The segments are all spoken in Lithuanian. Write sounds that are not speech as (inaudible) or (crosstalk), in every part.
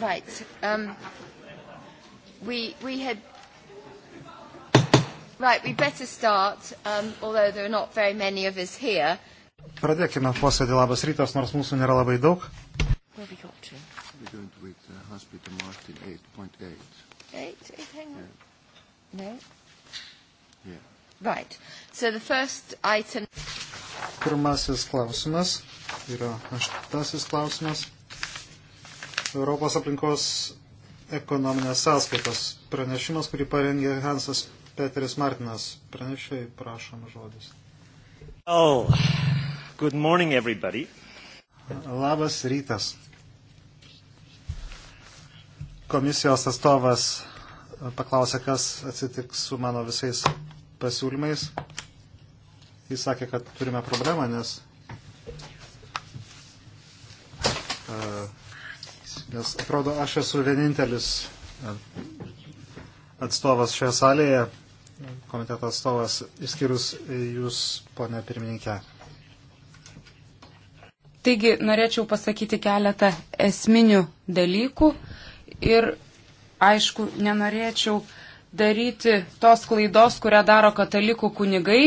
Right. Um, we, we had... Right, we better start, um, although there are not very many of us here. Pradėkime posėdį labas rytas, nors mūsų nėra labai daug. Where we got to? We're going to with uh, Hospital Martin 8.8. 8, 8, hang on. Yeah. No? Yeah. Right. So the first item... Pirmasis klausimas yra aštasis klausimas. Europos aplinkos ekonominės sąskaitos pranešimas, kurį parengė Hansas Peteris Martinas. Pranešiai, prašom žodis. Oh, good morning everybody. Labas rytas. Komisijos atstovas paklausė, kas atsitiks su mano visais pasiūlymais. Jis sakė, kad turime problemą, nes nes atrodo, aš esu vienintelis atstovas šioje salėje, komiteto atstovas, išskyrus jūs, ponė pirmininkė. Taigi, norėčiau pasakyti keletą esminių dalykų ir, aišku, nenorėčiau daryti tos klaidos, kurią daro katalikų kunigai.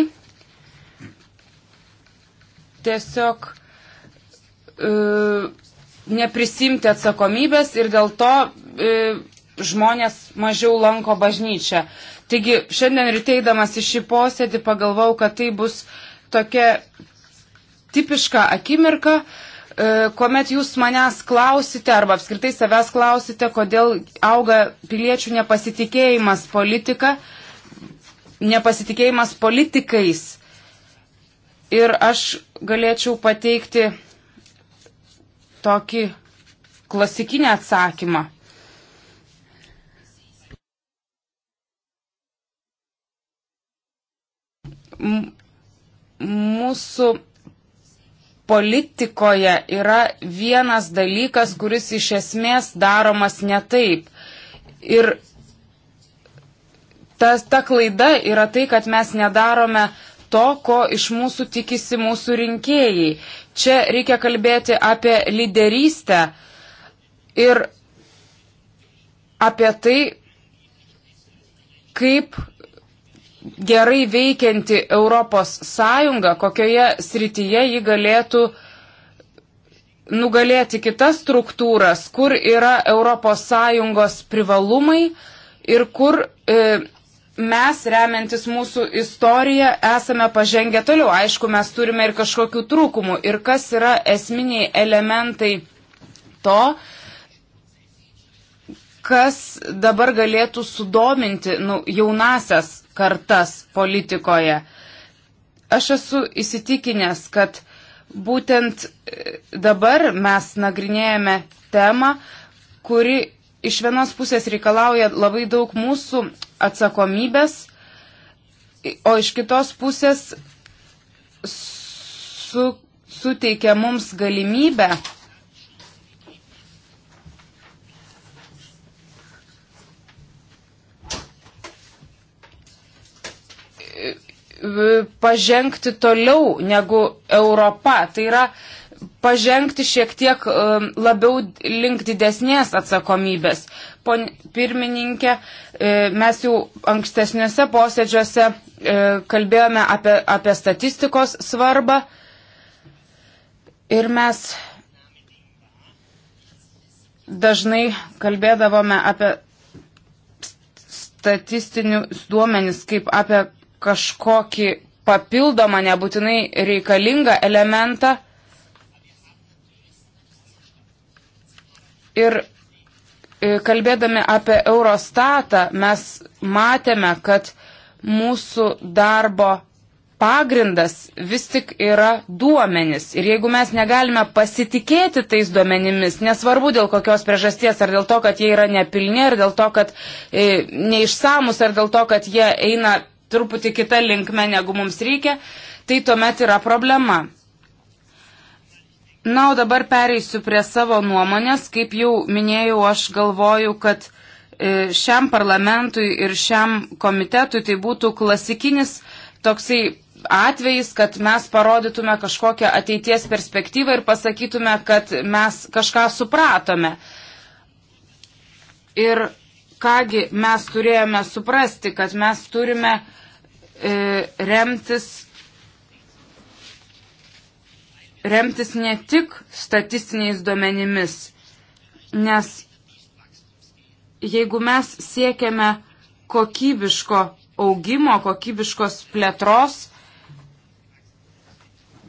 Tiesiog e, neprisimti atsakomybės ir dėl to e, žmonės mažiau lanko bažnyčią. Taigi šiandien ryteidamas į šį posėdį pagalvau, kad tai bus tokia tipiška akimirka, e, kuomet jūs manęs klausite arba apskritai savęs klausite, kodėl auga piliečių nepasitikėjimas politika, nepasitikėjimas politikais. Ir aš galėčiau pateikti tokį klasikinį atsakymą. Mūsų politikoje yra vienas dalykas, kuris iš esmės daromas ne taip. Ir ta, ta klaida yra tai, kad mes nedarome to, ko iš mūsų tikisi mūsų rinkėjai. Čia reikia kalbėti apie lyderystę ir apie tai, kaip gerai veikianti Europos Sąjunga, kokioje srityje ji galėtų nugalėti kitas struktūras, kur yra Europos Sąjungos privalumai ir kur e, mes, remiantis mūsų istoriją, esame pažengę toliau. Aišku, mes turime ir kažkokių trūkumų. Ir kas yra esminiai elementai to, kas dabar galėtų sudominti nu, jaunasias kartas politikoje. Aš esu įsitikinęs, kad būtent e, dabar mes nagrinėjame temą, kuri iš vienos pusės reikalauja labai daug mūsų atsakomybės, o iš kitos pusės su, suteikia mums galimybę pažengti toliau negu Europa. Tai yra, uh, pažengti šiek tiek um, labiau link didesnės atsakomybės. Pone pirmininkė, e, mes jau ankstesniuose posėdžiuose e, kalbėjome apie, apie statistikos svarbą ir mes dažnai kalbėdavome apie statistinius duomenis kaip apie kažkokį papildomą, nebūtinai reikalingą elementą Ir e, kalbėdami apie Eurostatą, mes matėme, kad mūsų darbo pagrindas vis tik yra duomenis. Ir jeigu mes negalime pasitikėti tais duomenimis, nesvarbu dėl kokios priežasties, ar dėl to, kad jie yra nepilni, ar dėl to, kad e, neišsamus, ar dėl to, kad jie eina truputį kitą linkmę, negu mums reikia, tai tuomet yra problema. Na, o dabar pereisiu prie savo nuomonės. Kaip jau minėjau, aš galvoju, kad e, šiam parlamentui ir šiam komitetui tai būtų klasikinis toksai atvejis, kad mes parodytume kažkokią ateities perspektyvą ir pasakytume, kad mes kažką supratome. Ir kągi mes turėjome suprasti, kad mes turime e, remtis remtis ne tik statistiniais duomenimis, nes jeigu mes siekiame kokybiško augimo, kokybiškos plėtros,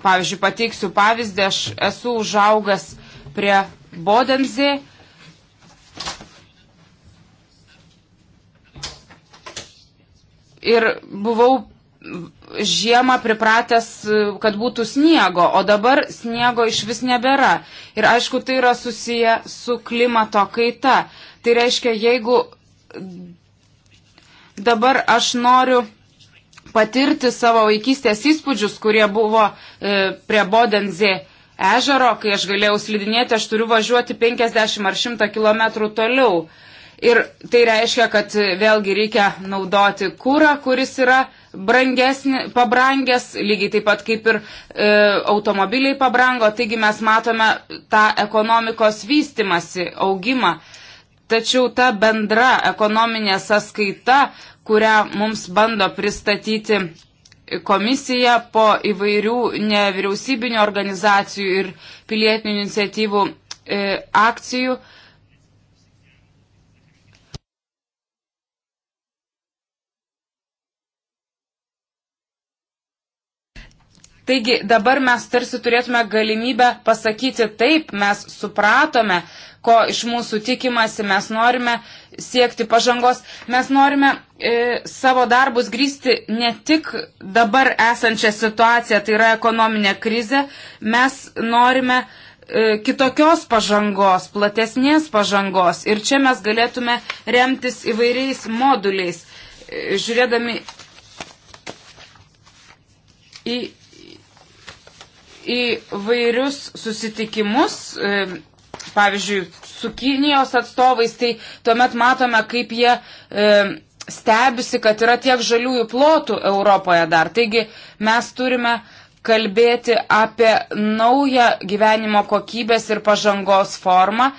pavyzdžiui, pateiksiu pavyzdį, aš esu užaugęs prie Bodensė. Ir buvau žiemą pripratęs, kad būtų sniego, o dabar sniego iš vis nebėra. Ir aišku, tai yra susiję su klimato kaita. Tai reiškia, jeigu dabar aš noriu patirti savo vaikystės įspūdžius, kurie buvo e, prie Bodenzė ežero, kai aš galėjau slidinėti, aš turiu važiuoti 50 ar 100 km toliau. Ir tai reiškia, kad vėlgi reikia naudoti kūrą, kuris yra brangesnė, pabrangęs, lygiai taip pat kaip ir e, automobiliai pabrango, taigi mes matome tą ekonomikos vystimasi, augimą. Tačiau ta bendra ekonominė sąskaita, kurią mums bando pristatyti komisija po įvairių nevyriausybinio organizacijų ir pilietinių iniciatyvų e, akcijų, e, Taigi dabar mes tarsi turėtume galimybę pasakyti taip, mes supratome, ko iš mūsų tikimasi, mes norime siekti pažangos, mes norime e, savo darbus grįsti ne tik dabar esančią situaciją, tai yra ekonominė krizė, mes norime e, kitokios pažangos, platesnės pažangos ir čia mes galėtume remtis įvairiais moduliais, e, žiūrėdami į į vairius susitikimus, e, pavyzdžiui, su Kinijos atstovais, tai tuomet matome, kaip jie e, stebisi, kad yra tiek žaliųjų plotų Europoje dar. Taigi mes turime kalbėti apie naują gyvenimo kokybės ir pažangos formą.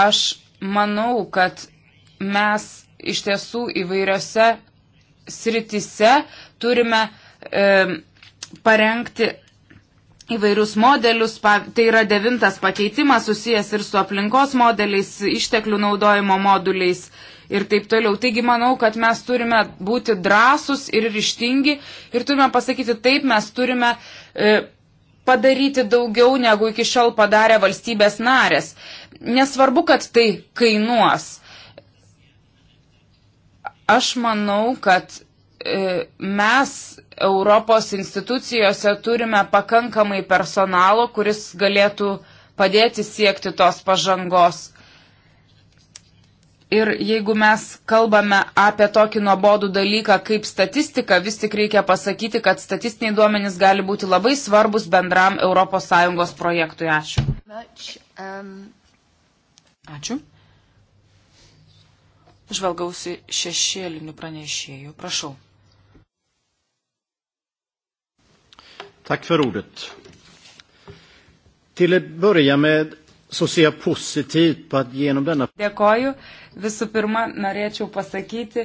Aš manau, kad mes iš tiesų įvairiose sritise turime e, parengti įvairius modelius, tai yra devintas pakeitimas susijęs ir su aplinkos modeliais, išteklių naudojimo moduliais ir taip toliau. Taigi manau, kad mes turime būti drąsus ir ryštingi ir turime pasakyti taip, mes turime e, padaryti daugiau negu iki šiol padarė valstybės narės. Nesvarbu, kad tai kainuos. Aš manau, kad e, mes Europos institucijose turime pakankamai personalo, kuris galėtų padėti siekti tos pažangos. Ir jeigu mes kalbame apie tokį nuobodų dalyką kaip statistika, vis tik reikia pasakyti, kad statistiniai duomenys gali būti labai svarbus bendram ES projektui. Ačiū. Um, Ačiū žvalgausi šešėlinių pranešėjų. Prašau. Tack för ordet. Till att börja med så ser jag positivt på att genom denna... Dėkoju. Visų pirma, norėčiau pasakyti,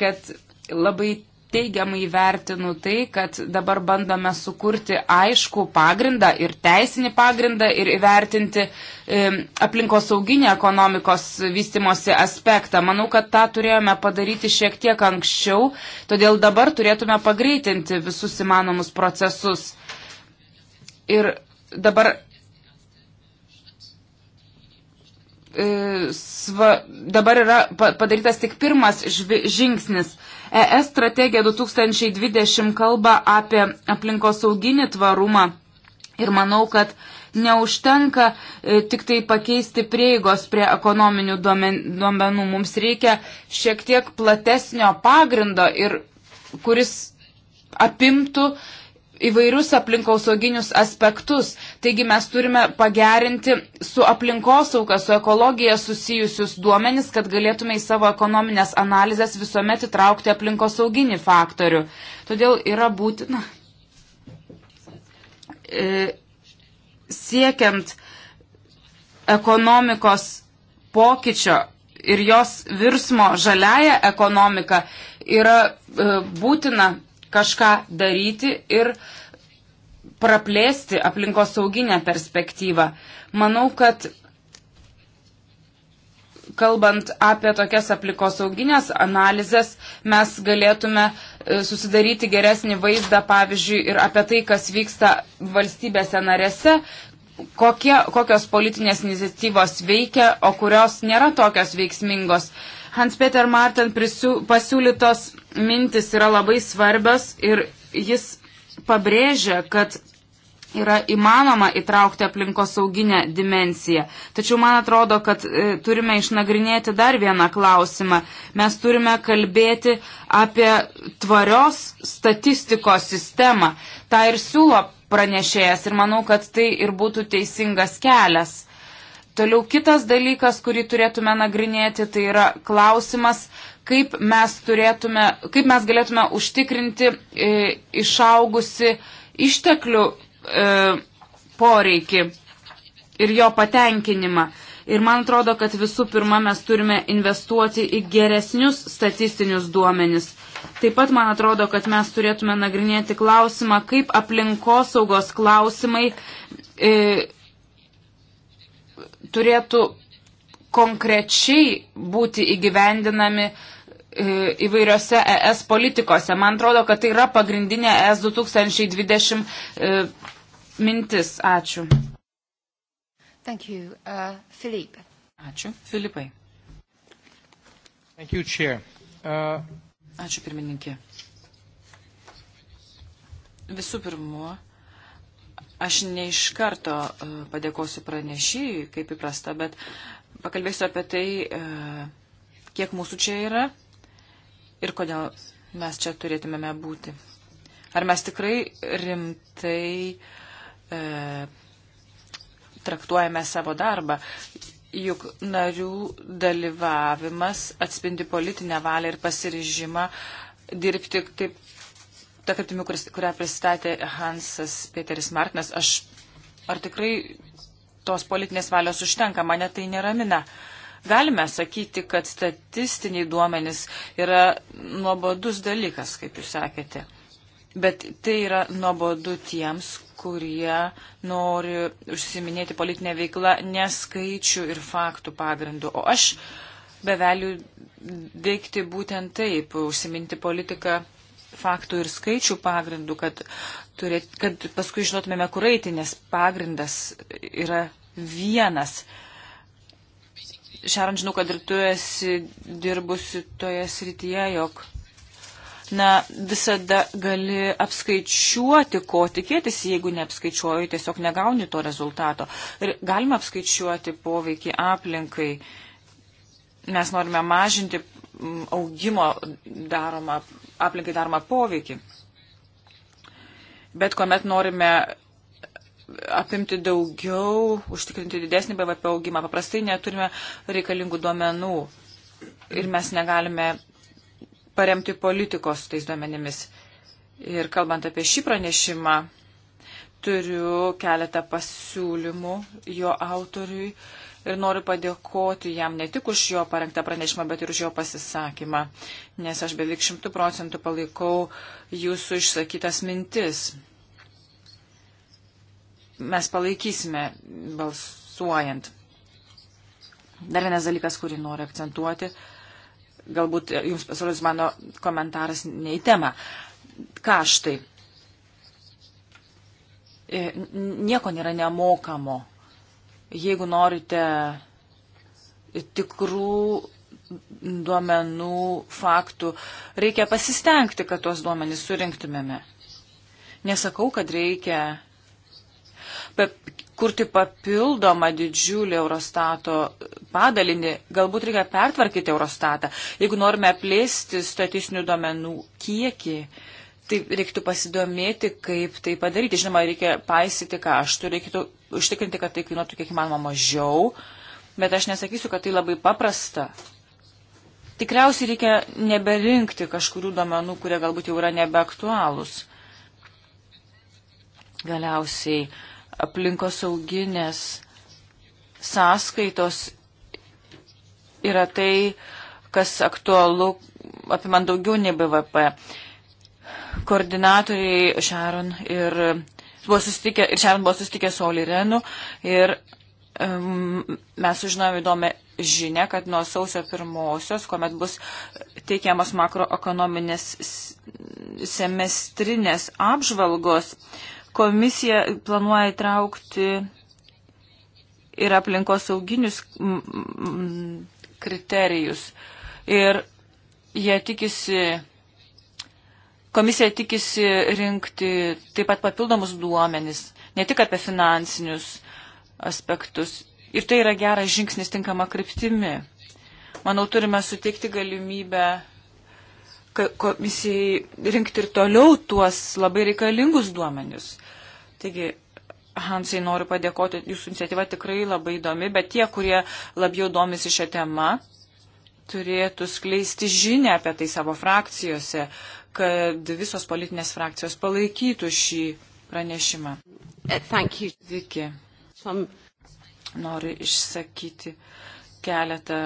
kad labai teigiamai vertinu tai, kad dabar bandome sukurti aišku pagrindą ir teisinį pagrindą ir įvertinti e, aplinkosauginį ekonomikos vystimosi aspektą. Manau, kad tą turėjome padaryti šiek tiek anksčiau, todėl dabar turėtume pagreitinti visus įmanomus procesus. Ir dabar e, sva, dabar yra padarytas tik pirmas žvi, žingsnis. ES strategija 2020 kalba apie aplinkosauginį tvarumą ir manau, kad neužtenka e, tik tai pakeisti prieigos prie ekonominių duomenų. Mums reikia šiek tiek platesnio pagrindo ir kuris apimtų įvairius aplinkosauginius aspektus. Taigi mes turime pagerinti su aplinkosauga, su ekologija susijusius duomenis, kad galėtume į savo ekonominės analizės visuomet įtraukti aplinkosauginį faktorių. Todėl yra būtina e, siekiant ekonomikos pokyčio ir jos virsmo žaliaja ekonomika yra e, būtina kažką daryti ir praplėsti aplinkos sauginę perspektyvą. Manau, kad kalbant apie tokias aplinkos sauginės analizės, mes galėtume e, susidaryti geresnį vaizdą, pavyzdžiui, ir apie tai, kas vyksta valstybėse narėse, kokie, kokios politinės iniciatyvos veikia, o kurios nėra tokios veiksmingos. Hans-Peter Martin prisiū, pasiūlytos mintis yra labai svarbios ir jis pabrėžia, kad yra įmanoma įtraukti aplinkosauginę dimenciją. Tačiau man atrodo, kad e, turime išnagrinėti dar vieną klausimą. Mes turime kalbėti apie tvarios statistikos sistemą. Ta ir siūlo pranešėjas ir manau, kad tai ir būtų teisingas kelias. Toliau kitas dalykas, kurį turėtume nagrinėti, tai yra klausimas, kaip mes, turėtume, kaip mes galėtume užtikrinti e, išaugusi išteklių e, poreikį ir jo patenkinimą. Ir man atrodo, kad visų pirma mes turime investuoti į geresnius statistinius duomenis. Taip pat man atrodo, kad mes turėtume nagrinėti klausimą, kaip aplinkosaugos klausimai e, turėtų konkrečiai būti įgyvendinami e, įvairiose ES politikose. Man atrodo, kad tai yra pagrindinė ES 2020 e, mintis. Ačiū. Thank you, uh, Philippe. Ačiū. Filipai. Thank you, Chair. Uh... Ačiū, pirmininkė. Visų pirma, Aš ne iš karto e, padėkosiu pranešėjui, kaip įprasta, bet pakalbėsiu apie tai, e, kiek mūsų čia yra ir kodėl mes čia turėtumėme būti. Ar mes tikrai rimtai e, traktuojame savo darbą? Juk narių dalyvavimas atspindi politinę valią ir pasiryžimą dirbti taip, ta kryptimi, kurią pristatė Hansas Peteris Martinas, aš ar tikrai tos politinės valios užtenka, mane tai neramina. Galime sakyti, kad statistiniai duomenys yra nuobodus dalykas, kaip jūs sakėte. Bet tai yra nuobodu tiems, kurie nori užsiminėti politinę veiklą neskaičių ir faktų pagrindu. O aš beveliu veikti būtent taip, užsiminti politiką faktų ir skaičių pagrindų, kad, turėt, kad paskui žinotumėme, kur eiti, nes pagrindas yra vienas. Šaran, žinau, kad ir tu esi dirbusi toje srityje, jog na, visada gali apskaičiuoti, ko tikėtis, jeigu neapskaičiuoji, tiesiog negauni to rezultato. Ir galima apskaičiuoti poveikį aplinkai. Mes norime mažinti augimo daromą aplinkai daromą poveikį. Bet kuomet norime apimti daugiau, užtikrinti didesnį BVP augimą, paprastai neturime reikalingų duomenų ir mes negalime paremti politikos tais duomenimis. Ir kalbant apie šį pranešimą, turiu keletą pasiūlymų jo autoriui ir noriu padėkoti jam ne tik už jo parengtą pranešimą, bet ir už jo pasisakymą, nes aš beveik šimtų procentų palaikau jūsų išsakytas mintis. Mes palaikysime balsuojant. Dar vienas dalykas, kurį noriu akcentuoti, galbūt jums pasirodys mano komentaras ne į temą. Kaštai. E, nieko nėra nemokamo Jeigu norite tikrų duomenų, faktų, reikia pasistengti, kad tuos duomenys surinktumėme. Nesakau, kad reikia kurti papildomą didžiulį Eurostato padalinį, galbūt reikia pertvarkyti Eurostatą. Jeigu norime plėsti statistinių duomenų kiekį, Tai reiktų pasidomėti, kaip tai padaryti. Žinoma, reikia paisyti kaštų, reikėtų užtikrinti, kad tai kainuotų kiek įmanoma mažiau, bet aš nesakysiu, kad tai labai paprasta. Tikriausiai reikia neberinkti kažkurių domenų, kurie galbūt jau yra nebeaktualūs. Galiausiai aplinkosauginės sąskaitos yra tai, kas aktualu apimant daugiau nei BVP koordinatoriai Sharon ir buvo susitikę, ir Sharon buvo susitikę su Olirenu ir um, mes sužinojome įdomią žinę, kad nuo sausio pirmosios, kuomet bus teikiamas makroekonominės semestrinės apžvalgos, komisija planuoja įtraukti ir aplinkos sauginius kriterijus. Ir jie tikisi Komisija tikisi rinkti taip pat papildomus duomenis, ne tik apie finansinius aspektus. Ir tai yra geras žingsnis tinkama kryptimi. Manau, turime suteikti galimybę komisijai rinkti ir toliau tuos labai reikalingus duomenius. Taigi, Hansai, noriu padėkoti, jūsų iniciatyva tikrai labai įdomi, bet tie, kurie labiau domisi šią temą, turėtų skleisti žinę apie tai savo frakcijose, kad visos politinės frakcijos palaikytų šį pranešimą. Eh, Viki. Noriu išsakyti keletą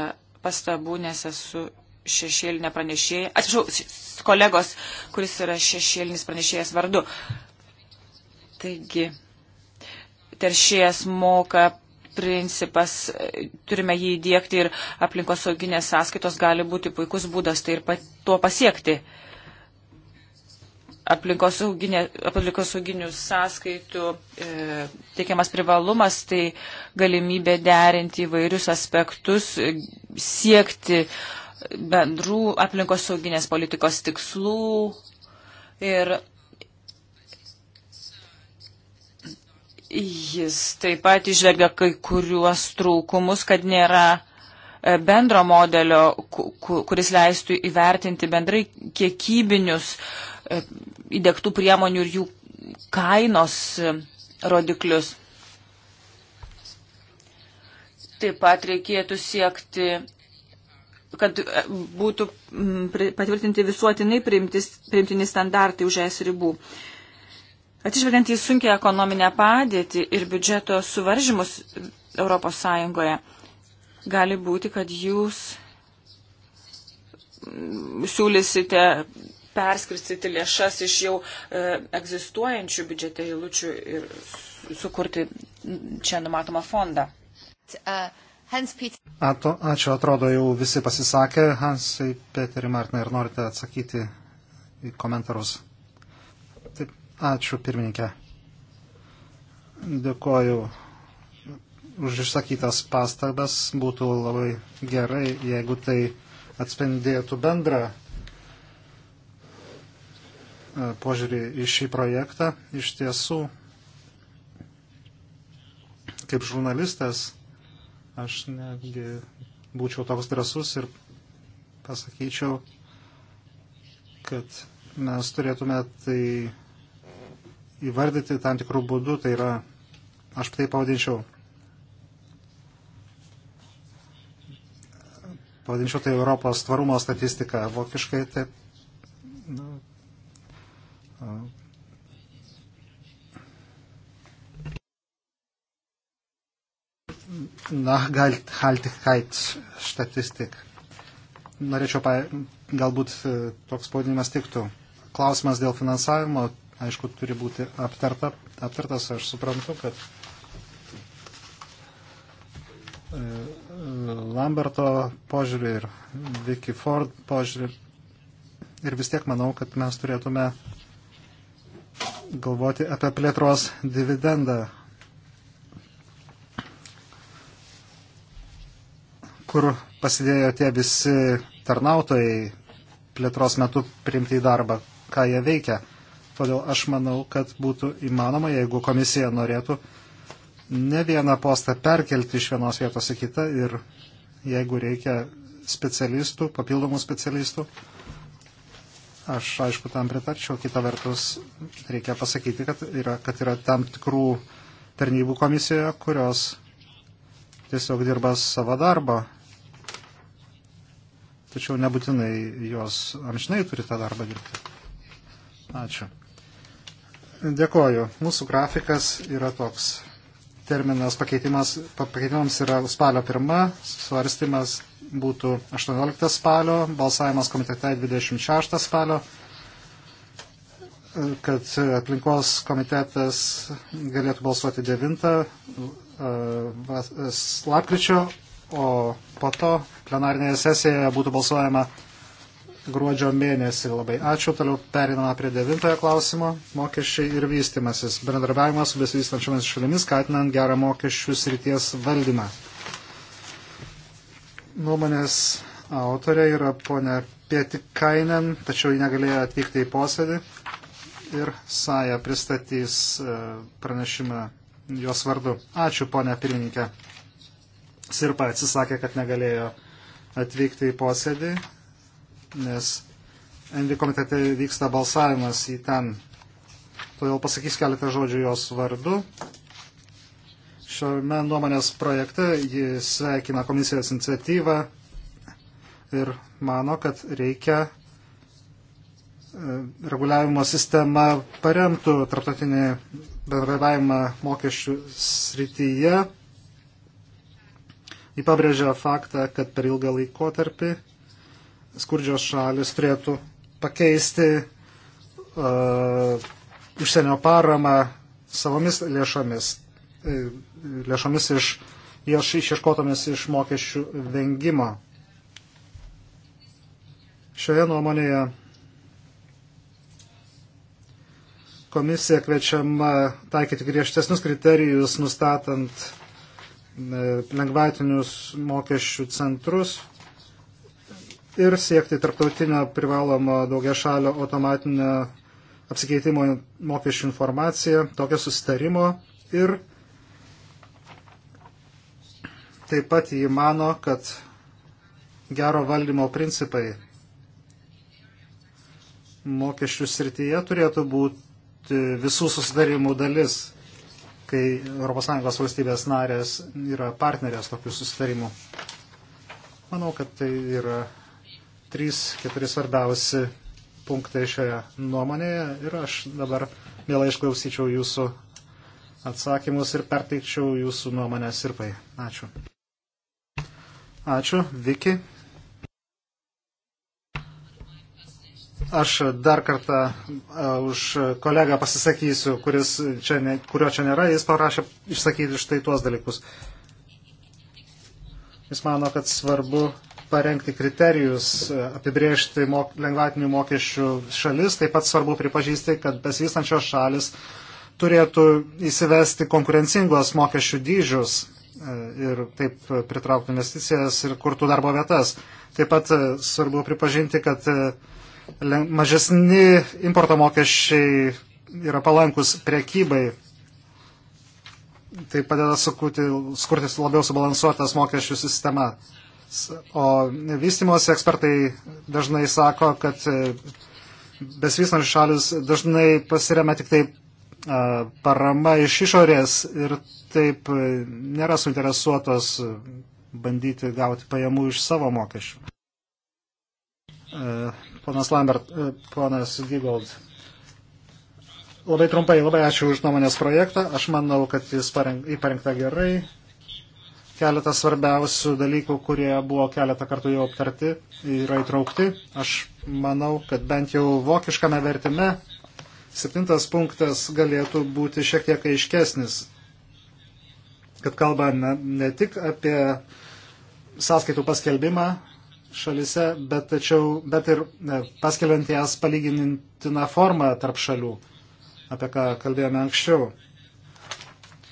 pastabų, nes esu šešėlinė pranešėja. Atsiprašau, kolegos, kuris yra šešėlinis pranešėjas vardu. Taigi, teršėjas moka principas, turime jį įdėkti ir aplinkosauginės sąskaitos gali būti puikus būdas tai ir pat, tuo pasiekti. Uh, aplinkosauginių sąskaitų e, teikiamas privalumas, tai galimybė derinti įvairius aspektus, e, siekti bendrų aplinkosauginės politikos tikslų ir jis taip pat išvergia kai kuriuos trūkumus, kad nėra e, bendro modelio, kuris leistų įvertinti bendrai kiekybinius įdėktų priemonių ir jų kainos rodiklius. Taip pat reikėtų siekti, kad būtų mm, patvirtinti visuotinai priimtini standartai už es ribų. Atsižvelgiant į sunkę ekonominę padėtį ir biudžeto suvaržymus ES, gali būti, kad jūs mm, siūlysite perskirstyti lėšas iš jau e, egzistuojančių biudžete eilučių ir sukurti čia numatomą fondą. Uh, Ato, ačiū, atrodo, jau visi pasisakė. Hansai, Peterį, Martinai, ar norite atsakyti į komentarus? Taip, ačiū, pirmininkė. Dėkoju už išsakytas pastabas. Būtų labai gerai, jeigu tai atspindėtų bendrą E, požiūrį į šį projektą. Iš tiesų, kaip žurnalistas, aš netgi būčiau toks drasus ir pasakyčiau, kad mes turėtume tai įvardyti tam tikrų būdų, tai yra, aš tai pavadinčiau, pavadinčiau tai Europos tvarumo statistika, vokiškai taip Nachhaltigkeit statistik. Norėčiau, pa, galbūt e, toks pavadinimas tiktų. Klausimas dėl finansavimo, aišku, turi būti aptarta, aptartas. Aš suprantu, kad e, Lamberto požiūrį ir Vicky Ford požiūrį. Ir vis tiek manau, kad mes turėtume galvoti apie plėtros dividendą, kur pasidėjo tie visi tarnautojai plėtros metu priimti į darbą, ką jie veikia. Todėl aš manau, kad būtų įmanoma, jeigu komisija norėtų ne vieną postą perkelti iš vienos vietos į kitą ir jeigu reikia specialistų, papildomų specialistų, Aš, aišku, tam pritarčiau. Kita vertus, reikia pasakyti, kad yra, kad yra tam tikrų tarnybų komisijoje, kurios tiesiog dirba savo darbą. Tačiau nebūtinai jos amžinai turi tą darbą dirbti. Ačiū. Dėkoju. Mūsų grafikas yra toks. Terminas pakeitimas, pakeitimams yra spalio pirma, svarstymas būtų 18 spalio, balsavimas komitete 26 spalio, e, kad aplinkos komitetas galėtų balsuoti 9 e, lapkričio, o po to plenarinėje sesijoje būtų balsuojama gruodžio mėnesį. Labai ačiū. Toliau periname prie devintojo klausimo - mokesčiai ir vystimasis. Bendradarbiavimas su besivystančiomis šalimis, skatinant gerą mokesčių srities valdymą. Nuomonės autorė yra ponė Pietikainen, tačiau ji negalėjo atvykti į posėdį ir Saja pristatys e, pranešimą jos vardu. Ačiū, ponė pirmininkė. Sirpa atsisakė, kad negalėjo atvykti į posėdį, nes Envi komitete vyksta balsavimas į ten. Todėl pasakys keletą žodžių jos vardu Šiame nuomonės projekte ji sveikina komisijos iniciatyvą ir mano, kad reikia e, reguliavimo sistema paremtų tarptautinį bendravimą mokesčių srityje. Jį pabrėžia faktą, kad per ilgą laikotarpį skurdžios šalis turėtų pakeisti uh, užsienio paramą savomis lėšomis. E, lėšomis iš, iš, išieškotomis iš mokesčių vengimo. Šioje nuomonėje komisija kviečiama taikyti griežtesnius kriterijus, nustatant e, lengvatinius mokesčių centrus ir siekti tarptautinio privalomo daugiašalio automatinio apsikeitimo mokesčių informacija, tokio susitarimo ir Taip pat jį mano, kad gero valdymo principai mokesčių srityje turėtų būti visų susidarimų dalis, kai ES valstybės narės yra partnerės tokių susidarimų. Manau, kad tai yra trys, keturi svarbiausi punktai šioje nuomonėje ir aš dabar mielai išklausyčiau jūsų atsakymus ir perteikčiau jūsų nuomonę sirpai. Ačiū. Ačiū, Viki. Aš dar kartą e, už kolegą pasisakysiu, kuris čia ne, kurio čia nėra, jis parašė išsakyti štai tuos dalykus. Jis mano, kad svarbu parengti kriterijus, e, apibriežti mok, lengvatinių mokesčių šalis, taip pat svarbu pripažįsti, kad besivystančios šalis turėtų įsivesti konkurencingos mokesčių dydžius E, ir taip pritraukti investicijas ir kurtų darbo vietas. Taip pat e, svarbu pripažinti, kad e, mažesni importo mokesčiai yra palankus priekybai. Tai padeda sukurti, skurti labiau subalansuotas mokesčių sistema. O vystimosi ekspertai dažnai sako, kad besvystančios šalis dažnai pasiremia tik tai parama iš išorės ir taip e, nėra suinteresuotos bandyti gauti pajamų iš savo mokesčių. E, ponas Lambert, e, ponas Gigold. Labai trumpai, labai ačiū už nuomonės projektą. Aš manau, kad jis parengta gerai. Keletas svarbiausių dalykų, kurie buvo keletą kartų jau aptarti, yra įtraukti. Aš manau, kad bent jau vokiškame vertime septintas punktas galėtų būti šiek tiek aiškesnis kad kalba ne, ne tik apie sąskaitų paskelbimą šalise, bet, tačiau, bet ir paskelbiant jas palyginintiną formą tarp šalių, apie ką kalbėjome anksčiau.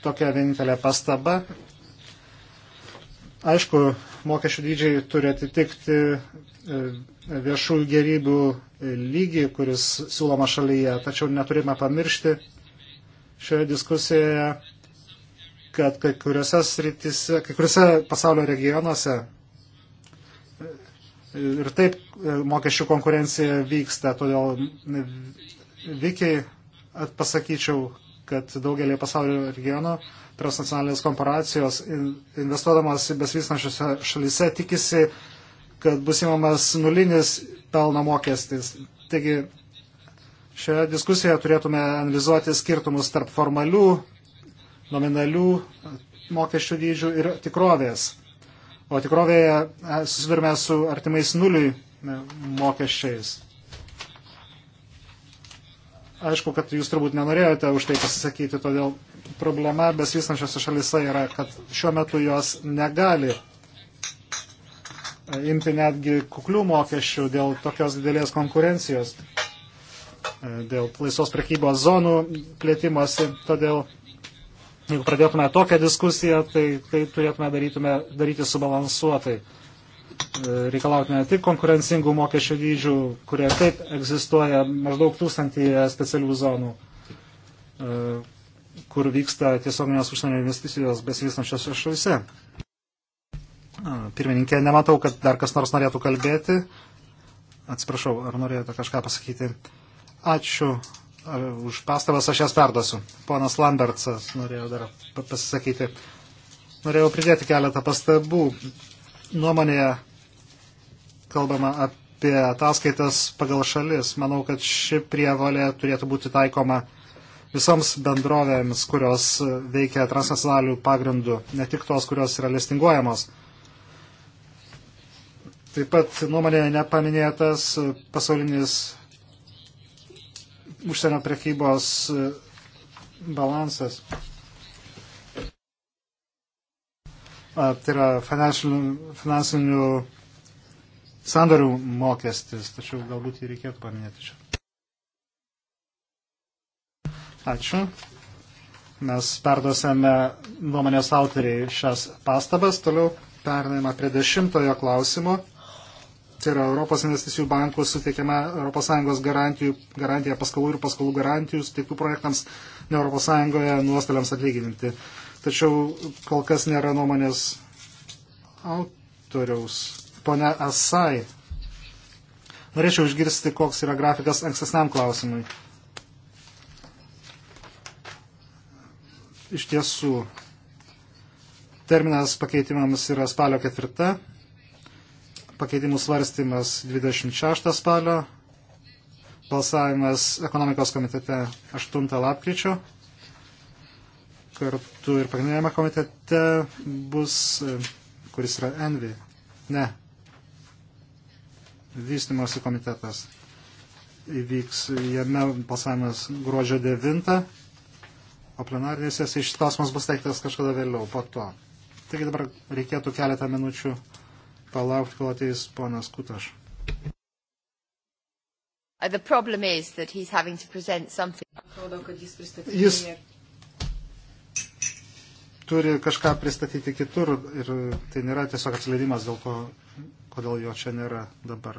Tokia vienintelė pastaba. Aišku, mokesčių dydžiai turi atitikti e, viešųjų gerybių lygį, kuris siūloma šalyje, tačiau neturime pamiršti šioje diskusijoje kad kai kuriuose, sritise, kai kuriuose pasaulio regionuose e, ir taip e, mokesčių konkurencija vyksta, todėl Vikiai pasakyčiau, kad daugelį pasaulio regionų transnacionalinės korporacijos investuodamas besivystančiose šalise tikisi, kad bus įmamas nulinis pelno mokestis. Taigi šioje diskusijoje turėtume analizuoti skirtumus tarp formalių nominalių mokesčių dydžių ir tikrovės. O tikrovėje e, susidurime su artimais nuliui e, mokesčiais. Aišku, kad jūs turbūt nenorėjote už tai pasisakyti, todėl problema besivystančiose šalise yra, kad šiuo metu jos negali e, imti netgi kuklių mokesčių dėl tokios didelės konkurencijos, dėl laisvos prekybos zonų plėtimosi, todėl Jeigu pradėtume tokią diskusiją, tai, tai turėtume darytume, daryti subalansuotai. E, Reikalautume tik konkurencingų mokesčių dydžių, kurie taip egzistuoja maždaug tūkstantyje specialių zonų, e, kur vyksta tiesioginės užsienio investicijos besivystančiose šalise. E, pirmininkė, nematau, kad dar kas nors norėtų kalbėti. Atsiprašau, ar norėjote kažką pasakyti? Ačiū už pastabas, aš jas perduosiu. Ponas Lambertsas norėjo dar pasisakyti. Norėjau pridėti keletą pastabų. Nuomonėje kalbama apie ataskaitas pagal šalis. Manau, kad ši prievalė turėtų būti taikoma visoms bendrovėms, kurios veikia transnacionalių pagrindų, ne tik tos, kurios yra listinguojamos. Taip pat nuomonėje nepaminėtas pasaulinis užsienio prekybos e, balansas. Tai yra finansinių, finansinių sandorių mokestis, tačiau galbūt jį reikėtų paminėti čia. Ačiū. Mes perduosime nuomonės autoriai šias pastabas. Toliau pernaima prie dešimtojo klausimo tai yra Europos investicijų bankų suteikiama ES garantijų, garantija paskolų ir paskolų garantijų suteiktų projektams ne ES nuostoliams atlyginti. Tačiau kol kas nėra nuomonės autoriaus. Pone Asai, norėčiau išgirsti, koks yra grafikas ankstesniam klausimui. Iš tiesų, terminas pakeitimams yra spalio ketvirta pakeitimų svarstymas 26 spalio, balsavimas ekonomikos komitete 8 lapkričio, kartu ir pagrindinėme komitete bus, e, kuris yra Envi, ne, vystimosi komitetas. Įvyks jame balsavimas gruodžio 9, o plenarinės sesijos šis klausimas bus teiktas kažkada vėliau po to. Taigi dabar reikėtų keletą minučių palaukti, kol ateis ponas Kutaš. Uh, Atrodo, kad jis pristatys. Jis turi kažką pristatyti kitur ir tai nėra tiesiog atsileidimas dėl to, kodėl jo čia nėra dabar.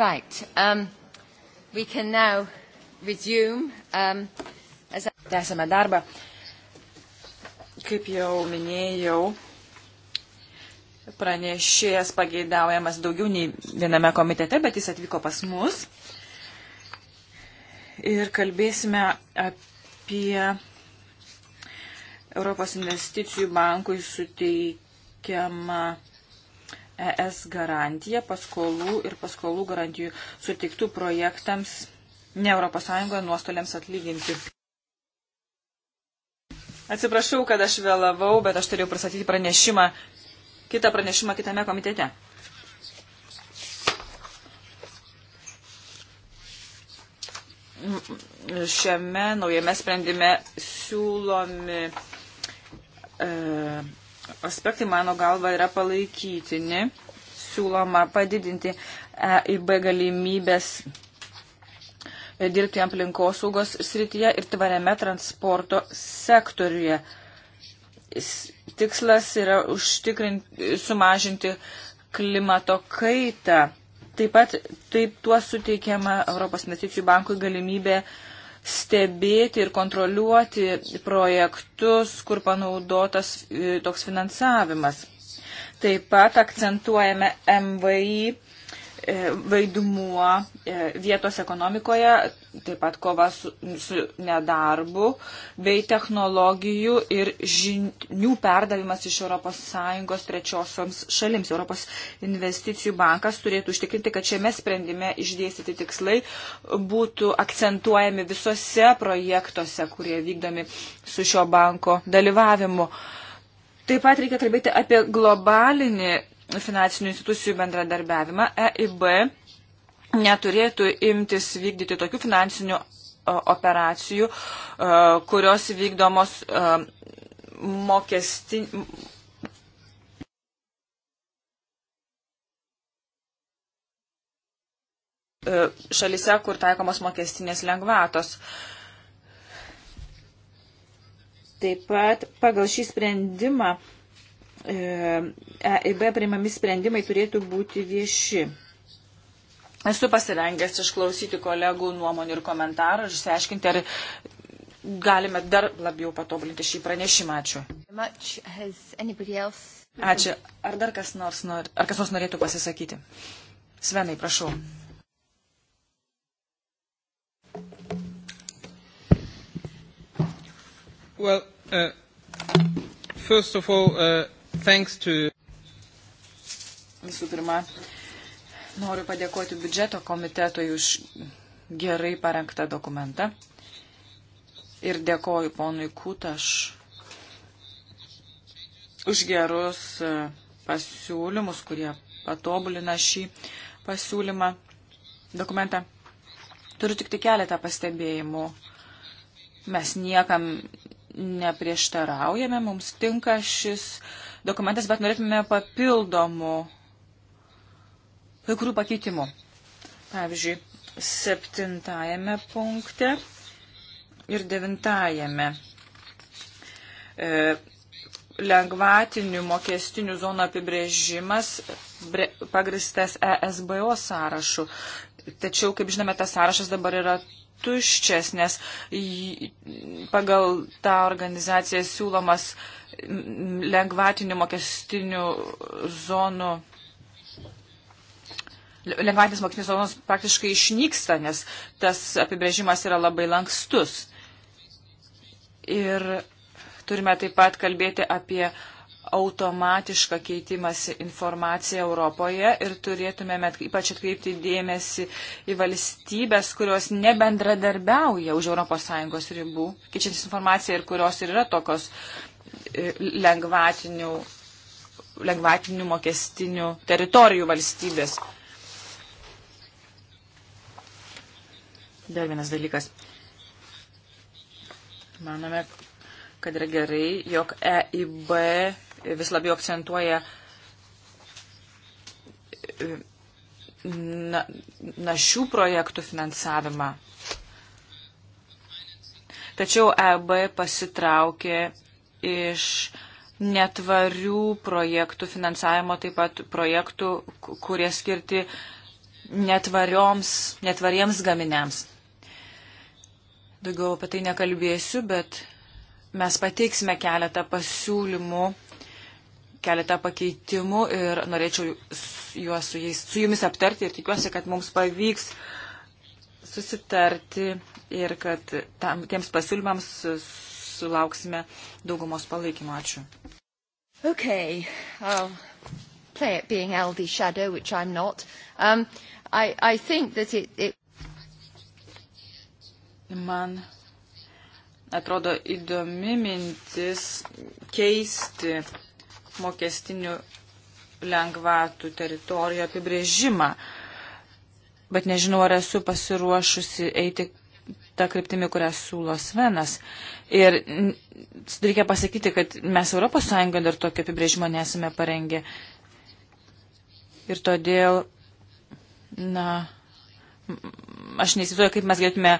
Right. Um, we can now resume. Um, as a... Tęsame darbą. Kaip jau minėjau, pranešėjas pageidaujamas daugiau nei viename komitete, bet jis atvyko pas mus. Ir kalbėsime apie Europos investicijų bankui suteikiamą ES garantija paskolų ir paskolų garantijų sutiktų projektams ne ES nuostoliams atlyginti. Atsiprašau, kad aš vėlavau, bet aš turėjau pristatyti pranešimą, kitą pranešimą kitame komitete. Šiame naujame sprendime siūlomi e, aspektai, mano galva, yra palaikytini. Siūloma padidinti EIB galimybės dirbti aplinkosaugos srityje ir tvariame transporto sektoriuje. Tikslas yra užtikrinti, sumažinti klimato kaitą. Taip pat taip tuo suteikiama Europos investicijų bankui galimybė uh, stebėti ir kontroliuoti projektus, kur panaudotas e, toks finansavimas. Taip pat akcentuojame MVI E, vaidmuo e, vietos ekonomikoje, taip pat kova su, su nedarbu, bei technologijų ir žinių perdavimas iš ES trečiosioms šalims. Europos investicijų bankas turėtų užtikrinti, kad šiame sprendime išdėstyti tikslai būtų akcentuojami visose projektuose, kurie vykdomi su šio banko dalyvavimu. Taip pat reikia kalbėti apie globalinį finansinių institucijų bendradarbiavimą, EIB neturėtų imtis vykdyti tokių finansinių operacijų, kurios vykdomos mokesti. šalise, kur taikomos mokestinės lengvatos. Taip pat pagal šį sprendimą EIB e e priimami sprendimai turėtų būti vieši. Esu pasirengęs išklausyti kolegų nuomonių ir komentarų ir išsiaiškinti, ar galime dar labiau patobulinti šį pranešimą. Ačiū. Ačiū. Ar dar kas nors, nor, ar kas nors norėtų pasisakyti? Svenai, prašau. Well, uh, first of all, uh, to... Visų pirma, noriu padėkoti biudžeto komitetui už gerai parengtą dokumentą. Ir dėkoju ponui Kutaš už gerus e, pasiūlymus, kurie patobulina šį pasiūlymą dokumentą. Turiu tik tai keletą pastebėjimų. Mes niekam neprieštaraujame, mums tinka šis dokumentas, bet norėtume papildomų kai kurių pakeitimų. Pavyzdžiui, septintajame punkte ir devintajame. E, lengvatinių mokestinių zonų apibrėžimas bre, pagristas ESBO sąrašu. Tačiau, kaip žinome, tas sąrašas dabar yra tuščias, nes pagal tą organizaciją siūlomas lengvatinių mokestinių zonų. Lengvatinis mokestinis zonos praktiškai išnyksta, nes tas apibrėžimas yra labai lankstus. Ir turime taip pat kalbėti apie uh, automatišką keitimąsi informaciją Europoje ir turėtumėme ypač atkreipti dėmesį į valstybės, kurios nebendradarbiauja už ES ribų, keičiantis informaciją ir kurios ir yra tokios e, lengvatinių, lengvatinių mokestinių teritorijų valstybės. Dar vienas dalykas. Manome, kad yra gerai, jog EIB vis labiau akcentuoja na, našių projektų finansavimą. Tačiau EB pasitraukė iš netvarių projektų finansavimo, taip pat projektų, kurie skirti netvariems gaminiams. Daugiau apie tai nekalbėsiu, bet mes pateiksime keletą pasiūlymų keletą pakeitimų ir norėčiau juos su, jais, su jumis aptarti ir tikiuosi, kad mums pavyks susitarti ir kad tam, tiems pasiūlymams sulauksime daugumos palaikymo. Ačiū. Okay. I'll play at being LD shadow, which I'm not. Um, I, I think that it, it... Man atrodo įdomi mintis keisti mokestinių lengvatų teritorijų apibrėžimą. Bet nežinau, ar esu pasiruošusi eiti tą kryptimį, kurią siūlo Svenas. Ir reikia pasakyti, kad mes ES dar tokio apibrėžimo nesame parengę. Ir todėl, na, aš neįsivaizduoju, kaip mes galėtume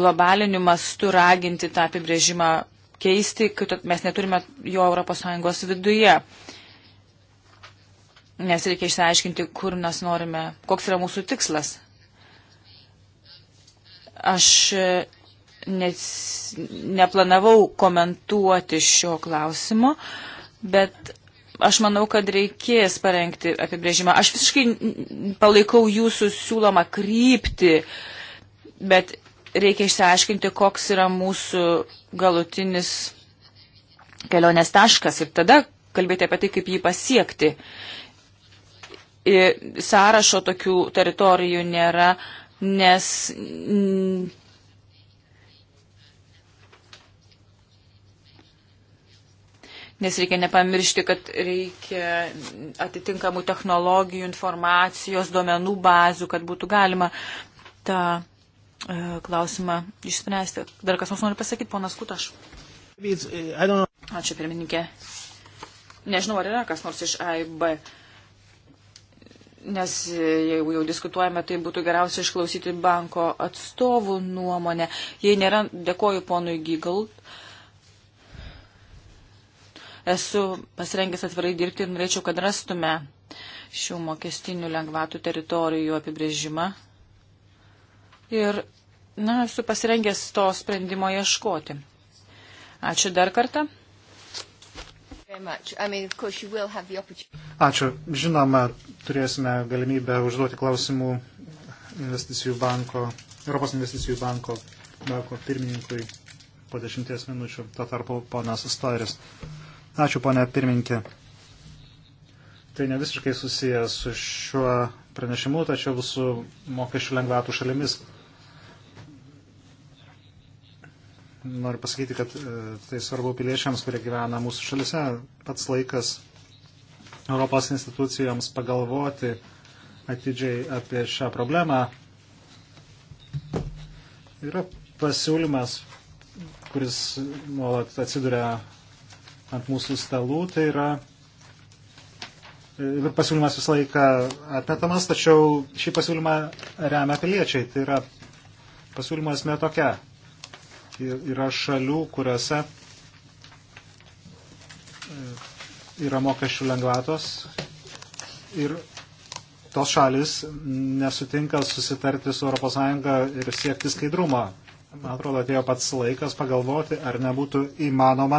globaliniu mastu raginti tą apibrėžimą keisti, kad mes neturime jo ES viduje. Nes reikia išsiaiškinti, kur mes norime, koks yra mūsų tikslas. Aš e, nes, neplanavau komentuoti šio klausimo, bet aš manau, kad reikės parengti apibrėžimą. Aš visiškai palaikau jūsų siūlomą kryptį, bet reikia išsiaiškinti, koks yra mūsų galutinis kelionės taškas ir tada kalbėti apie tai, kaip jį pasiekti. Ir sąrašo tokių teritorijų nėra, nes. Mm, Nes reikia nepamiršti, kad reikia atitinkamų technologijų, informacijos, duomenų bazių, kad būtų galima tą E, klausimą išspręsti. Dar kas nors nori pasakyti, ponas Kutaš? Ačiū, pirmininkė. Nežinau, ar yra kas nors iš AIB, nes jeigu jau diskutuojame, tai būtų geriausia išklausyti banko atstovų nuomonę. Jei nėra, dėkoju ponui Gigalt. Esu pasirengęs atvirai dirbti ir norėčiau, kad rastume šių mokestinių lengvatų teritorijų apibrėžimą ir, na, esu pasirengęs to sprendimo ieškoti. Ačiū dar kartą. Ačiū. Žinoma, turėsime galimybę užduoti klausimų investicijų banko, Europos investicijų banko, banko pirmininkui po dešimties minučių. Tuo tarpu ponas Stoiris. Ačiū, ponė pirmininkė. Tai ne visiškai susijęs su šiuo pranešimu, tačiau su mokesčių lengvatų šalimis. noriu pasakyti, kad e, tai svarbu piliečiams, kurie gyvena mūsų šalise. Pats laikas Europos institucijoms pagalvoti atidžiai apie šią problemą. Yra pasiūlymas, kuris nuolat atsiduria ant mūsų stalų, tai yra e, ir pasiūlymas visą laiką atmetamas, tačiau šį pasiūlymą remia piliečiai. Tai yra pasiūlymo esmė tokia yra šalių, kuriuose e, yra mokesčių lengvatos ir tos šalis nesutinka susitarti su ES ir siekti skaidrumą. Man atrodo, atėjo pats laikas pagalvoti, ar nebūtų įmanoma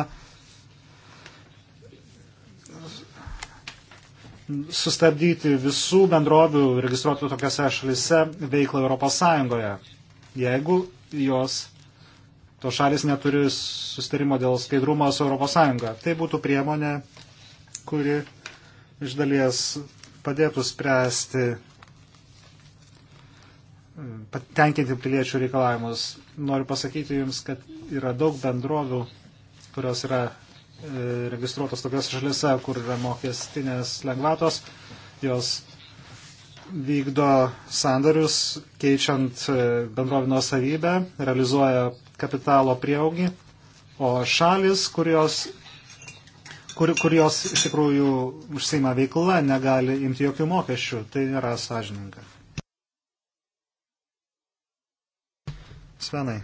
sustabdyti visų bendrovių registruotų tokiose šalise veiklą ES, jeigu jos to šalis neturi sustarimo dėl skaidrumo su ES. Tai būtų priemonė, kuri iš dalies padėtų spręsti, patenkinti piliečių reikalavimus. Noriu pasakyti Jums, kad yra daug bendrovių, kurios yra e, registruotos tokios šalise, kur yra mokestinės lengvatos, jos vykdo sandarius, keičiant e, bendrovino savybę, realizuoja kapitalo prieaugį, o šalis, kurios, kur, kurios iš tikrųjų užsima veikla, negali imti jokių mokesčių. Tai nėra sąžininga. Svenai.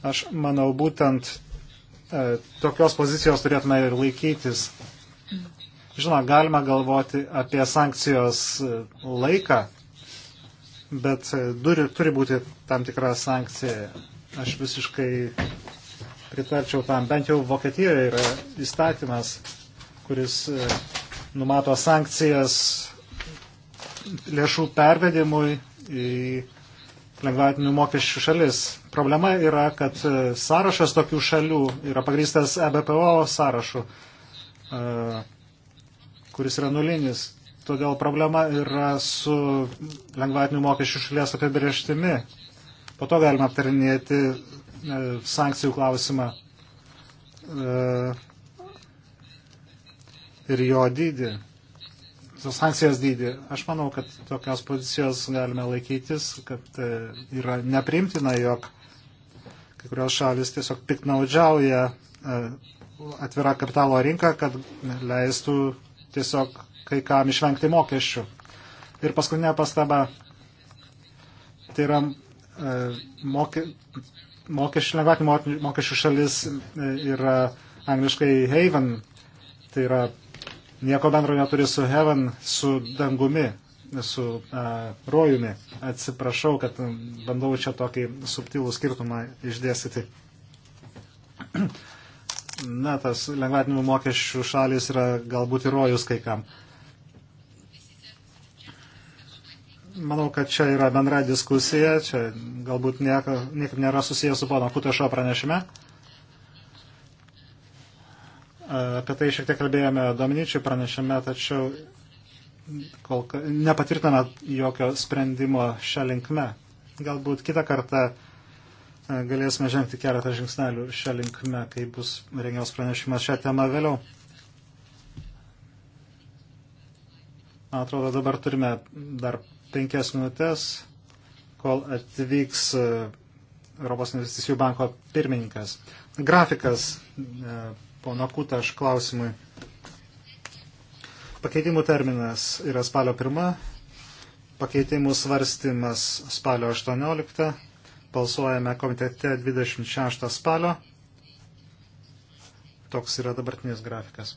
Aš manau, būtent e, tokios pozicijos turėtume ir laikytis. Žinoma, galima galvoti apie sankcijos e, laiką, bet e, turi, turi būti tam tikra sankcija. Aš visiškai pritarčiau tam. Bent jau Vokietijoje yra įstatymas, kuris e, numato sankcijas lėšų pervedimui į lengvatinių mokesčių šalis. Problema yra, kad e, sąrašas tokių šalių yra pagrįstas EBPO sąrašu, kuris yra nulinis. Todėl problema yra su lengvatinių mokesčių šalies apibrieštimi. Po to galima aptarinėti e, sankcijų klausimą e, ir jo dydį, sankcijos dydį. Aš manau, kad tokios pozicijos galime laikytis, kad e, yra neprimtina, jog kai kurios šalis tiesiog piknaudžiauja e, atvira kapitalo rinka, kad leistų tiesiog kai kam išvengti mokesčių. Ir paskutinė pastaba, tai yra e, mokė, mokesčių lengvatinių mokesčių šalis e, yra angliškai haven, tai yra nieko bendro neturi su heaven, su dangumi, su e, rojumi. Atsiprašau, kad bandau čia tokį subtilų skirtumą išdėstyti. (clears throat) Na, tas lengvatinių mokesčių šalis yra galbūt ir rojus kai kam. E, manau, kad čia yra bendra diskusija, čia galbūt niekaip nėra susijęs su pono Kutešo pranešime. Apie tai šiek tiek kalbėjome Dominičių pranešime, tačiau kol nepatvirtiname jokio sprendimo šią linkme. Galbūt kitą kartą e, galėsime žengti keletą žingsnelių šią linkme, kai bus rengiamas pranešimas šią temą vėliau. Man atrodo, dabar turime dar penkias minutės, kol atvyks e, Europos investicijų banko pirmininkas. Grafikas e, pono Kutaš klausimui. Pakeitimų terminas yra spalio 1, pakeitimų svarstymas spalio 18, balsuojame komitete 26 spalio. Toks yra dabartinis grafikas.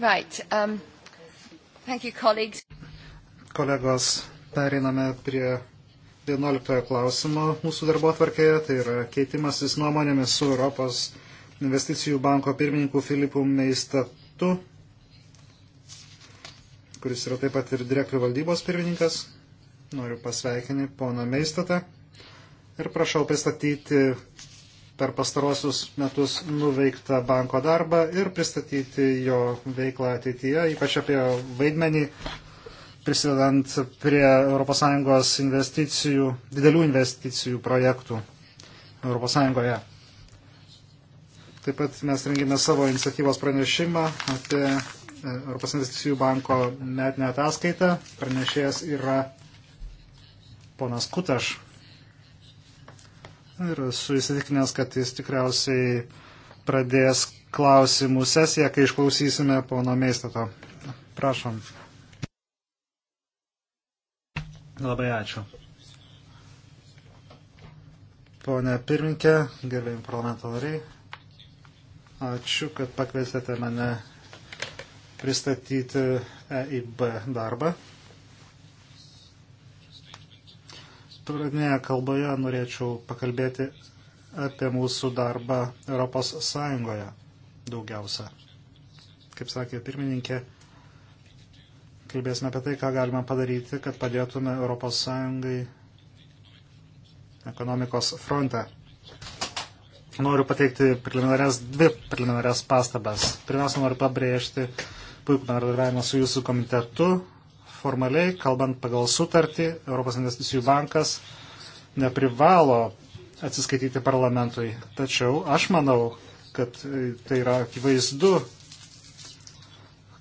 Right. Um, thank you, colleagues. Kolegos, periname prie 11 klausimo mūsų darbo atvarkėje. Tai yra keitimasis nuomonėmis su Europos investicijų banko pirmininku Filipu Meistatu, kuris yra taip pat ir direktorių valdybos pirmininkas. Noriu pasveikinti poną Meistatą ir prašau pristatyti per pastarosius metus nuveiktą banko darbą ir pristatyti jo veiklą ateityje, ypač apie vaidmenį prisidedant prie ES investicijų, didelių investicijų projektų ES. Taip pat mes rengėme savo iniciatyvos pranešimą apie e, Europos investicijų banko metinę ataskaitą. Pranešėjas yra ponas Kutaš ir esu įsitikinęs, kad jis tikriausiai pradės klausimų sesiją, kai išklausysime pono Meistato. Prašom. Labai ačiū. Pone pirminkė, gerbėjim parlamento nariai, ačiū, kad pakvietėte mane pristatyti EIB darbą. turinėje kalboje norėčiau pakalbėti apie mūsų darbą Europos Sąjungoje daugiausia. Kaip sakė pirmininkė, kalbėsime apie tai, ką galime padaryti, kad padėtume Europos Sąjungai ekonomikos fronte. Noriu pateikti preliminarias, dvi preliminarias pastabas. Pirmiausia, noriu pabrėžti puikų bendradarbiavimą su jūsų komitetu formaliai, kalbant pagal sutartį, Europos investicijų bankas neprivalo atsiskaityti parlamentui. Tačiau aš manau, kad tai yra akivaizdu,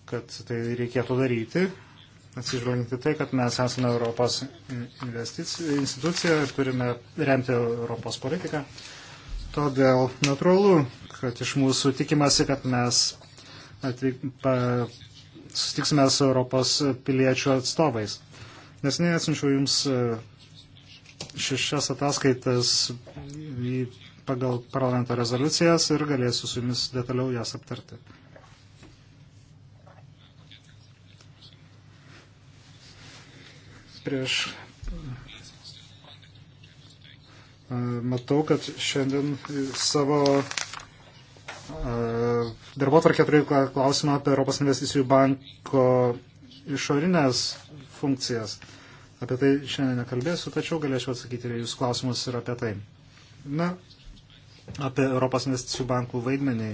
kad tai reikėtų daryti, atsižvelginti tai, kad mes esame Europos institucija ir turime remti Europos politiką. Todėl natūralu, kad iš mūsų tikimasi, kad mes atvyk, pa, sustiksime su Europos piliečių atstovais. Nesiniai atsinčiau Jums e, šešias ataskaitas pagal parlamento rezoliucijas ir galėsiu su Jumis detaliau jas aptarti. Prieš e, matau, kad šiandien savo E, darbo tvarkė turėjo klausimą apie Europos investicijų banko išorinės funkcijas. Apie tai šiandien nekalbėsiu, tačiau galėčiau atsakyti ir jūsų klausimus ir apie tai. Na, apie Europos investicijų bankų vaidmenį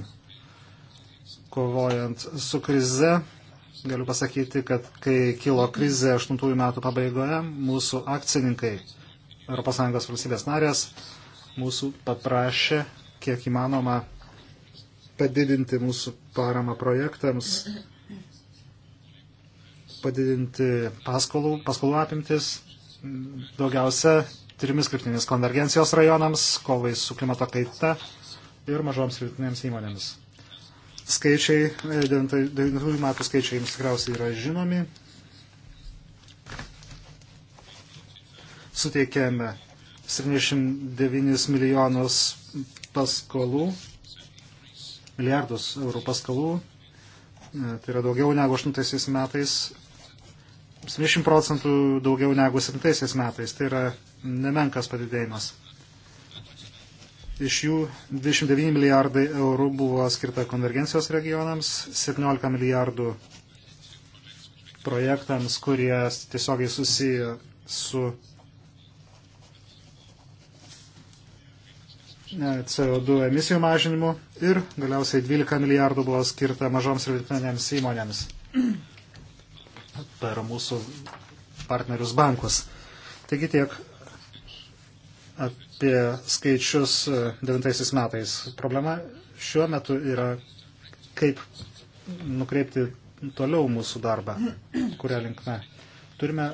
kovojant su krize. Galiu pasakyti, kad kai kilo krizė 8 metų pabaigoje, mūsų akcininkai, ES valstybės narės, mūsų paprašė, kiek įmanoma, padidinti mūsų paramą projektams, padidinti paskolų, paskolų apimtis, daugiausia trimis kryptimis konvergencijos rajonams, kovai su klimato kaita ir mažoms rytinėms įmonėms. Skaičiai, 9 e, metų skaičiai jums tikriausiai yra žinomi. Suteikėme 79 milijonus paskolų milijardus eurų paskalų, e, tai yra daugiau negu 8 metais, 70 procentų daugiau negu 7 metais, tai yra nemenkas padidėjimas. Iš jų 29 milijardai eurų buvo skirta konvergencijos regionams, 17 milijardų projektams, kurie tiesiogiai susiję su E, CO2 emisijų mažinimu ir galiausiai 12 milijardų buvo skirta mažoms ir vidutinėms įmonėms per mūsų partnerius bankus. Taigi tiek apie skaičius 9 e, metais. Problema šiuo metu yra kaip nukreipti toliau mūsų darbą, kurią linkme. Turime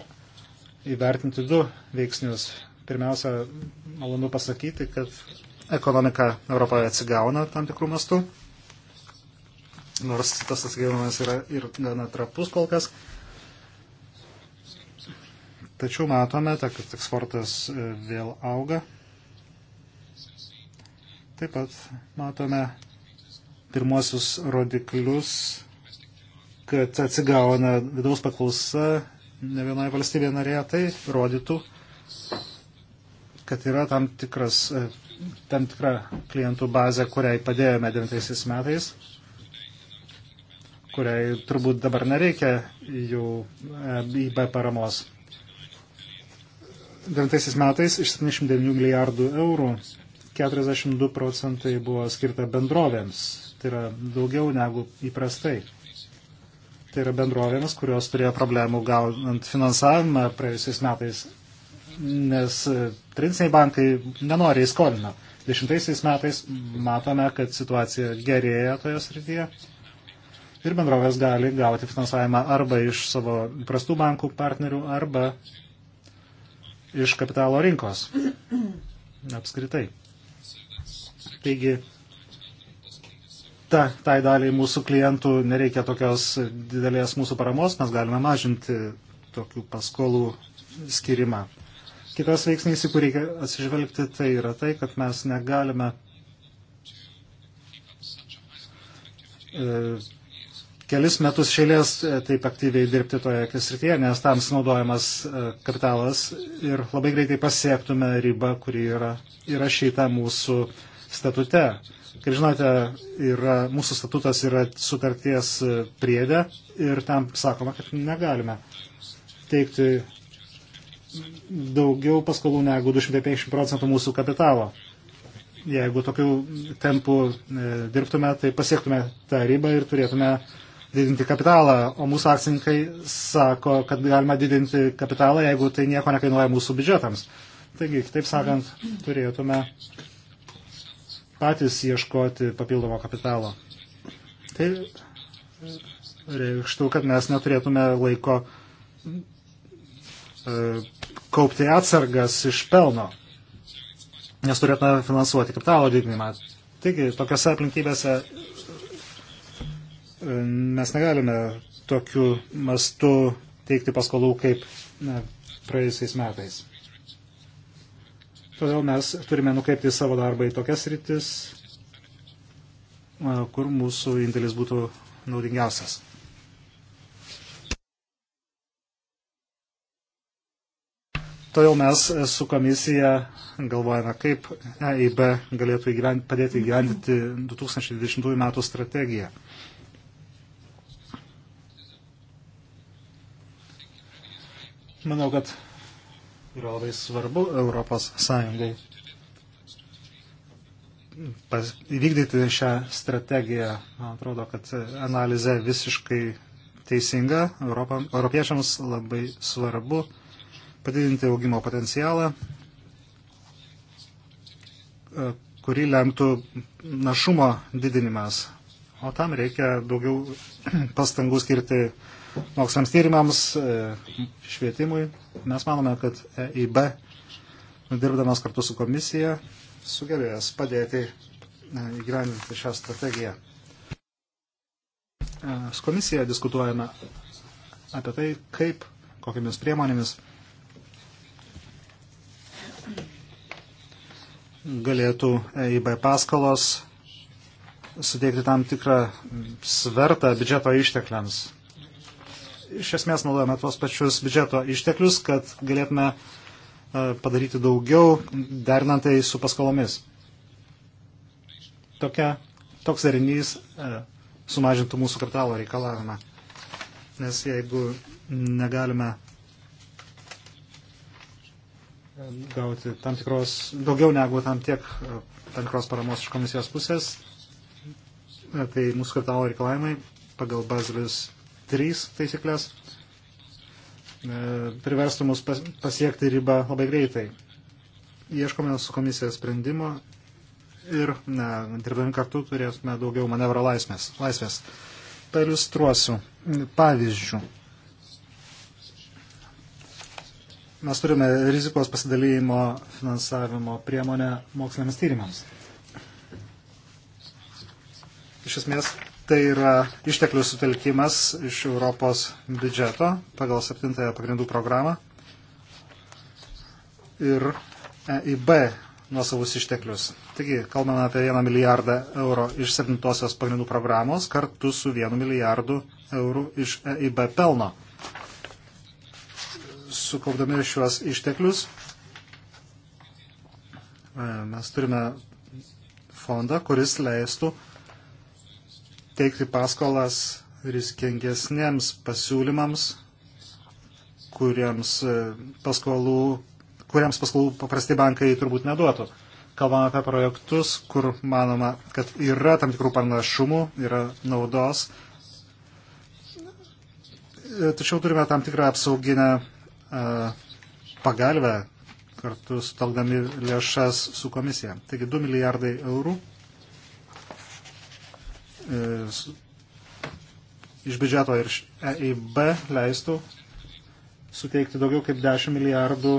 įvertinti du veiksnius. Pirmiausia, malonu pasakyti, kad ekonomika Europoje atsigauna tam tikrų mastų, nors tas atsigaunimas yra ir gana trapus kol kas. Tačiau matome, kad eksportas e, vėl auga. Taip pat matome pirmosius rodiklius, kad atsigauna vidaus paklausa ne vienoje valstybėje narėje, tai rodytų, kad yra tam tikras e, tam tikrą klientų bazę, kuriai padėjome 9 metais, kuriai turbūt dabar nereikia jų IB e, paramos. 9 metais iš 79 milijardų eurų 42 procentai buvo skirta bendrovėms. Tai yra daugiau negu įprastai. Tai yra bendrovėms, kurios turėjo problemų gaunant finansavimą praėjusiais metais nes e, tradiciniai bankai nenori įskolina. Dešimtaisiais metais matome, kad situacija gerėja toje srityje ir bendrovės gali gauti finansavimą arba iš savo prastų bankų partnerių, arba iš kapitalo rinkos apskritai. Taigi, ta, tai daliai mūsų klientų nereikia tokios didelės mūsų paramos, mes galime mažinti tokių paskolų skirimą. Kitas veiksnys, į kurį reikia atsižvelgti, tai yra tai, kad mes negalime e, kelis metus šėlės e, taip aktyviai dirbti toje srityje, nes tam sunaudojamas e, kapitalas ir labai greitai pasiektume ribą, kuri yra įrašyta mūsų statute. Kaip žinote, yra, mūsų statutas yra sutarties priedė ir tam sakoma, kad negalime teikti daugiau paskolų negu 250 procentų mūsų kapitalo. Jeigu tokiu tempu e, dirbtume, tai pasiektume tą ribą ir turėtume didinti kapitalą, o mūsų akcininkai sako, kad galima didinti kapitalą, jeigu tai nieko nekainuoja mūsų biudžetams. Taigi, taip sakant, turėtume patys ieškoti papildomo kapitalo. Tai reikštų, kad mes neturėtume laiko E, kaupti atsargas iš pelno, nes turėtume finansuoti kapitalo didinimą. Taigi, tokiose aplinkybėse e, mes negalime tokiu mastu teikti paskolų kaip na, praėjusiais metais. Todėl mes turime nukreipti savo darbą į tokias rytis, e, kur mūsų indėlis būtų naudingiausias. Todėl mes su komisija galvojame, kaip EIB galėtų įgyvent, padėti įgyvendinti 2020 m. strategiją. Manau, kad yra labai svarbu Europos Sąjungai pas, įvykdyti šią strategiją. Man atrodo, kad analizė visiškai teisinga. Europa, europiečiams labai svarbu padidinti augimo potencialą, e, kurį lemtų našumo didinimas. O tam reikia daugiau (clears throat) pastangų skirti mokslams tyrimams, e, švietimui. Mes manome, kad EIB, dirbdamas kartu su komisija, sugebės padėti e, įgyvendinti šią strategiją. Su komisija diskutuojame apie tai, kaip, kokiamis priemonėmis galėtų EIB paskolos suteikti tam tikrą svertą biudžeto ištekliams. Iš esmės naudojame tuos pačius biudžeto išteklius, kad galėtume e, padaryti daugiau, derinant tai su paskolomis. Tokia, toks darinys e, sumažintų mūsų kapitalo reikalavimą. Nes jeigu negalime gauti tam tikros, daugiau negu tam tiek e, tam tikros paramos iš komisijos pusės. E, tai mūsų kapitalo reikalavimai pagal Bazilius 3 taisyklės e, priverstų mus pasiekti ribą labai greitai. Ieškome su komisija sprendimo ir ne, dirbdami kartu turėsime daugiau manevro laisvės. laisvės. Pailiustruosiu pavyzdžių. mes turime rizikos pasidalymo finansavimo priemonę moksliniams tyrimams. Iš esmės, tai yra išteklių sutelkimas iš Europos biudžeto pagal septintąją pagrindų programą ir EIB nuosavus išteklius. Taigi, kalbame apie 1 milijardą eurų iš 7 pagrindų programos kartu su 1 milijardu eurų iš EIB pelno sukaupdami šiuos išteklius. E, mes turime fondą, kuris leistų teikti paskolas riskingesniems pasiūlymams, kuriems e, paskolų, kuriems paskolų paprasti bankai turbūt neduotų. Kalbame apie projektus, kur manoma, kad yra tam tikrų panašumų, yra naudos, e, tačiau turime tam tikrą apsauginę E, pagalbę kartu sutelkdami lėšas su komisija. Taigi 2 milijardai eurų e, iš biudžeto ir iš EIB leistų suteikti daugiau kaip 10 milijardų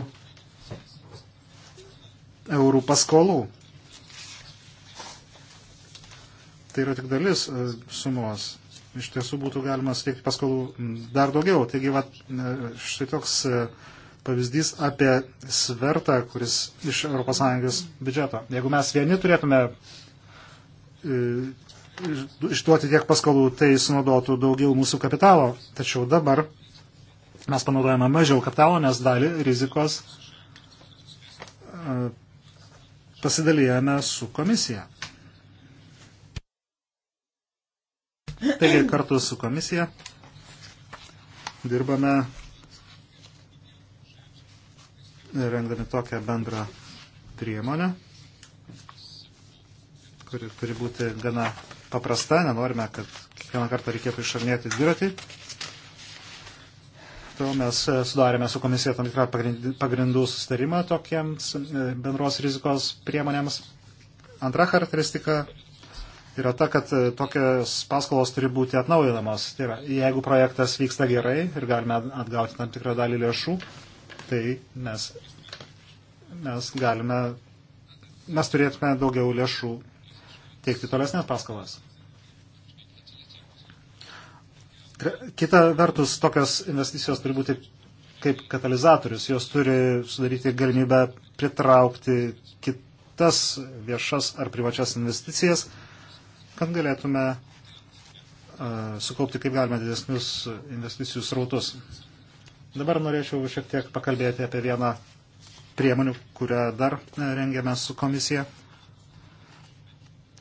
eurų paskolų. Tai yra tik dalis e, sumos iš tiesų būtų galima suteikti paskolų dar daugiau. Taigi, va, e, štai toks e, pavyzdys apie svertą, kuris iš ES biudžeto. Jeigu mes vieni turėtume e, išduoti tiek paskolų, tai sunaudotų daugiau mūsų kapitalo. Tačiau dabar mes panaudojame mažiau kapitalo, nes dalį rizikos pasidalijame su komisija. Taigi kartu su komisija dirbame rengdami tokią bendrą priemonę, kuri turi būti gana paprasta, nenorime, kad kiekvieną kartą reikėtų išarnėti dviratį. Todėl mes e, sudarėme su komisija tam tikrą pagrindų sustarimą tokiems e, bendros rizikos priemonėms. Antra charakteristika yra ta, kad e, tokios paskolos turi būti atnaujinamos. Tai yra, jeigu projektas vyksta gerai ir galime atgauti tam tikrą dalį lėšų, tai mes, mes galime, mes turėtume daugiau lėšų teikti tolesnės paskolas. Kita vertus, tokios investicijos turi būti kaip katalizatorius, jos turi sudaryti galimybę pritraukti kitas viešas ar privačias investicijas kad galėtume sukaupti kaip galima didesnius investicijų srautus. Dabar norėčiau šiek tiek pakalbėti apie vieną priemonių, kurią dar e, rengiame su komisija.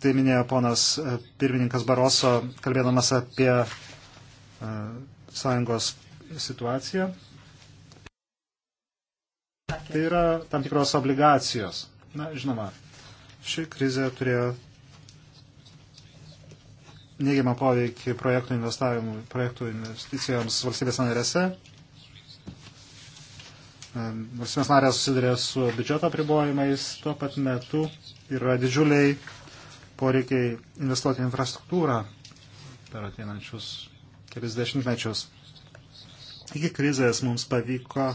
Tai minėjo ponas e, pirmininkas Baroso, kalbėdamas apie e, sąjungos situaciją. Tai yra tam tikros obligacijos. Na, žinoma, ši krizė turėjo neigiamą poveikį projektų investavimui, projektų investicijoms valstybės narėse. Valstybės narės susiduria su biudžeto pribojimais, tuo pat metu yra didžiuliai poreikiai investuoti į infrastruktūrą per ateinančius kelis dešimtmečius. Iki krizės mums pavyko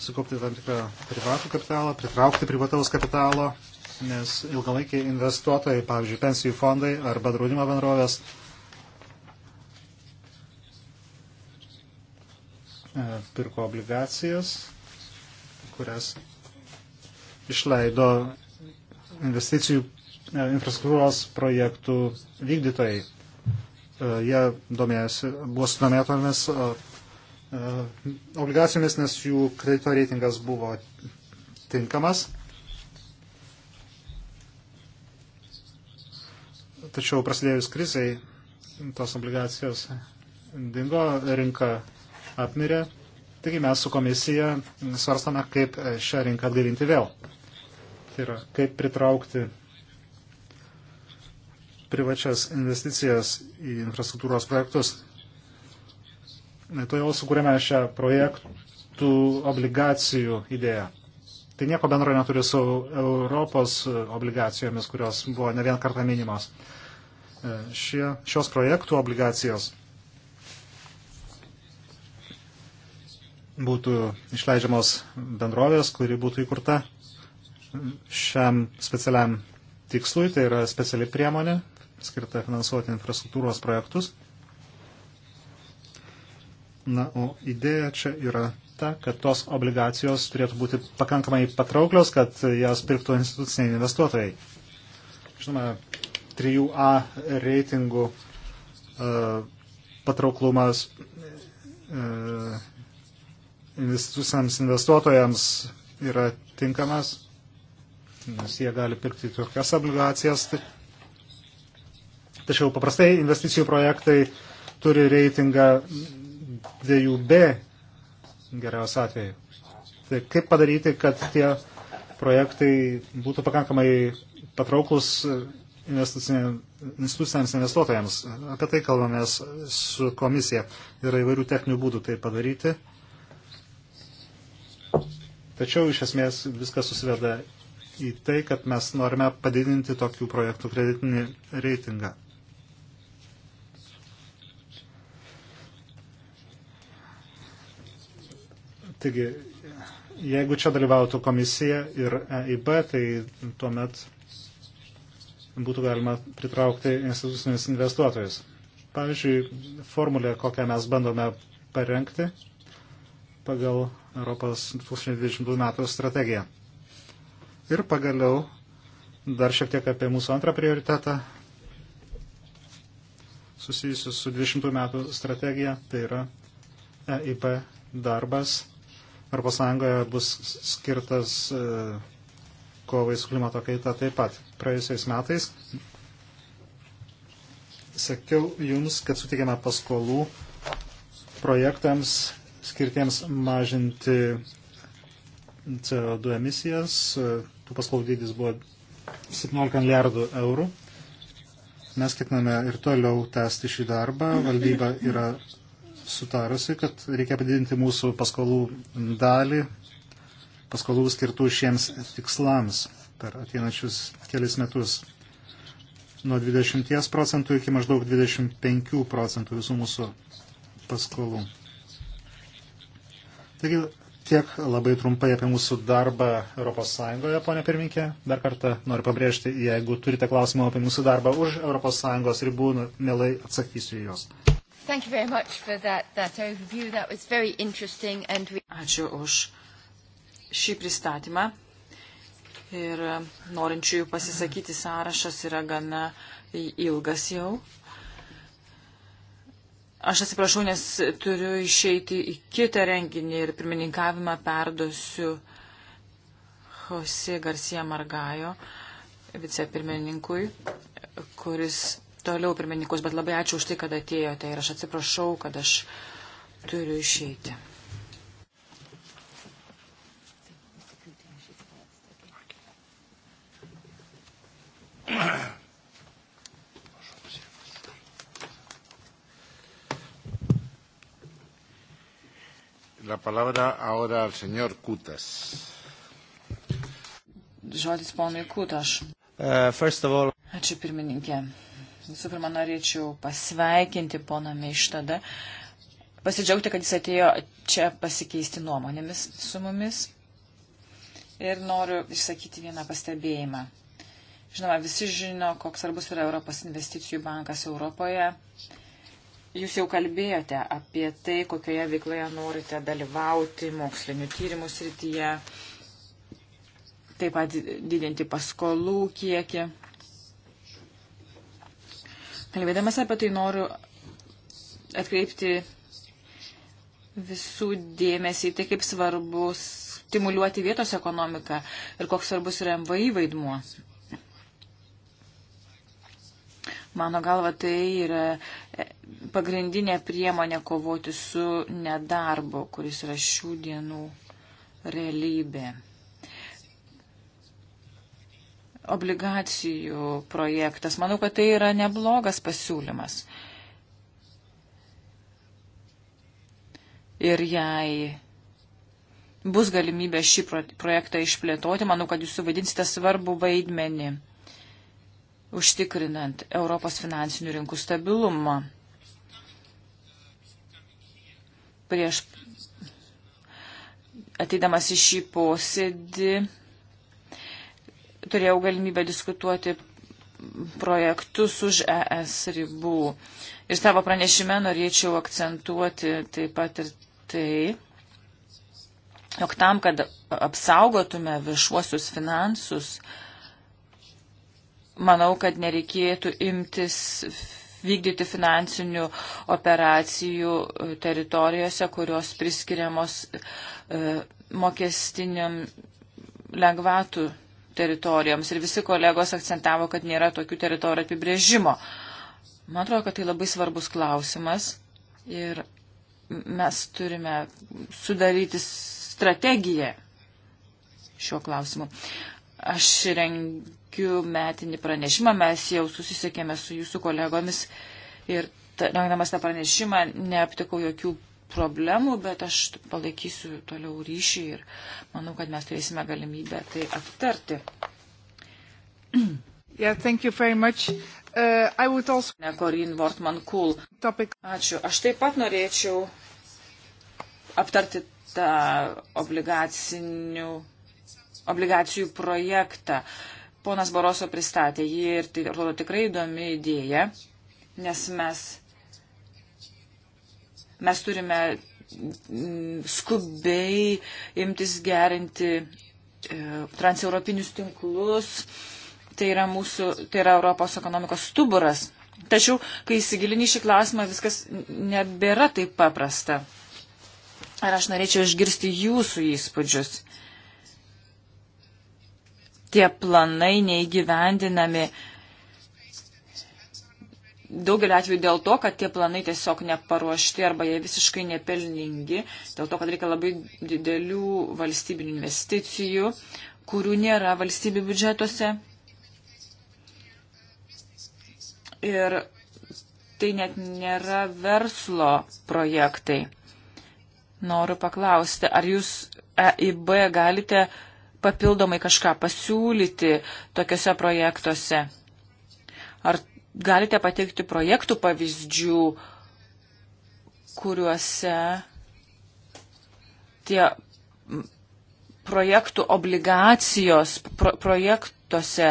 sukaupti tam tikrą privatų kapitalą, pritraukti privataus kapitalo nes ilgalaikiai investuotojai, pavyzdžiui, pensijų fondai arba draudimo bendrovės, e, pirko obligacijas, kurias išleido investicijų e, infrastruktūros projektų vykdytojai. E, jie domėjosi, buvo sudomėtomis obligacijomis, nes jų kredito reitingas buvo tinkamas. tačiau prasidėjus krizai tos obligacijos dingo, rinka apmirė. Taigi mes su komisija svarstame, kaip šią rinką atgaivinti vėl. Tai yra, kaip pritraukti privačias investicijas į infrastruktūros projektus. Todėl sukūrėme šią projektų obligacijų idėją. Tai nieko bendro neturi su Europos obligacijomis, kurios buvo ne vien kartą minimos. E, šie, šios projektų obligacijos būtų išleidžiamos bendrovės, kuri būtų įkurta šiam specialiam tikslui, tai yra speciali priemonė, skirta finansuoti infrastruktūros projektus. Na, o idėja čia yra ta, kad tos obligacijos turėtų būti pakankamai patrauklios, kad jas pirktų instituciniai investuotojai. Žinoma, 3A reitingų e, patrauklumas e, institucijams investuotojams yra tinkamas, nes jie gali pirkti tokias obligacijas. Tačiau paprastai investicijų projektai turi reitingą 2B geriausiu atveju. Tai kaip padaryti, kad tie projektai būtų pakankamai patrauklus instituciniams investuotojams. Apie tai kalbamės su komisija. Yra įvairių techninių būdų tai padaryti. Tačiau iš esmės viskas susiveda į tai, kad mes norime padidinti tokių projektų kreditinį reitingą. Taigi, jeigu čia dalyvautų komisija ir EIB, tai tuomet būtų galima pritraukti institucinius investuotojus. Pavyzdžiui, formulė, kokią mes bandome parengti pagal Europos 2020 metų strategiją. Ir pagaliau dar šiek tiek apie mūsų antrą prioritetą susijusius su 20 metų strategija, tai yra EIP darbas Europos Sąjungoje bus skirtas e, kovai su klimato kaita taip pat. Praėjusiais metais sakiau Jums, kad sutikėme paskolų projektams skirtiems mažinti CO2 emisijas. Tų paskolų dydis buvo 17 milijardų eurų. Mes ketiname ir toliau tęsti šį darbą. Valdyba yra sutarusi, kad reikia padidinti mūsų paskolų dalį paskolų skirtų šiems tikslams per ateinačius kelis metus. Nuo 20 procentų iki maždaug 25 procentų visų mūsų paskolų. Taigi tiek labai trumpai apie mūsų darbą ES, ponė pirminkė. Dar kartą noriu pabrėžti, jeigu turite klausimą apie mūsų darbą už ES ribų, nu, mielai atsakysiu į juos. That, that that we... Ačiū už šį pristatymą. Ir norinčiųjų pasisakyti sąrašas yra gana ilgas jau. Aš atsiprašau, nes turiu išeiti į kitą renginį ir pirmininkavimą perduosiu Jose Garcia Margajo vicepirmininkui, kuris toliau pirmininkus, bet labai ačiū už tai, kad atėjote ir aš atsiprašau, kad aš turiu išeiti. La palabra ahora al señor Kutas. Žodis ponui Kutaš. Uh, all... Ačiū pirmininkė. Visų pirma, norėčiau pasveikinti poną Meištada, pasidžiaugti, kad jis atėjo čia pasikeisti nuomonėmis su mumis. Ir noriu išsakyti vieną pastebėjimą. Žinoma, visi žino, koks svarbus yra Europos investicijų bankas Europoje. Jūs jau kalbėjote apie tai, kokioje veikloje norite dalyvauti mokslinių tyrimų srityje, taip pat didinti paskolų kiekį. Kalbėdamas apie tai noriu atkreipti visų dėmesį, tai kaip svarbu stimuliuoti vietos ekonomiką ir koks svarbus yra MVI vaidmuo Mano galva, tai yra e, pagrindinė priemonė kovoti su nedarbo, kuris yra šių dienų realybė. Obligacijų projektas. Manau, kad tai yra neblogas pasiūlymas. Ir jei bus galimybė šį projektą išplėtoti, manau, kad jūs suvaidinsite svarbų vaidmenį užtikrinant Europos finansinių rinkų stabilumą. Prieš ateidamas į šį posėdį turėjau galimybę diskutuoti projektus už ES ribų. Ir savo pranešime norėčiau akcentuoti taip pat ir tai, jog tam, kad apsaugotume viešuosius finansus, uh, manau, kad nereikėtų imtis vykdyti finansinių operacijų e, teritorijose, kurios priskiriamos e, mokestiniam lengvatų teritorijoms. Ir visi kolegos akcentavo, kad nėra tokių teritorijų apibrėžimo. Man atrodo, kad tai labai svarbus klausimas ir mes turime sudaryti strategiją šiuo klausimu. Aš rengiu rengiu metinį pranešimą, mes jau susisiekėme su jūsų kolegomis ir rengdamas tą pranešimą neaptikau jokių problemų, bet aš palaikysiu toliau ryšį ir manau, kad mes turėsime galimybę tai aptarti. Yeah, thank you very much. Uh, I would also... Ne, Corinne Wortman Cool. Topic. Ačiū. Aš taip pat norėčiau aptarti tą obligacinių obligacijų projektą. Ponas Boroso pristatė jį ir tai atrodo tikrai įdomi idėja, nes mes, mes turime mm, skubiai imtis gerinti e, transeuropinius tinklus. Tai yra, mūsų, tai yra Europos ekonomikos stuburas. Tačiau, kai įsigilini šį klausimą, viskas nebėra taip paprasta. Ar aš norėčiau išgirsti jūsų įspūdžius? tie planai neįgyvendinami. Daugelį atvejų dėl to, kad tie planai tiesiog neparuošti arba jie visiškai nepelningi, dėl to, kad reikia labai didelių valstybinių investicijų, kurių nėra valstybių biudžetuose. Ir tai net nėra verslo projektai. Noriu paklausti, ar jūs EIB galite papildomai kažką pasiūlyti tokiuose projektuose? Ar galite pateikti projektų pavyzdžių, kuriuose tie projektų obligacijos pro, projektuose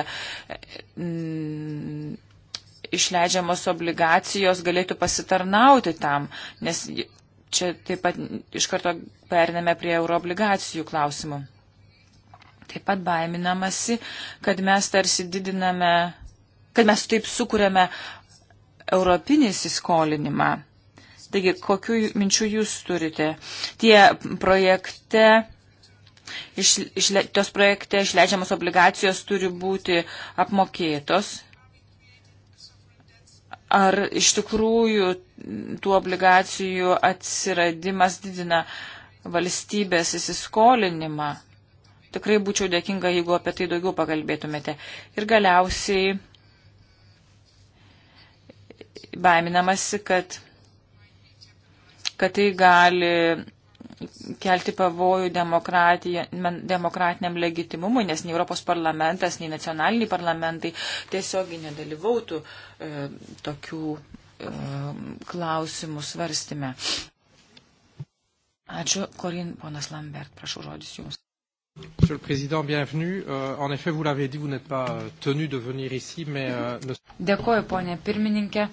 m, mm, išleidžiamos obligacijos galėtų pasitarnauti tam, nes čia taip pat iš karto periname prie euroobligacijų klausimų. Taip pat baiminamasi, kad mes tarsi didiname, kad mes taip sukūrėme europinį įsiskolinimą. Taigi, kokiu minčiu jūs turite? Tie projekte, iš, išle, tos projekte išleidžiamos obligacijos turi būti apmokėtos. Ar iš tikrųjų tų obligacijų atsiradimas didina valstybės įsiskolinimą? Tikrai būčiau dėkinga, jeigu apie tai daugiau pakalbėtumėte. Ir galiausiai baiminamasi, kad, kad tai gali kelti pavojų demokratiniam legitimumui, nes nei Europos parlamentas, nei nacionaliniai parlamentai tiesiogiai nedalyvautų e, tokių e, klausimų svarstime. Ačiū, Korin, ponas Lambert, prašau žodis jums. Monsieur le Président, bienvenue. Euh, en effet, vous l'avez dit, vous n'êtes pas euh, tenu de venir ici, mais... Euh, ne... Dėkuoju, ponė pirmininkė.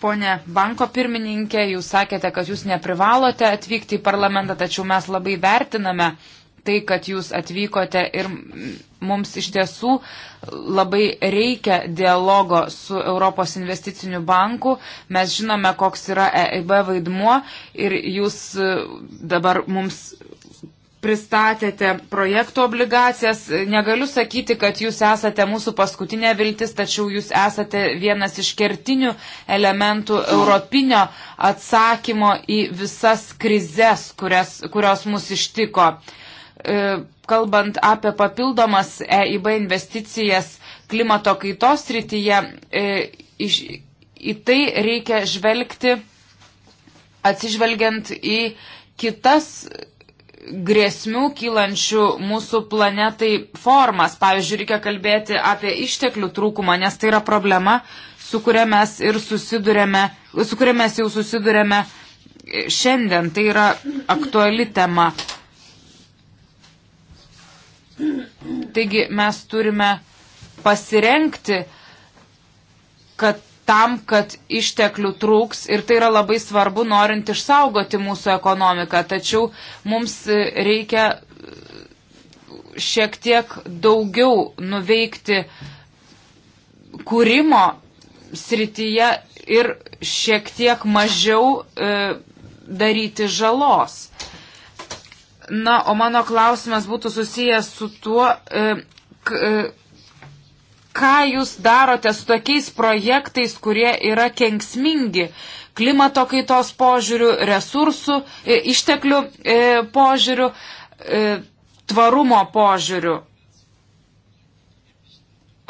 Pone banko pirmininkė, jūs sakėte, kad jūs neprivalote atvykti į parlamentą, tačiau mes labai vertiname uh, tai, kad jūs atvykote ir mums iš tiesų labai reikia dialogo su Europos investiciniu banku. Mes žinome, koks yra EIB vaidmuo ir jūs e, dabar mums pristatėte projektų obligacijas. Negaliu sakyti, kad jūs esate mūsų paskutinė viltis, tačiau jūs esate vienas iš kertinių elementų europinio atsakymo į visas krizes, kurias, kurios mus ištiko. E, kalbant apie papildomas EIB investicijas klimato kaitos rytyje, e, iš, į tai reikia žvelgti atsižvelgiant į kitas grėsmių kylančių mūsų planetai formas. Pavyzdžiui, reikia kalbėti apie išteklių trūkumą, nes tai yra problema, su kuria mes ir susidurėme, su kuria mes jau susidurėme šiandien. Tai yra aktuali tema. Taigi mes turime pasirenkti, kad tam, kad išteklių trūks ir tai yra labai svarbu, norint išsaugoti mūsų ekonomiką. Tačiau mums reikia šiek tiek daugiau nuveikti kūrimo srityje ir šiek tiek mažiau e, daryti žalos. Na, o mano klausimas būtų susijęs su tuo, e, e, ką jūs darote su tokiais projektais, kurie yra kenksmingi klimato kaitos požiūrių, resursų, e, išteklių požiūrių, tvarumo požiūrių.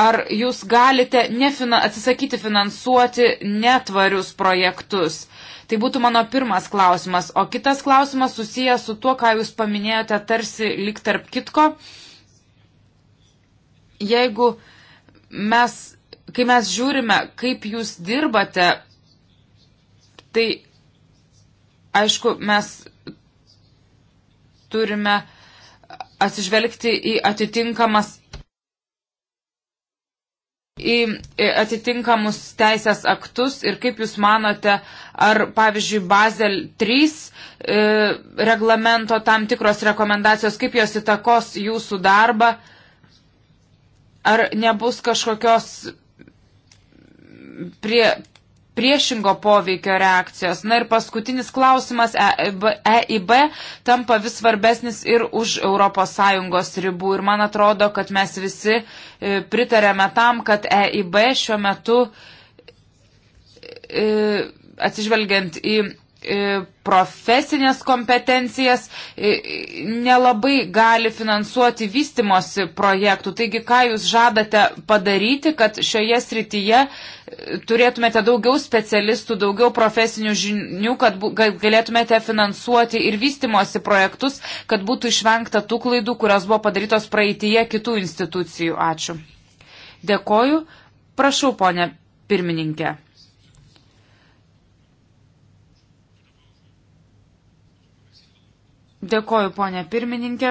Ar jūs galite nefina, atsisakyti finansuoti netvarius projektus? Uh, Tai būtų mano pirmas klausimas. O kitas klausimas susijęs su tuo, ką jūs paminėjote tarsi lik tarp kitko. Jeigu mes, kai mes žiūrime, kaip jūs dirbate, tai aišku, mes turime atsižvelgti į atitinkamas į atitinkamus teisės aktus ir kaip Jūs manote, ar pavyzdžiui Bazel 3 e, reglamento tam tikros rekomendacijos, kaip jos įtakos Jūsų darbą, ar nebus kažkokios prie, priešingo poveikio reakcijos. Na ir paskutinis klausimas EIB, e, EIB tampa vis svarbesnis ir už ES ribų. Ir man atrodo, kad mes visi e, pritarėme tam, kad EIB šiuo metu e, atsižvelgiant į E, profesinės kompetencijas e, nelabai gali finansuoti vystimosi projektų. Taigi, ką jūs žadate padaryti, kad šioje srityje e, turėtumėte daugiau specialistų, daugiau profesinių žinių, kad, kad galėtumėte finansuoti ir vystimosi projektus, kad būtų išvengta tų klaidų, kurios buvo padarytos praeitįje kitų institucijų. Ačiū. Dėkoju. Prašau, ponė pirmininkė. Dėkoju, ponė pirmininkė.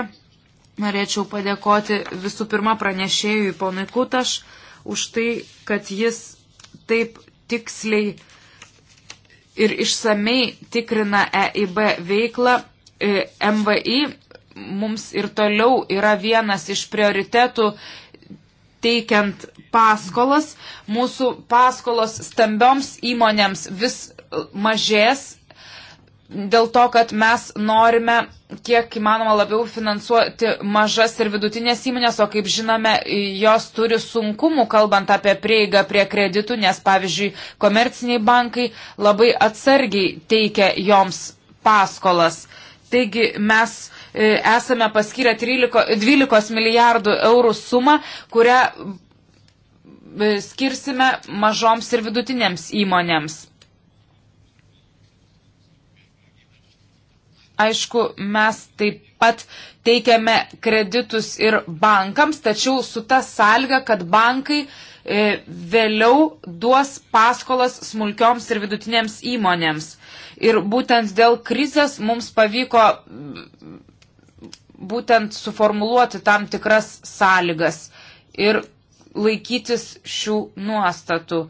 Norėčiau padėkoti visų pirma pranešėjui ponui Kutaš už tai, kad jis taip tiksliai ir išsamei tikrina EIB veiklą. E, MVI mums ir toliau yra vienas iš prioritetų teikiant paskolas. Mūsų paskolos stambioms įmonėms vis mažės dėl to, kad mes norime kiek įmanoma labiau finansuoti mažas ir vidutinės įmonės, o kaip žinome, jos turi sunkumų, kalbant apie prieigą prie kreditų, nes, pavyzdžiui, komerciniai bankai labai atsargiai teikia joms paskolas. Taigi mes e, esame paskyrę 13, 12 milijardų eurų sumą, kurią e, skirsime mažoms ir vidutinėms įmonėms. Aišku, mes taip pat teikiame kreditus ir bankams, tačiau su ta salga, kad bankai e, vėliau duos paskolas smulkioms ir vidutinėms įmonėms. Ir būtent dėl krizės mums pavyko mm, būtent suformuluoti tam tikras sąlygas ir laikytis šių nuostatų.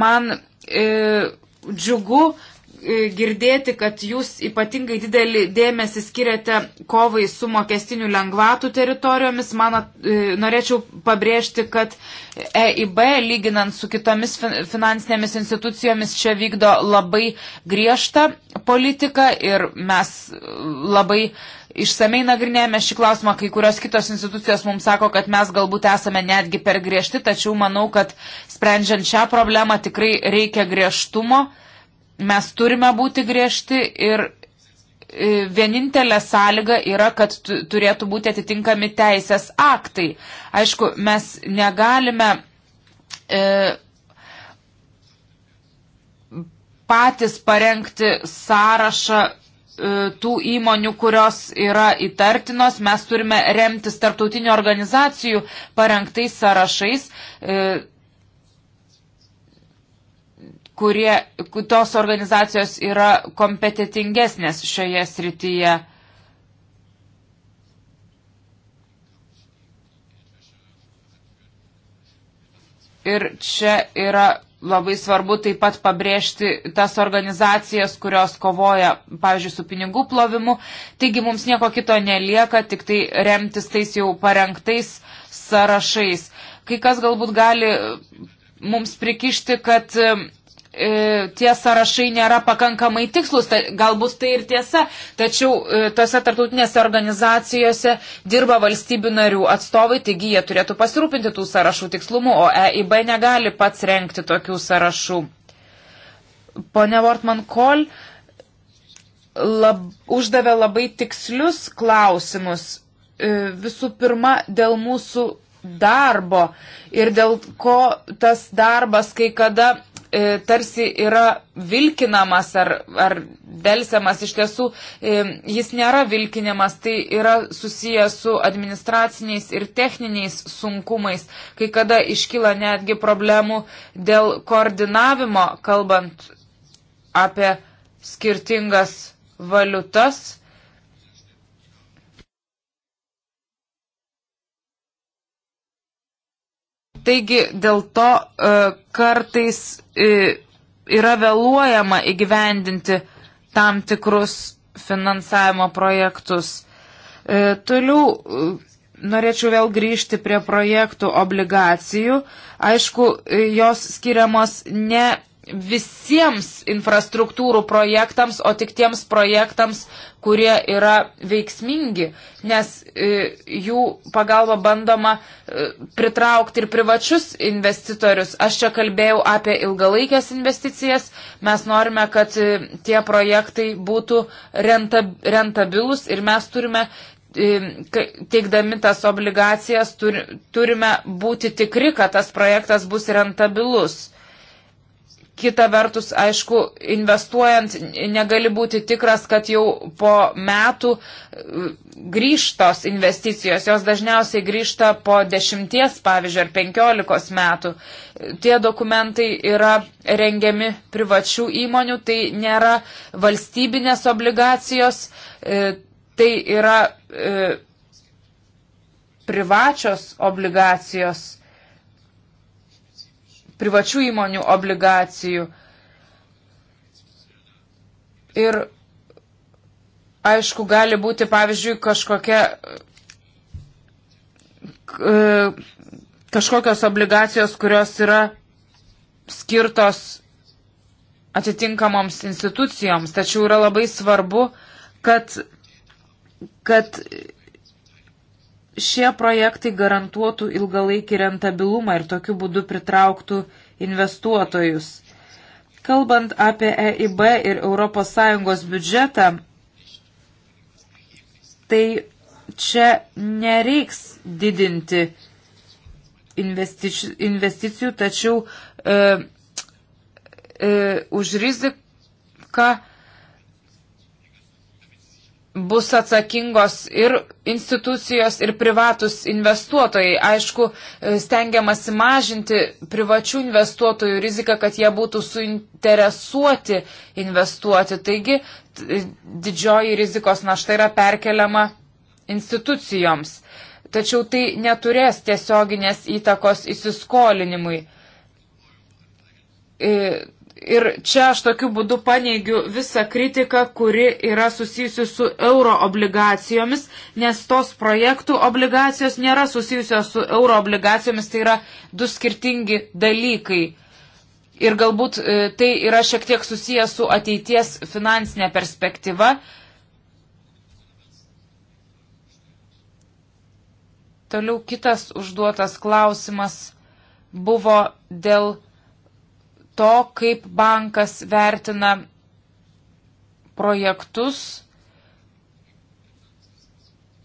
Man e, džiugu, E, girdėti, kad jūs ypatingai didelį dėmesį skiriate kovai su mokestinių lengvatų teritorijomis. Man e, norėčiau pabrėžti, kad EIB, lyginant su kitomis finansinėmis institucijomis, čia vykdo labai griežtą politiką ir mes labai išsamei nagrinėjame šį klausimą, kai kurios kitos institucijos mums sako, kad mes galbūt esame netgi per griežti, tačiau manau, kad sprendžiant šią problemą tikrai reikia griežtumo mes turime būti griežti ir e, vienintelė sąlyga yra, kad turėtų būti atitinkami teisės aktai. Aišku, mes negalime e, patys parengti sąrašą e, tų įmonių, kurios yra įtartinos, mes turime remtis tarptautinių organizacijų parengtais sąrašais. E, kurie, tos organizacijos yra kompetitingesnės šioje srityje. Ir čia yra labai svarbu taip pat pabrėžti tas organizacijas, kurios kovoja, pavyzdžiui, su pinigų plovimu. Taigi mums nieko kito nelieka, tik tai remtis tais jau parengtais sąrašais. Kai kas galbūt gali mums prikišti, kad E, tie sąrašai nėra pakankamai tikslus, tai galbūt tai ir tiesa, tačiau e, tose tartutinėse organizacijose dirba valstybių narių atstovai, taigi jie turėtų pasirūpinti tų sąrašų tikslumu, o EIB negali pats renkti tokių sąrašų. Pone Vortman Kol lab, uždavė labai tikslius klausimus. E, visų pirma, dėl mūsų darbo ir dėl ko tas darbas kai kada E, tarsi yra vilkinamas ar, ar delsiamas, iš tiesų e, jis nėra vilkinimas, tai yra susijęs su administraciniais ir techniniais sunkumais, kai kada iškyla netgi problemų dėl koordinavimo, kalbant apie skirtingas valiutas Taigi dėl to e, kartais e, yra vėluojama įgyvendinti tam tikrus finansavimo projektus. E, toliau e, norėčiau vėl grįžti prie projektų obligacijų. Aišku, e, jos skiriamos ne visiems infrastruktūrų projektams, o tik tiems projektams, kurie yra veiksmingi, nes e, jų pagalba bandoma e, pritraukti ir privačius investitorius. Aš čia kalbėjau apie ilgalaikės investicijas. Mes norime, kad e, tie projektai būtų rentabilus ir mes turime teikdami tas obligacijas turime būti tikri, kad tas projektas bus rentabilus. Kita vertus, aišku, investuojant negali būti tikras, kad jau po metų e, grįžtos investicijos, jos dažniausiai grįžta po dešimties, pavyzdžiui, ar penkiolikos metų. Tie dokumentai yra rengiami privačių įmonių, tai nėra valstybinės obligacijos, e, tai yra e, privačios obligacijos privačių įmonių obligacijų. Ir aišku, gali būti, pavyzdžiui, kažkokia, kažkokios obligacijos, kurios yra skirtos atitinkamoms institucijoms, tačiau yra labai svarbu, kad, kad šie projektai garantuotų ilgalaikį rentabilumą ir tokiu būdu pritrauktų investuotojus. Kalbant apie EIB ir ES biudžetą, tai čia nereiks didinti investicijų, investicijų tačiau e, e, už riziką bus atsakingos ir institucijos, ir privatus investuotojai. Aišku, e, stengiamasi mažinti privačių investuotojų riziką, kad jie būtų suinteresuoti investuoti. Taigi e, didžioji rizikos našta yra perkeliama institucijoms. Tačiau tai neturės tiesioginės įtakos įsiskolinimui. I, e, Ir čia aš tokiu būdu paneigiu visą kritiką, kuri yra susijusi su euro obligacijomis, nes tos projektų obligacijos nėra susijusios su euro obligacijomis, tai yra du skirtingi dalykai. Ir galbūt e, tai yra šiek tiek susijęs su ateities finansinė perspektyva. Toliau kitas užduotas klausimas buvo dėl to, kaip bankas vertina projektus,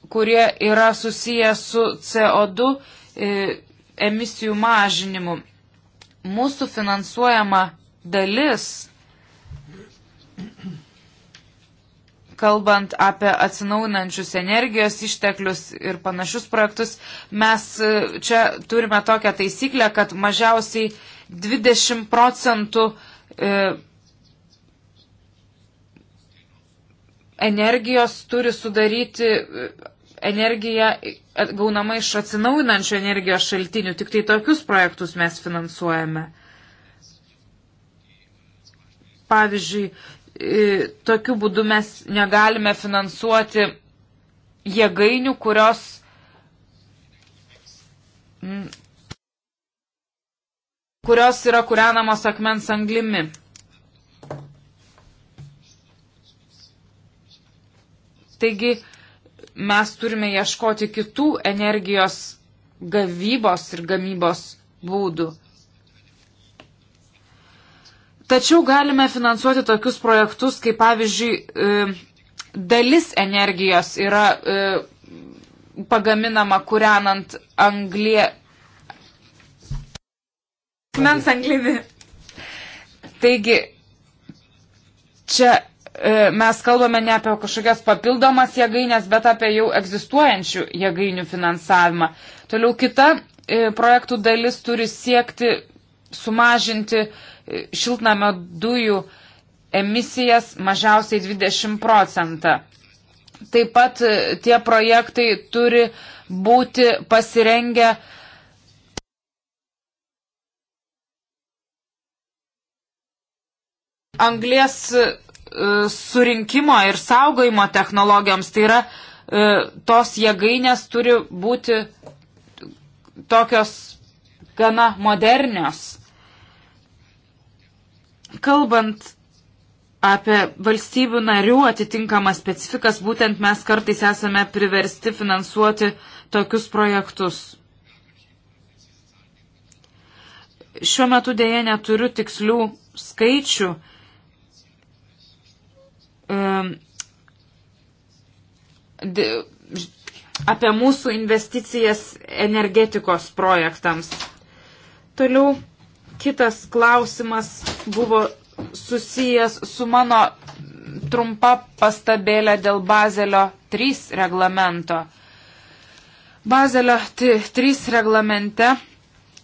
kurie yra susiję su CO2 e, emisijų mažinimu. Mūsų finansuojama dalis, kalbant apie atsinaunančius energijos išteklius ir panašius projektus, mes e, čia turime tokią taisyklę, kad mažiausiai 20 procentų e, energijos turi sudaryti e, energija gaunama iš atsinaujinančių energijos šaltinių. Tik tai tokius projektus mes finansuojame. Pavyzdžiui, e, tokiu būdu mes negalime finansuoti jėgainių, kurios kurios yra kūrenamos akmens anglimi. Taigi mes turime ieškoti kitų energijos gavybos ir gamybos būdų. Tačiau galime finansuoti tokius projektus, kaip pavyzdžiui, e, dalis energijos yra e, pagaminama kūrenant anglie, Mens anglimi. Taigi, čia e, mes kalbame ne apie kažkokias papildomas jėgainės, bet apie jau egzistuojančių jėgainių finansavimą. Toliau kita e, projektų dalis turi siekti sumažinti e, šiltnamio dujų emisijas mažiausiai 20 procentą. Taip pat tie projektai turi būti pasirengę uh, anglės e, surinkimo ir saugojimo technologijoms. Tai yra, e, tos jėgainės turi būti tokios gana modernios. Kalbant apie valstybių narių atitinkamas specifikas, būtent mes kartais esame priversti finansuoti tokius projektus. Šiuo metu dėje neturiu tikslių skaičių, apie mūsų investicijas energetikos projektams. Toliau kitas klausimas buvo susijęs su mano trumpa pastabėlė dėl Bazelio 3 reglamento. Bazelio 3 reglamente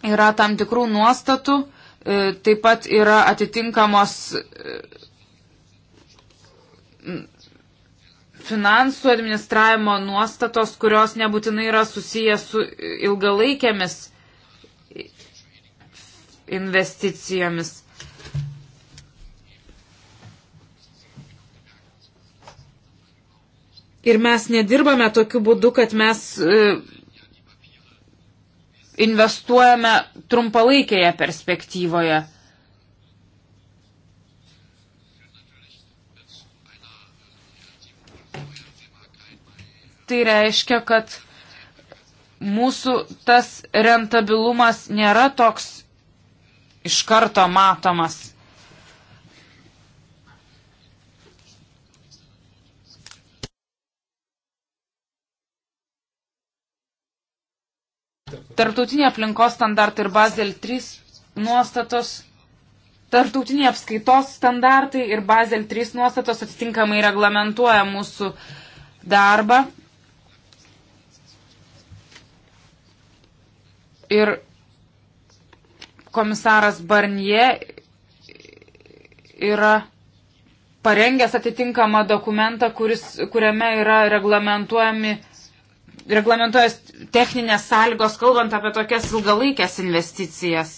yra tam tikrų nuostatų, e, taip pat yra atitinkamos e, finansų administravimo nuostatos, kurios nebūtinai yra susijęs su ilgalaikėmis investicijomis. Ir mes nedirbame tokiu būdu, kad mes e, investuojame trumpalaikėje perspektyvoje. tai reiškia, kad mūsų tas rentabilumas nėra toks iš karto matomas. Tarptautinė aplinkos standartai ir Bazel 3 nuostatos, tarptautinė apskaitos standartai ir Bazel 3 nuostatos atitinkamai reglamentuoja mūsų darbą. ir komisaras Barnie yra parengęs atitinkamą dokumentą, kuris, kuriame yra reglamentuojami reglamentuojas techninės sąlygos, kalbant apie tokias ilgalaikės investicijas.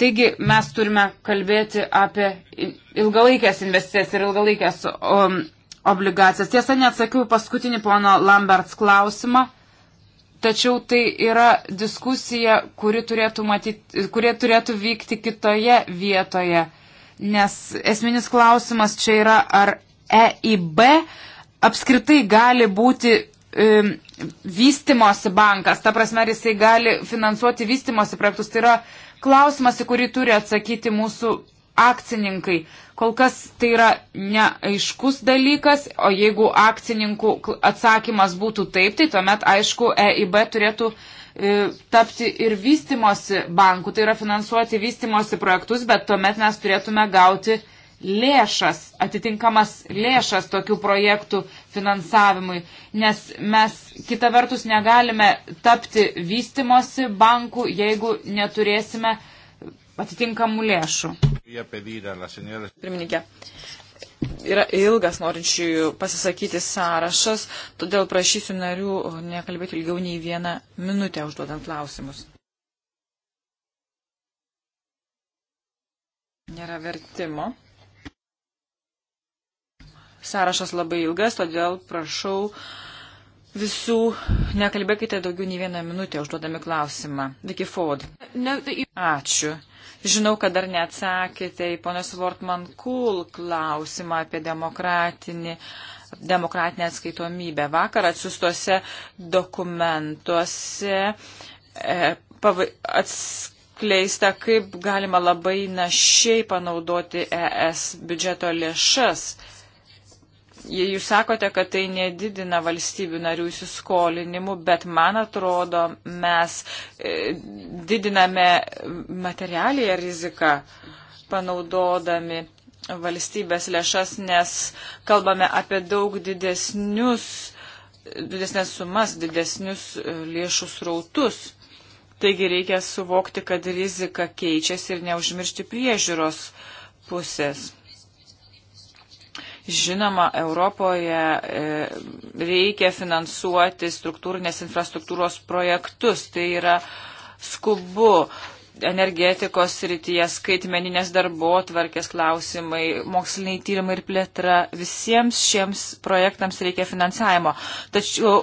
Taigi mes turime kalbėti apie ilgalaikės investicijas ir ilgalaikės um, obligacijas. Tiesa, neatsakiau paskutinį pono Lamberts klausimą, tačiau tai yra diskusija, kuri turėtų, matyti, kuri turėtų vykti kitoje vietoje, nes esminis klausimas čia yra, ar EIB apskritai gali būti e, vystimosi bankas, ta prasme, ar jisai gali finansuoti vystimosi projektus. Tai yra klausimas, į kurį turi atsakyti mūsų akcininkai. Kol kas tai yra neaiškus dalykas, o jeigu akcininkų atsakymas būtų taip, tai tuomet aišku EIB turėtų e, tapti ir vystimosi bankų, tai yra finansuoti vystimosi projektus, bet tuomet mes turėtume gauti lėšas, atitinkamas lėšas tokių projektų finansavimui, nes mes kita vertus negalime tapti vystimosi bankų, jeigu neturėsime atitinkamų lėšų. Pirmininkė, yra ilgas norinčiųjų pasisakyti sąrašas, todėl prašysiu narių nekalbėti ilgiau nei vieną minutę užduodant klausimus. Nėra vertimo. Sąrašas labai ilgas, todėl prašau uh, Visų nekalbėkite daugiau nei vieną minutę užduodami klausimą. Vicky Ford. Ačiū. Žinau, kad dar neatsakėte į ponios Wortman Kul klausimą apie demokratinį demokratinę atskaitomybę. Vakar atsiustuose dokumentuose e, atskleista, kaip galima labai našiai panaudoti ES biudžeto lėšas. Jei jūs sakote, kad tai nedidina valstybių narių įsiskolinimų, bet man atrodo, mes e, didiname materialiją riziką panaudodami valstybės lėšas, nes kalbame apie daug didesnius, didesnės sumas, didesnius e, lėšų srautus. Taigi reikia suvokti, kad rizika keičiasi ir neužmiršti priežiūros pusės. Žinoma, Europoje e, reikia finansuoti struktūrinės infrastruktūros projektus. Tai yra skubu energetikos srityje, skaitmeninės darbo tvarkės klausimai, moksliniai tyrimai ir plėtra. Visiems šiems projektams reikia finansavimo. Tačiau,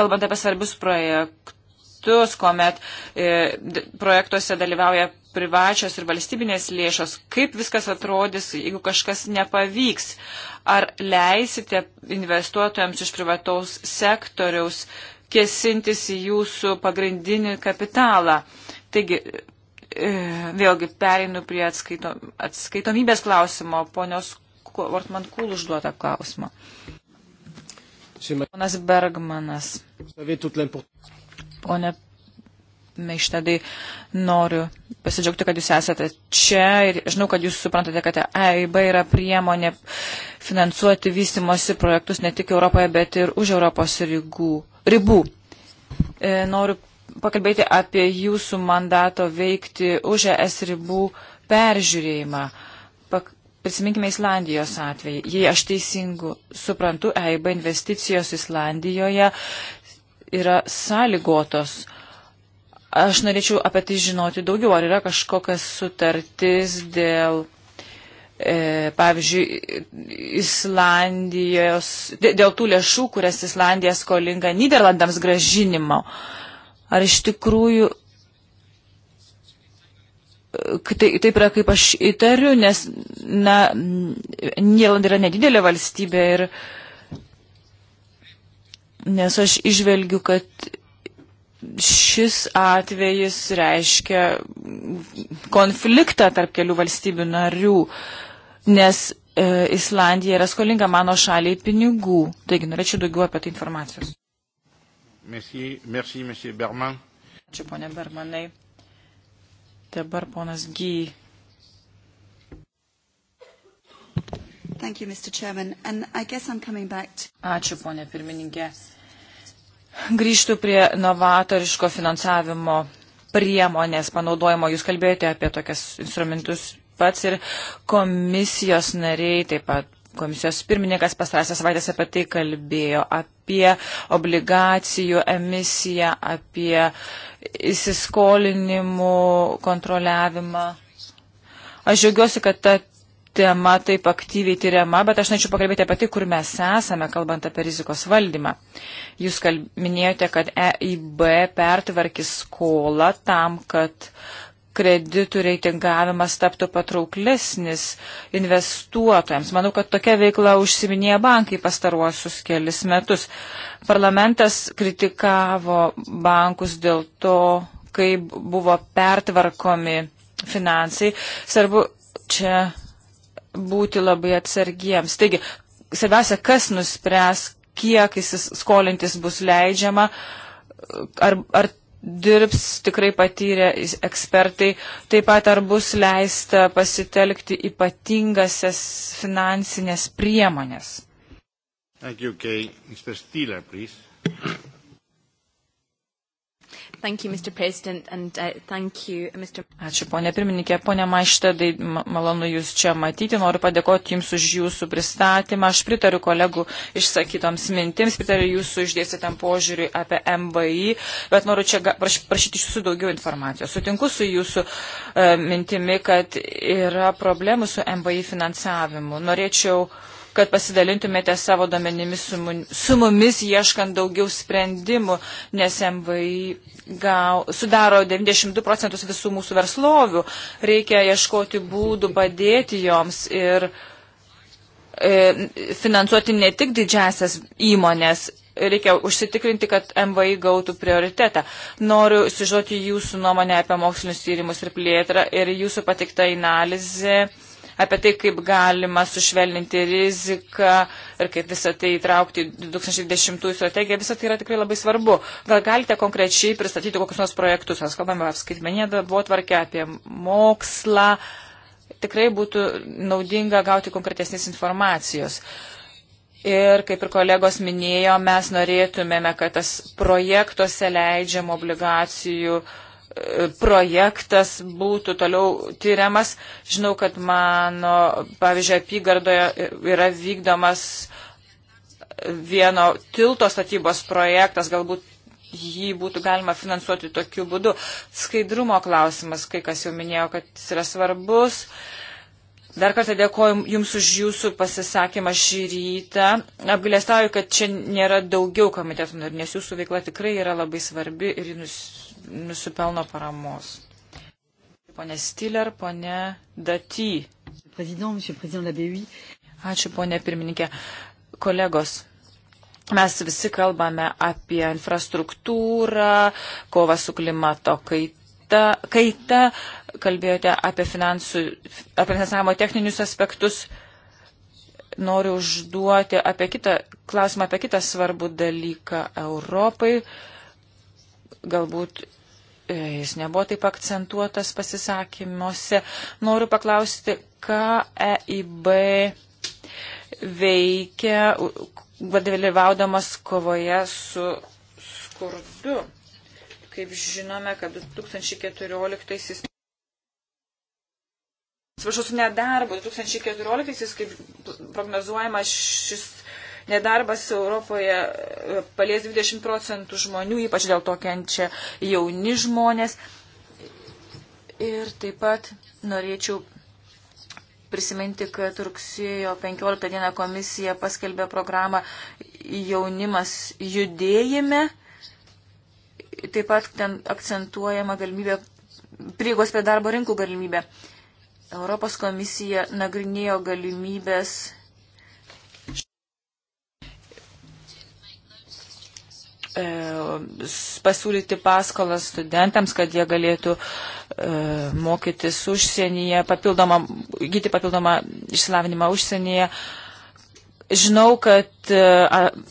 kalbant apie svarbius projektus, testus, kuomet e, projektuose dalyvauja privačios ir valstybinės lėšos. Kaip viskas atrodys, jeigu kažkas nepavyks? Ar leisite investuotojams iš privataus sektoriaus kėsintis į jūsų pagrindinį kapitalą? Taigi, e, vėlgi pereinu prie atskaito, atskaitomybės klausimo, ponios Vortman Kūl užduotą klausimą. Ponas Bergmanas. Pone Meištadai, noriu pasidžiaugti, kad jūs esate čia ir žinau, kad jūs suprantate, kad EIB yra priemonė finansuoti vystimosi projektus ne tik Europoje, bet ir už Europos rygų, ribų. E, noriu pakalbėti apie jūsų mandato veikti už ES ribų peržiūrėjimą. Pak Prisiminkime Islandijos atvejį. Jei aš teisingu suprantu, EIB investicijos Islandijoje yra sąlygotos. Aš norėčiau apie tai žinoti daugiau. Ar yra kažkokias sutartis dėl, e, pavyzdžiui, Islandijos, dėl tų lėšų, kurias Islandija skolinga Niderlandams gražinimo? Ar iš tikrųjų e, Taip, taip yra, kaip aš įtariu, nes, na, Niderlandai yra nedidelė valstybė ir uh, Nes aš išvelgiu, kad šis atvejis reiškia konfliktą tarp kelių valstybių narių, nes e, Islandija yra skolinga mano šaliai pinigų. Taigi norėčiau daugiau apie tai informacijos. Merci, merci, monsieur Berman. Ačiū, ponė Bermanai. Dabar ponas Gy. Thank you, Mr. Chairman. And I guess I'm coming back to... Ačiū, ponė pirmininkė Grįžtų prie novatoriško finansavimo priemonės panaudojimo. Jūs kalbėjote apie tokias instrumentus pats ir komisijos nariai, taip pat komisijos pirmininkas pastarąsią savaitę apie tai kalbėjo, apie obligacijų emisiją, apie įsiskolinimų kontroliavimą. Aš džiaugiuosi, kad ta tema taip aktyviai tyriama, bet aš norėčiau pakalbėti apie tai, kur mes esame, kalbant apie rizikos valdymą. Jūs kalb, minėjote, kad EIB pertvarkys skolą tam, kad kreditų reitingavimas taptų patrauklesnis investuotojams. Manau, kad tokia veikla užsiminėja bankai pastaruosius kelis metus. Parlamentas kritikavo bankus dėl to, kaip buvo pertvarkomi finansai. Svarbu čia būti labai atsargiems. Taigi, svarbiausia, kas nuspręs, kiek skolintis bus leidžiama, ar, ar dirbs tikrai patyrę ekspertai, taip pat ar bus leista pasitelkti ypatingasias finansinės priemonės. Thank you, Kay. Mr. Steeler, please. Thank you, Mr. President, and uh, thank you, Mr. Ačiū, ponė pirmininkė. Pone Maištadai, malonu Jūs čia matyti. Noriu padėkoti Jums už Jūsų pristatymą. Aš pritariu kolegų išsakytoms mintims, pritariu Jūsų išdėstytam požiūriui apie MVI, bet noriu čia prašyti iš Jūsų daugiau informacijos. Sutinku su Jūsų uh, mintimi, kad yra problemų su MVI finansavimu. Norėčiau uh, kad pasidalintumėte savo domenimis su, su mumis, ieškant daugiau sprendimų, nes MVI gau, sudaro 92 procentus visų mūsų verslovių. Reikia ieškoti būdų padėti joms ir e, finansuoti ne tik didžiasias įmonės. Reikia užsitikrinti, kad MVI gautų prioritetą. Noriu sužinoti jūsų nuomonę apie mokslinius tyrimus ir plėtrą ir jūsų pateiktą analizę. E, apie tai, kaip galima sušvelninti riziką ir kaip visą tai įtraukti į 2010 strategiją. Visą tai yra tikrai labai svarbu. Gal galite konkrečiai pristatyti kokius nors projektus? Mes kalbame apie skaitmenę darbotvarkę, apie mokslą. Tikrai būtų naudinga gauti konkretesnės informacijos. Ir kaip ir kolegos minėjo, mes norėtumėme, kad tas projektuose leidžiam obligacijų uh, projektas būtų toliau tyriamas. Žinau, kad mano, pavyzdžiui, apygardoje yra vykdomas vieno tilto statybos projektas, galbūt jį būtų galima finansuoti tokiu būdu. Skaidrumo klausimas, kai kas jau minėjo, kad jis yra svarbus. Dar kartą dėkoju Jums už Jūsų pasisakymą šį rytą. Apgalėstauju, kad čia nėra daugiau komitetų, nes Jūsų veikla tikrai yra labai svarbi ir Jūs nusipelno paramos. Pone Stiller, pone Daty. Ačiū, ponė pirmininkė. Kolegos, mes visi kalbame apie infrastruktūrą, kovą su klimato kaita. kaita kalbėjote apie, finansų, apie finansavimo techninius aspektus. Noriu užduoti apie kitą, klausimą apie kitą svarbų dalyką Europai. Uh, galbūt e, jis nebuvo taip akcentuotas pasisakymuose. Noriu paklausti, ką EIB veikia, dalyvaudamas kovoje su skurdu. Kaip žinome, kad 2014 Atsiprašau, su nedarbu 2014, kaip prognozuojama, šis Nedarbas Europoje e, palies 20 procentų žmonių, ypač dėl to kenčia jauni žmonės. Ir taip pat norėčiau prisiminti, kad rugsėjo 15 dieną komisija paskelbė programą jaunimas judėjime. Taip pat ten akcentuojama galimybė, priegos prie darbo rinkų galimybė. Europos komisija nagrinėjo galimybės e, pasiūlyti paskolas studentams, kad jie galėtų e, mokytis užsienyje, papildomą, gyti papildomą išsilavinimą užsienyje. Žinau, kad e,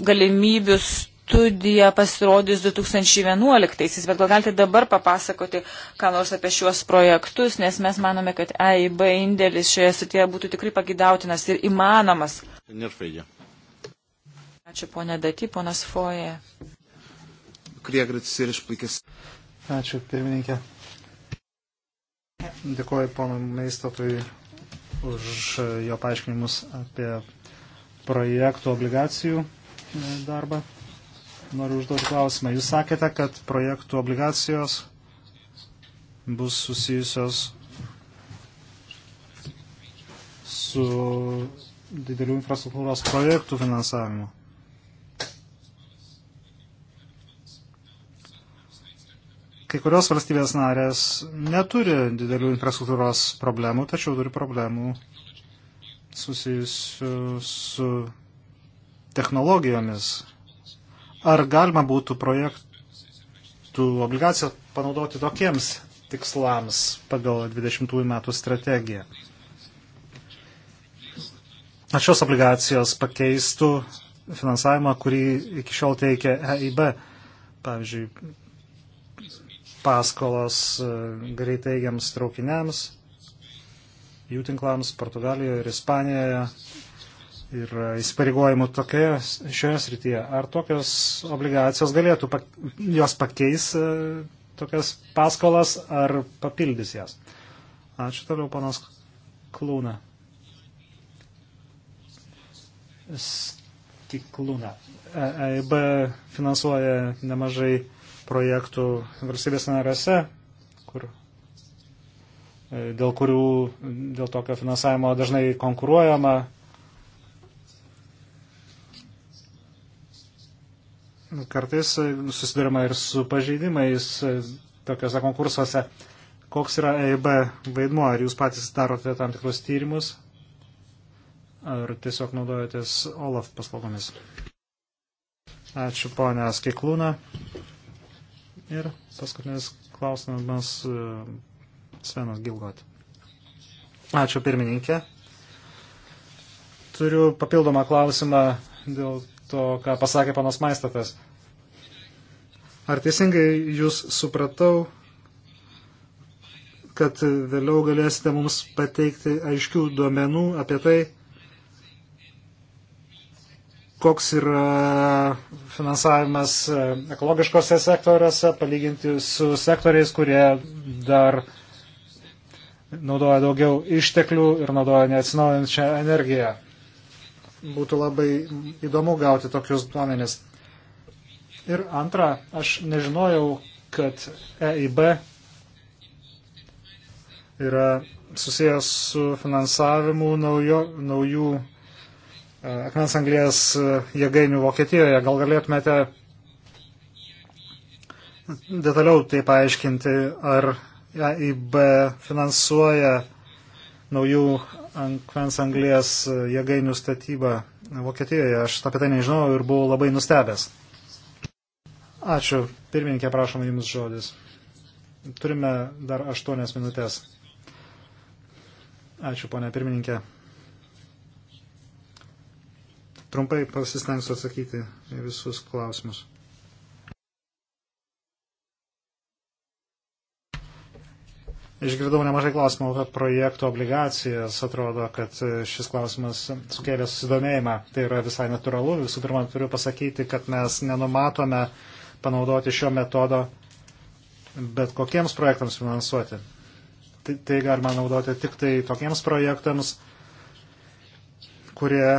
galimybių studija pasirodys 2011-aisiais, bet gal galite dabar papasakoti, ką nors apie šiuos projektus, nes mes manome, kad AIB indėlis šioje srityje būtų tikrai pagidautinas ir įmanomas. Nerfeidė. Ačiū ponė Dati, ponas Foje queria agradecer a explicação. Ačiū, pirmininkė. Dėkuoju ponui Meistotui už jo paaiškinimus apie projektų obligacijų darbą. Noriu užduoti klausimą. Jūs sakėte, kad projektų obligacijos bus susijusios su didelių infrastruktūros projektų finansavimu. Kai kurios valstybės narės neturi didelių infrastruktūros problemų, tačiau turi problemų susijusių su technologijomis. Ar galima būtų projektų obligaciją panaudoti tokiems tikslams pagal 20 metų strategiją? Ar šios obligacijos pakeistų finansavimą, kurį iki šiol teikia EIB? Pavyzdžiui, paskolos e, greitaigiams traukiniams, jų tinklams Portugalijoje ir Ispanijoje ir e, įsipareigojimų tokioje, šioje srityje. Ar tokios obligacijos galėtų, jos pakeis e, tokias paskolas ar papildys jas? Ačiū toliau, panas Klūna. Stiklūna. EIB finansuoja nemažai projektų valstybės narėse, kur, e, dėl kurių dėl tokio finansavimo dažnai konkuruojama. Kartais e, susidurima ir su pažeidimais e, tokiuose konkursuose. Koks yra EIB vaidmuo? Ar jūs patys darote tam tikrus tyrimus? Ar tiesiog naudojatės OLAF paslaugomis? Ačiū ponia Skiklūna. Ir paskutinis klausimas e, Svenas Gilgot. Ačiū pirmininkė. Turiu papildomą klausimą dėl to, ką pasakė panas Maistatas. Ar teisingai jūs supratau, kad vėliau galėsite mums pateikti aiškių duomenų apie tai, koks yra finansavimas e, ekologiškose sektoriuose, palyginti su sektoriais, kurie dar naudoja daugiau išteklių ir naudoja neatsinaujančią energiją. Būtų labai įdomu gauti tokius duomenis. Ir antra, aš nežinojau, kad EIB yra susijęs su finansavimu naujo, naujų E, akmens anglės e, jėgainių Vokietijoje. Gal galėtumėte detaliau tai paaiškinti, ar AIB finansuoja naujų akmens anglės e, jėgainių statybą Vokietijoje. Aš apie tai nežinau ir buvau labai nustebęs. Ačiū. Pirmininkė, prašom Jums žodis. Turime dar aštuonias minutės. Ačiū, ponė pirmininkė. Trumpai pasistengsiu atsakyti į visus klausimus. Išgirdau nemažai klausimų apie projektų obligacijas. Atrodo, kad šis klausimas sukėlė susidomėjimą. Tai yra visai natūralu. Visų pirma, turiu pasakyti, kad mes nenumatome panaudoti šio metodo bet kokiems projektams finansuoti. Tai, tai galima naudoti tik tai tokiems projektams, kurie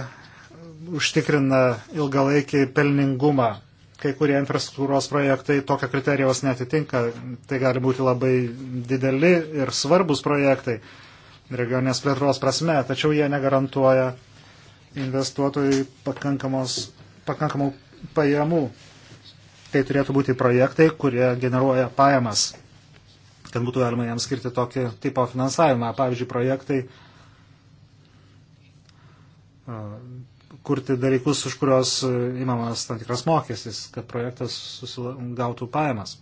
užtikrina ilgalaikį pelningumą. Kai kurie infrastruktūros projektai tokio kriterijaus netitinka. Tai gali būti labai dideli ir svarbus projektai regionės plėtros prasme, tačiau jie negarantuoja investuotojui pakankamų pajamų. Tai turėtų būti projektai, kurie generuoja pajamas, kad būtų galima jam skirti tokį tipo finansavimą. Pavyzdžiui, projektai kurti dalykus, už kurios imamas e, tam tikras mokestis, kad projektas gautų pajamas.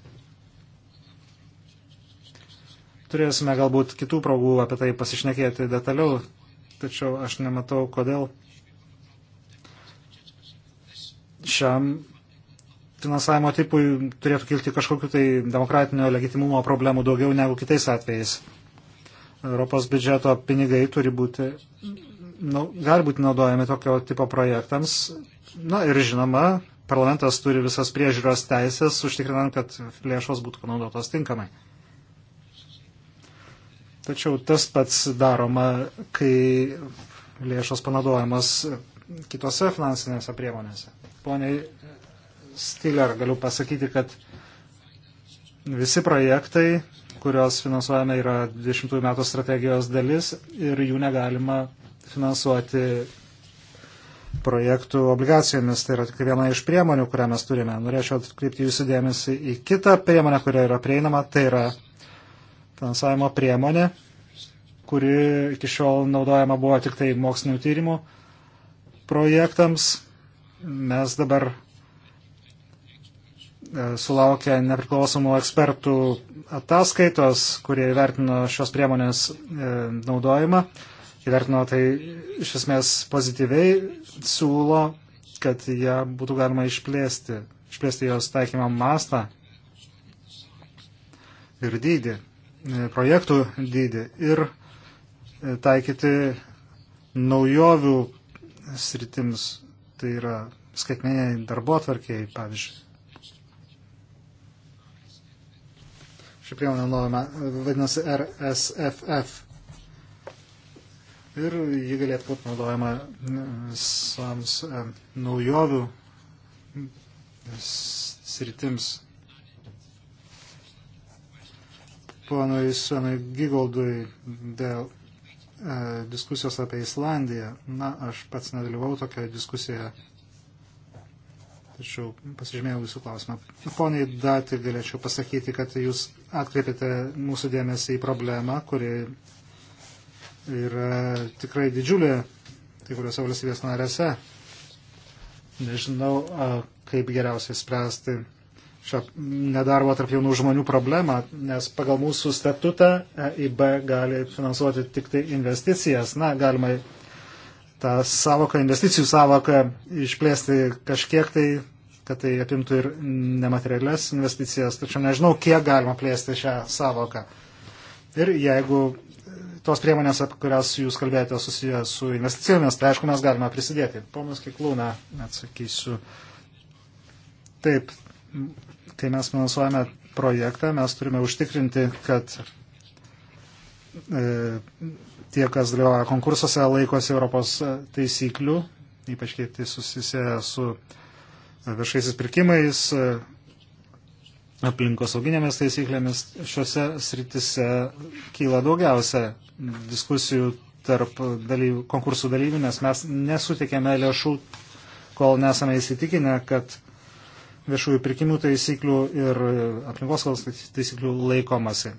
Turėsime galbūt kitų progų apie tai pasišnekėti detaliau, tačiau aš nematau, kodėl šiam finansavimo tipui turėtų kilti kažkokiu tai demokratinio legitimumo problemų daugiau negu kitais atvejais. Europos biudžeto pinigai turi būti nu, gali būti naudojami tokio tipo projektams. Na ir žinoma, parlamentas turi visas priežiūros teisės, užtikrinant, kad lėšos būtų panaudotos tinkamai. Tačiau tas pats daroma, kai lėšos panaudojamas kitose finansinėse priemonėse. Poniai Stiller, galiu pasakyti, kad visi projektai, kuriuos finansuojame, yra 20 metų strategijos dalis ir jų negalima finansuoti projektų obligacijomis. Tai yra tik viena iš priemonių, kurią mes turime. Norėčiau atkreipti jūsų dėmesį į kitą priemonę, kuria yra prieinama. Tai yra finansavimo priemonė, kuri iki šiol naudojama buvo tik tai mokslinių tyrimų projektams. Mes dabar e, sulaukė nepriklausomų ekspertų ataskaitos, kurie vertino šios priemonės e, naudojimą įvertino tai iš esmės pozityviai, siūlo, kad ją būtų galima išplėsti, išplėsti jos taikymą mastą ir dydį, e, projektų dydį ir e, taikyti naujovių sritims, tai yra skaitmeniai darbo atvarkiai, pavyzdžiui. Ši priemonė vadinasi RSFF ir ji galėtų būti naudojama visoms e, naujovių sritims. Ponui Svenui Gigoldui dėl e, diskusijos apie Islandiją. Na, aš pats nedalyvau tokioje diskusijoje, tačiau pasižymėjau visų klausimą. Poniai Dati galėčiau pasakyti, kad jūs atkreipėte mūsų dėmesį į problemą, kuri yra tikrai didžiulė kai kuriuose valstybės narėse. Nežinau, kaip geriausiai spręsti šią nedarbo tarp jaunų žmonių problemą, nes pagal mūsų statutą EIB gali finansuoti tik tai investicijas. Na, galima tą savoką, investicijų savoką išplėsti kažkiek tai, kad tai apimtų ir nematerialias investicijas, tačiau nežinau, kiek galima plėsti šią savoką. Ir jeigu tos priemonės, apie kurias jūs kalbėjote susijęs su investicijomis, tai aišku, mes galime prisidėti. Ponas Kiklūna, atsakysiu. Taip, kai mes finansuojame projektą, mes turime užtikrinti, kad e, tie, kas dalyvauja konkursuose, laikosi Europos taisyklių, ypač kai tai susisė su viešaisiais pirkimais, e, aplinkosauginėmis taisyklėmis šiuose sritise kyla daugiausia diskusijų tarp dalyvių, konkursų dalyvių, nes mes nesutikėme lėšų, kol nesame įsitikinę, kad viešųjų pirkimų taisyklių ir aplinkosaugos taisyklių laikomasi.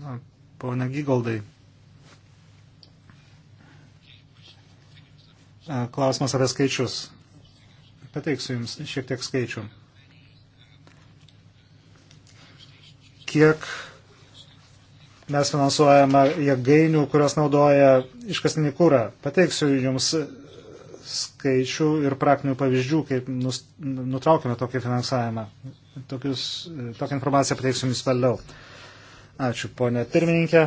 Na, Pone Gygoldai. Klausimas apie skaičius. Pateiksiu Jums šiek tiek skaičių. kiek mes finansuojame jėgainių, kurios naudoja iškastinį kūrą. Pateiksiu jums skaičių ir praktinių pavyzdžių, kaip nutraukime tokį finansavimą. Tokius, tokią informaciją pateiksiu jums vėliau. Ačiū, ponė pirmininkė.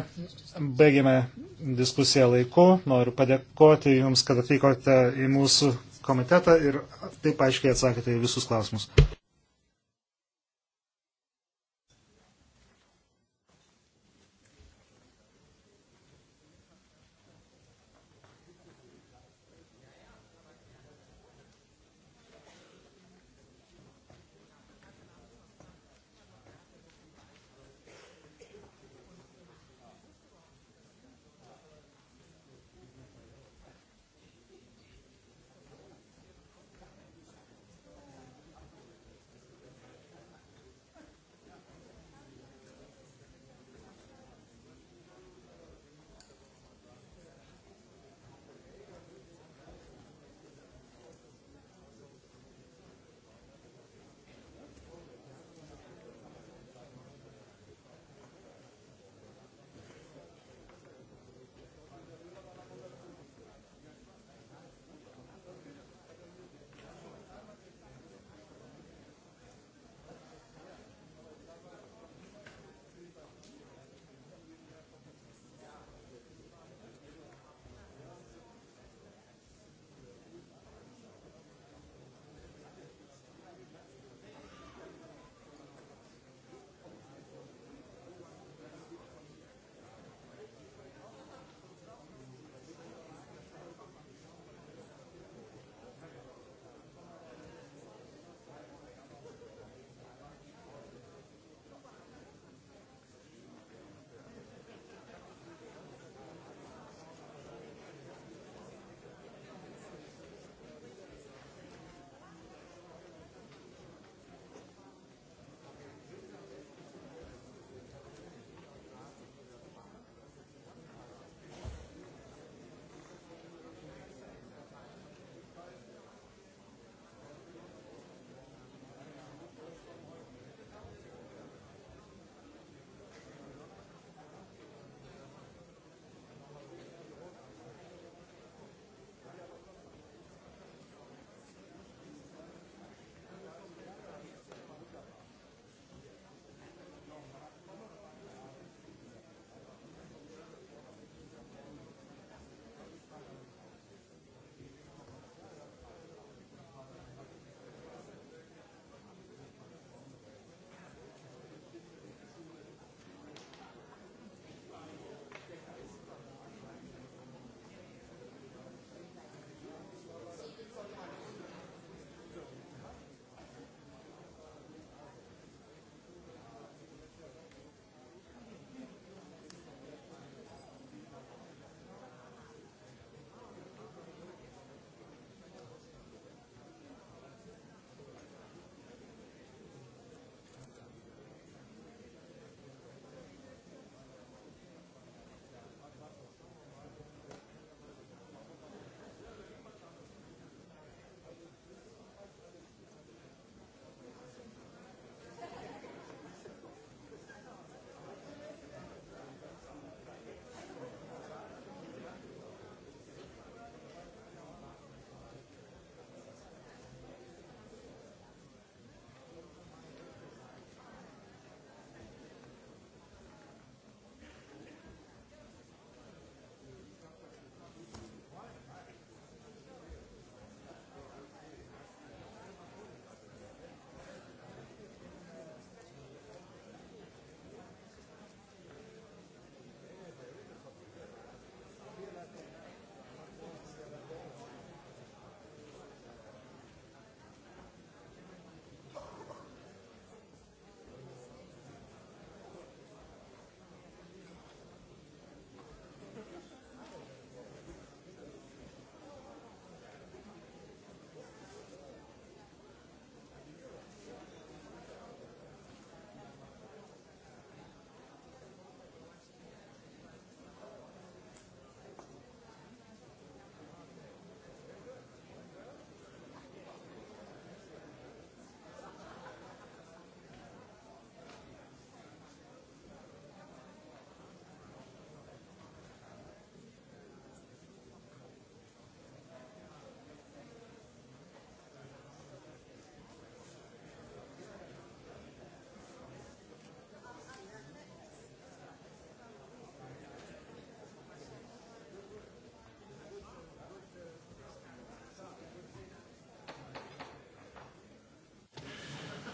Baigėme diskusiją laiku. Noriu padėkoti Jums, kad atvykote į mūsų komitetą ir taip aiškiai atsakėte į visus klausimus.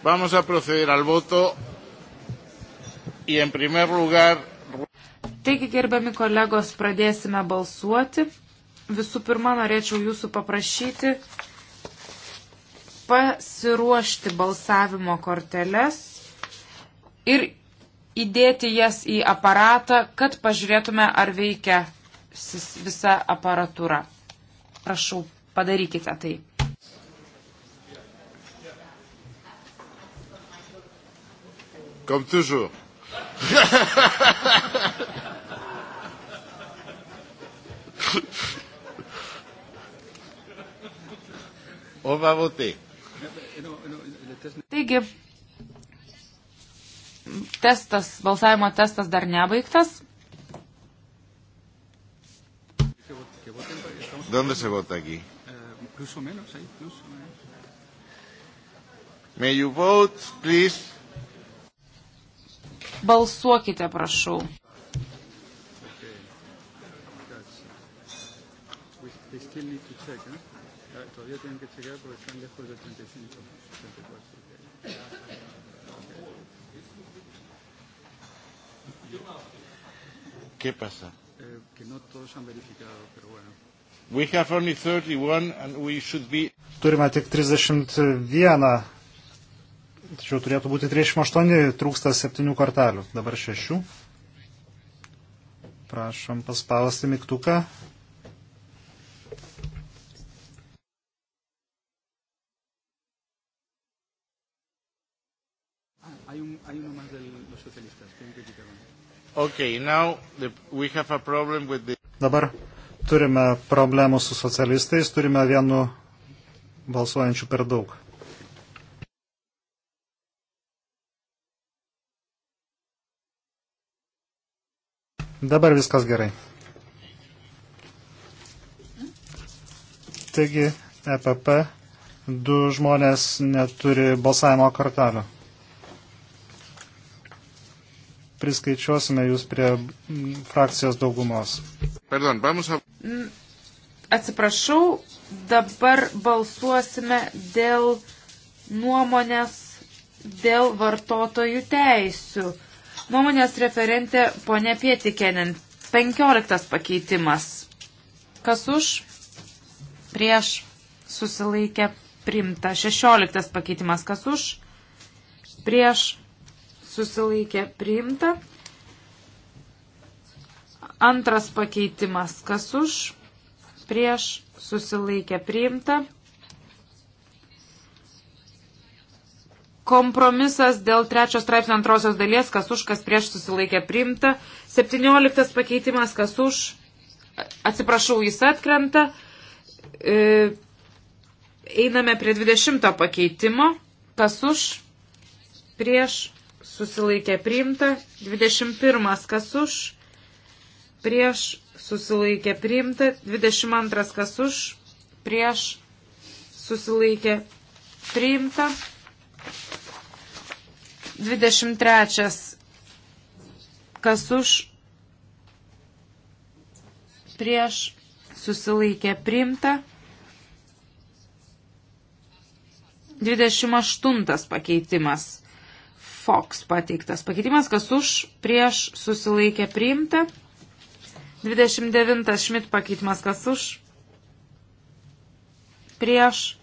Vamos a proceder al voto y en primer lugar. Taigi, gerbiami kolegos, pradėsime balsuoti. Visų pirma, norėčiau jūsų paprašyti pasiruošti balsavimo korteles ir įdėti jas į aparatą, kad pažiūrėtume, ar veikia visa aparatūra. Prašau, padarykite tai. comme toujours. (laughs) On va voter. Taigi, testas, balsavimo testas dar nebaigtas. ¿Dónde se vota aquí? Eh, plus o menos, ahí, plus o menos. May you vote, please. Balsuokite, prašau. They still need to check, ¿eh? Todavía tienen que checar porque están lejos del 35, 34. ¿Qué pasa? Eh, que no todos han verificado, pero bueno. We have only 31 and we should be... Turime tik 31 Tačiau turėtų būti 38, trūksta 7 kortelių. Dabar 6. Prašom paspausti mygtuką. Okay, now the, we have a problem with the... Dabar turime problemų su socialistais, turime vienu balsuojančiu per daug. Dabar viskas gerai. Taigi, EPP du žmonės neturi balsavimo kortelių. Priskaičiuosime jūs prie frakcijos daugumos. Pardon, vamos a... Mm, atsiprašau, dabar balsuosime dėl nuomonės dėl vartotojų teisių. Nuomonės referentė ponė Pietikėnin. 15 pakeitimas. Kas už? Prieš susilaikė primta. 16 pakeitimas. Kas už? Prieš susilaikė primta. Antras pakeitimas. Kas už? Prieš susilaikė primta. Kompromisas dėl trečios straipsnio antrosios dalies, kas už, kas prieš susilaikė priimta. Septynioliktas pakeitimas, kas už, atsiprašau, jis atkrenta. E, einame prie dvidešimto pakeitimo, kas už, prieš susilaikė priimta. Dvidešimt pirmas, kas už, prieš susilaikė priimta. Dvidešimt antras, kas už, prieš susilaikė priimta. 23. Kas už prieš susilaikė priimta. 28 pakeitimas. Fox pateiktas pakeitimas, kas už prieš susilaikė priimta. 29 Šmit pakeitimas, kas už prieš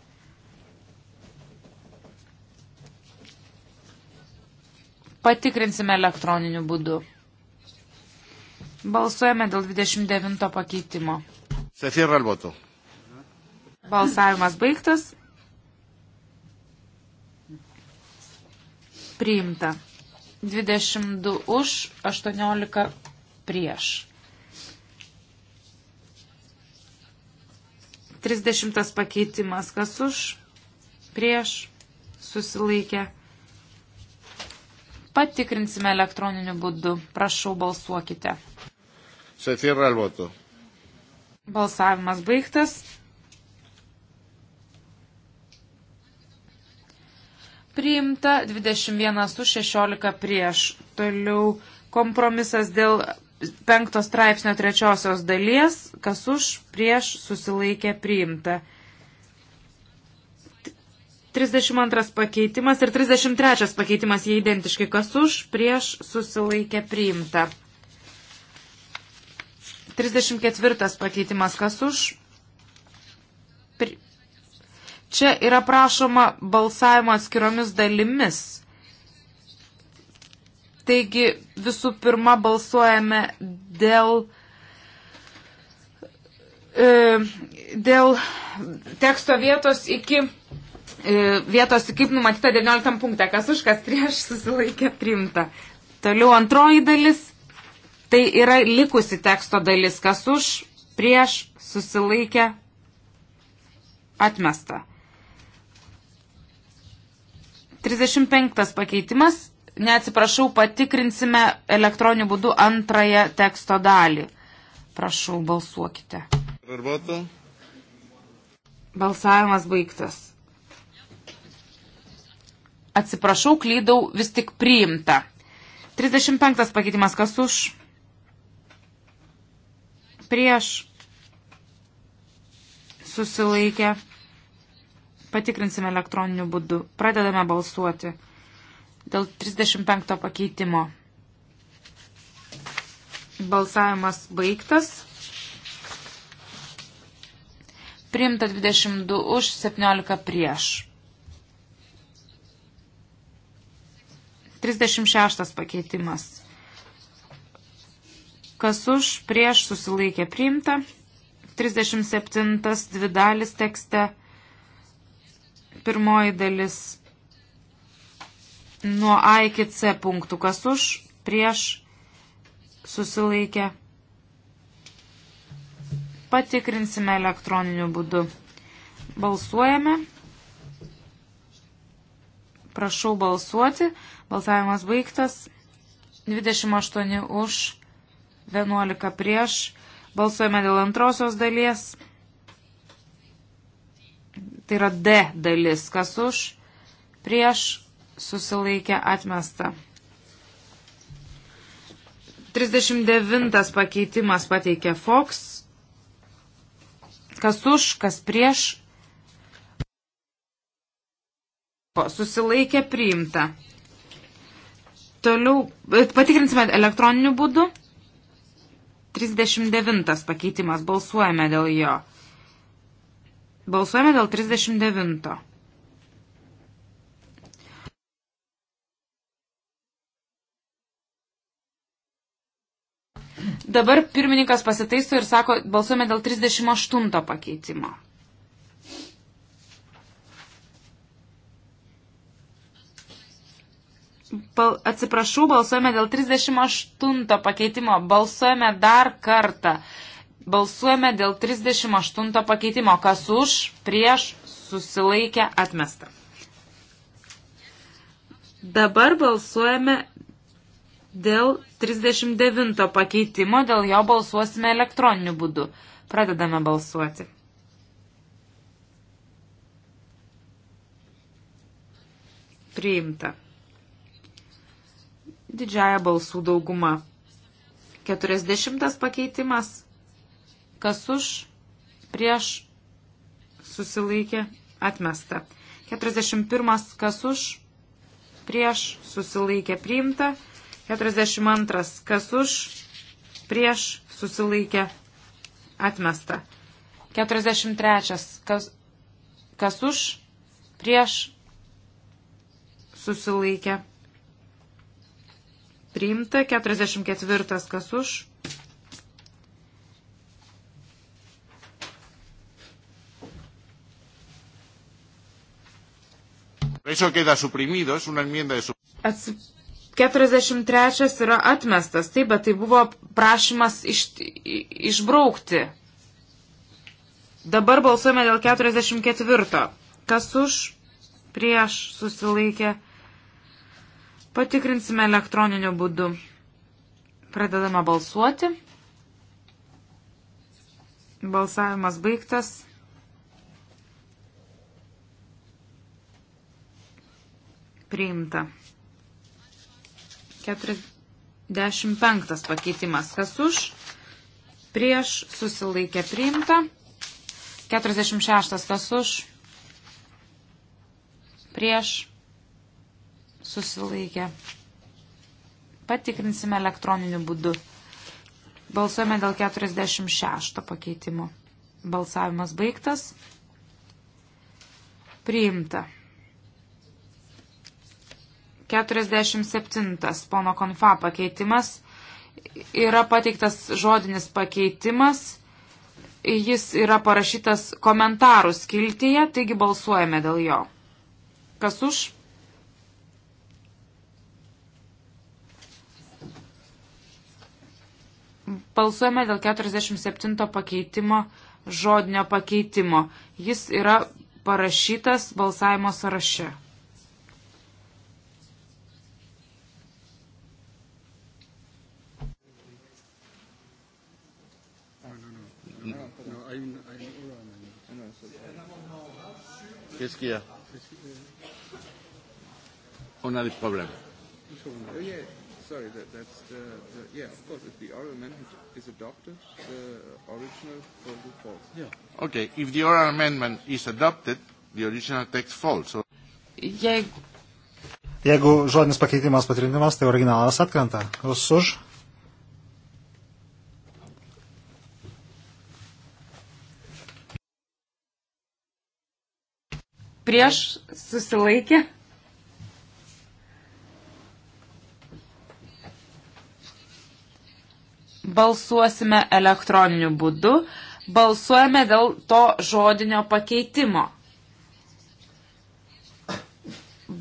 Patikrinsime elektroniniu būdu. Balsuojame dėl 29 pakeitimo. Se cierra el voto. Balsavimas baigtas. Priimta. 22 už, 18 prieš. 30 pakeitimas. Kas už? Prieš. Susilaikė. Patikrinsime elektroniniu būdu. Prašau, balsuokite. Se cierra el voto. Balsavimas baigtas. Priimta 21 su 16 prieš. Toliau kompromisas dėl penktos straipsnio trečiosios dalies, kas už prieš susilaikė priimta. 32 pakeitimas ir 33 pakeitimas jie identiški, kas už, prieš susilaikė priimta. 34 pakeitimas, kas už. Pri... Čia yra prašoma balsavimo atskiromis dalimis. Taigi visų pirma balsuojame dėl e, dėl teksto vietos iki E, vietos, kaip numatyta 19 punktą, kas už, kas prieš (laughs) susilaikė priimta. Toliau antroji dalis, tai yra likusi teksto dalis, kas už, prieš susilaikė atmesta. 35 pakeitimas, neatsiprašau, patikrinsime elektroniniu būdu antrąją teksto dalį. Prašau, balsuokite. Darbuotojų. Balsavimas baigtas. Atsiprašau, klydau, vis tik priimta. 35 pakeitimas kas už? Prieš susilaikę. Patikrinsime elektroniniu būdu. Pradedame balsuoti dėl 35 pakeitimo. Balsavimas baigtas. Priimta 22 už, 17 prieš. 36 pakeitimas. Kas už, prieš susilaikė priimta. 37 dvi dalis tekste. Pirmoji dalis nuo A iki C punktų. Kas už, prieš susilaikė. Patikrinsime elektroniniu būdu. Balsuojame. Prašau balsuoti. Balsavimas baigtas. 28 už, 11 prieš. Balsuojame dėl antrosios dalies. Tai yra D dalis. Kas už? Prieš susilaikė atmesta. 39 pakeitimas pateikė Fox. Kas už, kas prieš. Susilaikė priimta. Toliau e, patikrinsime elektroniniu būdu. 39 pakeitimas. Balsuojame dėl jo. Balsuojame dėl 39. Dabar pirmininkas pasitaiso ir sako, balsuojame dėl 38 pakeitimo. bal, atsiprašau, balsuojame dėl 38 pakeitimo. Balsuojame dar kartą. Balsuojame dėl 38 pakeitimo. Kas už, prieš, susilaikę, atmesta. Dabar balsuojame dėl 39 pakeitimo, dėl jo balsuosime elektroniniu būdu. Pradedame balsuoti. Priimta didžiaja balsų dauguma. 40 pakeitimas. Kas už, prieš, susilaikė, atmesta. 41. Kas už, prieš, susilaikė, priimta. 42. Kas už, prieš, susilaikė, atmesta. 43. Kas, kas už, prieš, susilaikė, atmesta priimta, 44 kas už. Eso queda suprimido, es una enmienda de su... Atsi... 43 yra atmestas, taip, bet tai buvo prašymas iš... išbraukti. Dabar balsuojame dėl 44. Kas už, prieš, susilaikė Patikrinsime elektroniniu būdu. Pradedame balsuoti. Balsavimas baigtas. Priimta. 45 pakeitimas. Kas už? Prieš susilaikė priimta. 46 kas už? Prieš susilaikė. Patikrinsime elektroniniu būdu. Balsuojame dėl 46 pakeitimo. Balsavimas baigtas. Priimta. 47. Pono konfa pakeitimas. Yra pateiktas žodinis pakeitimas jis yra parašytas komentarų skiltyje, taigi balsuojame dėl jo. Kas už? Balsuojame dėl 47 pakeitimo žodinio pakeitimo. Jis yra parašytas balsavimo sąraše. Qu'est-ce qu'il y a On a des problèmes sorry, that, that's the, the, yeah, of course, if the oral amendment is adopted, the original proposal falls. Yeah. Okay, if the oral amendment is adopted, the original text falls. So... Jei... Jeigu žodinis pakeitimas patvirtinimas, tai originalas atkrenta. Jūs už? Prieš susilaikė. balsuosime elektroniniu būdu. Balsuojame dėl to žodinio pakeitimo.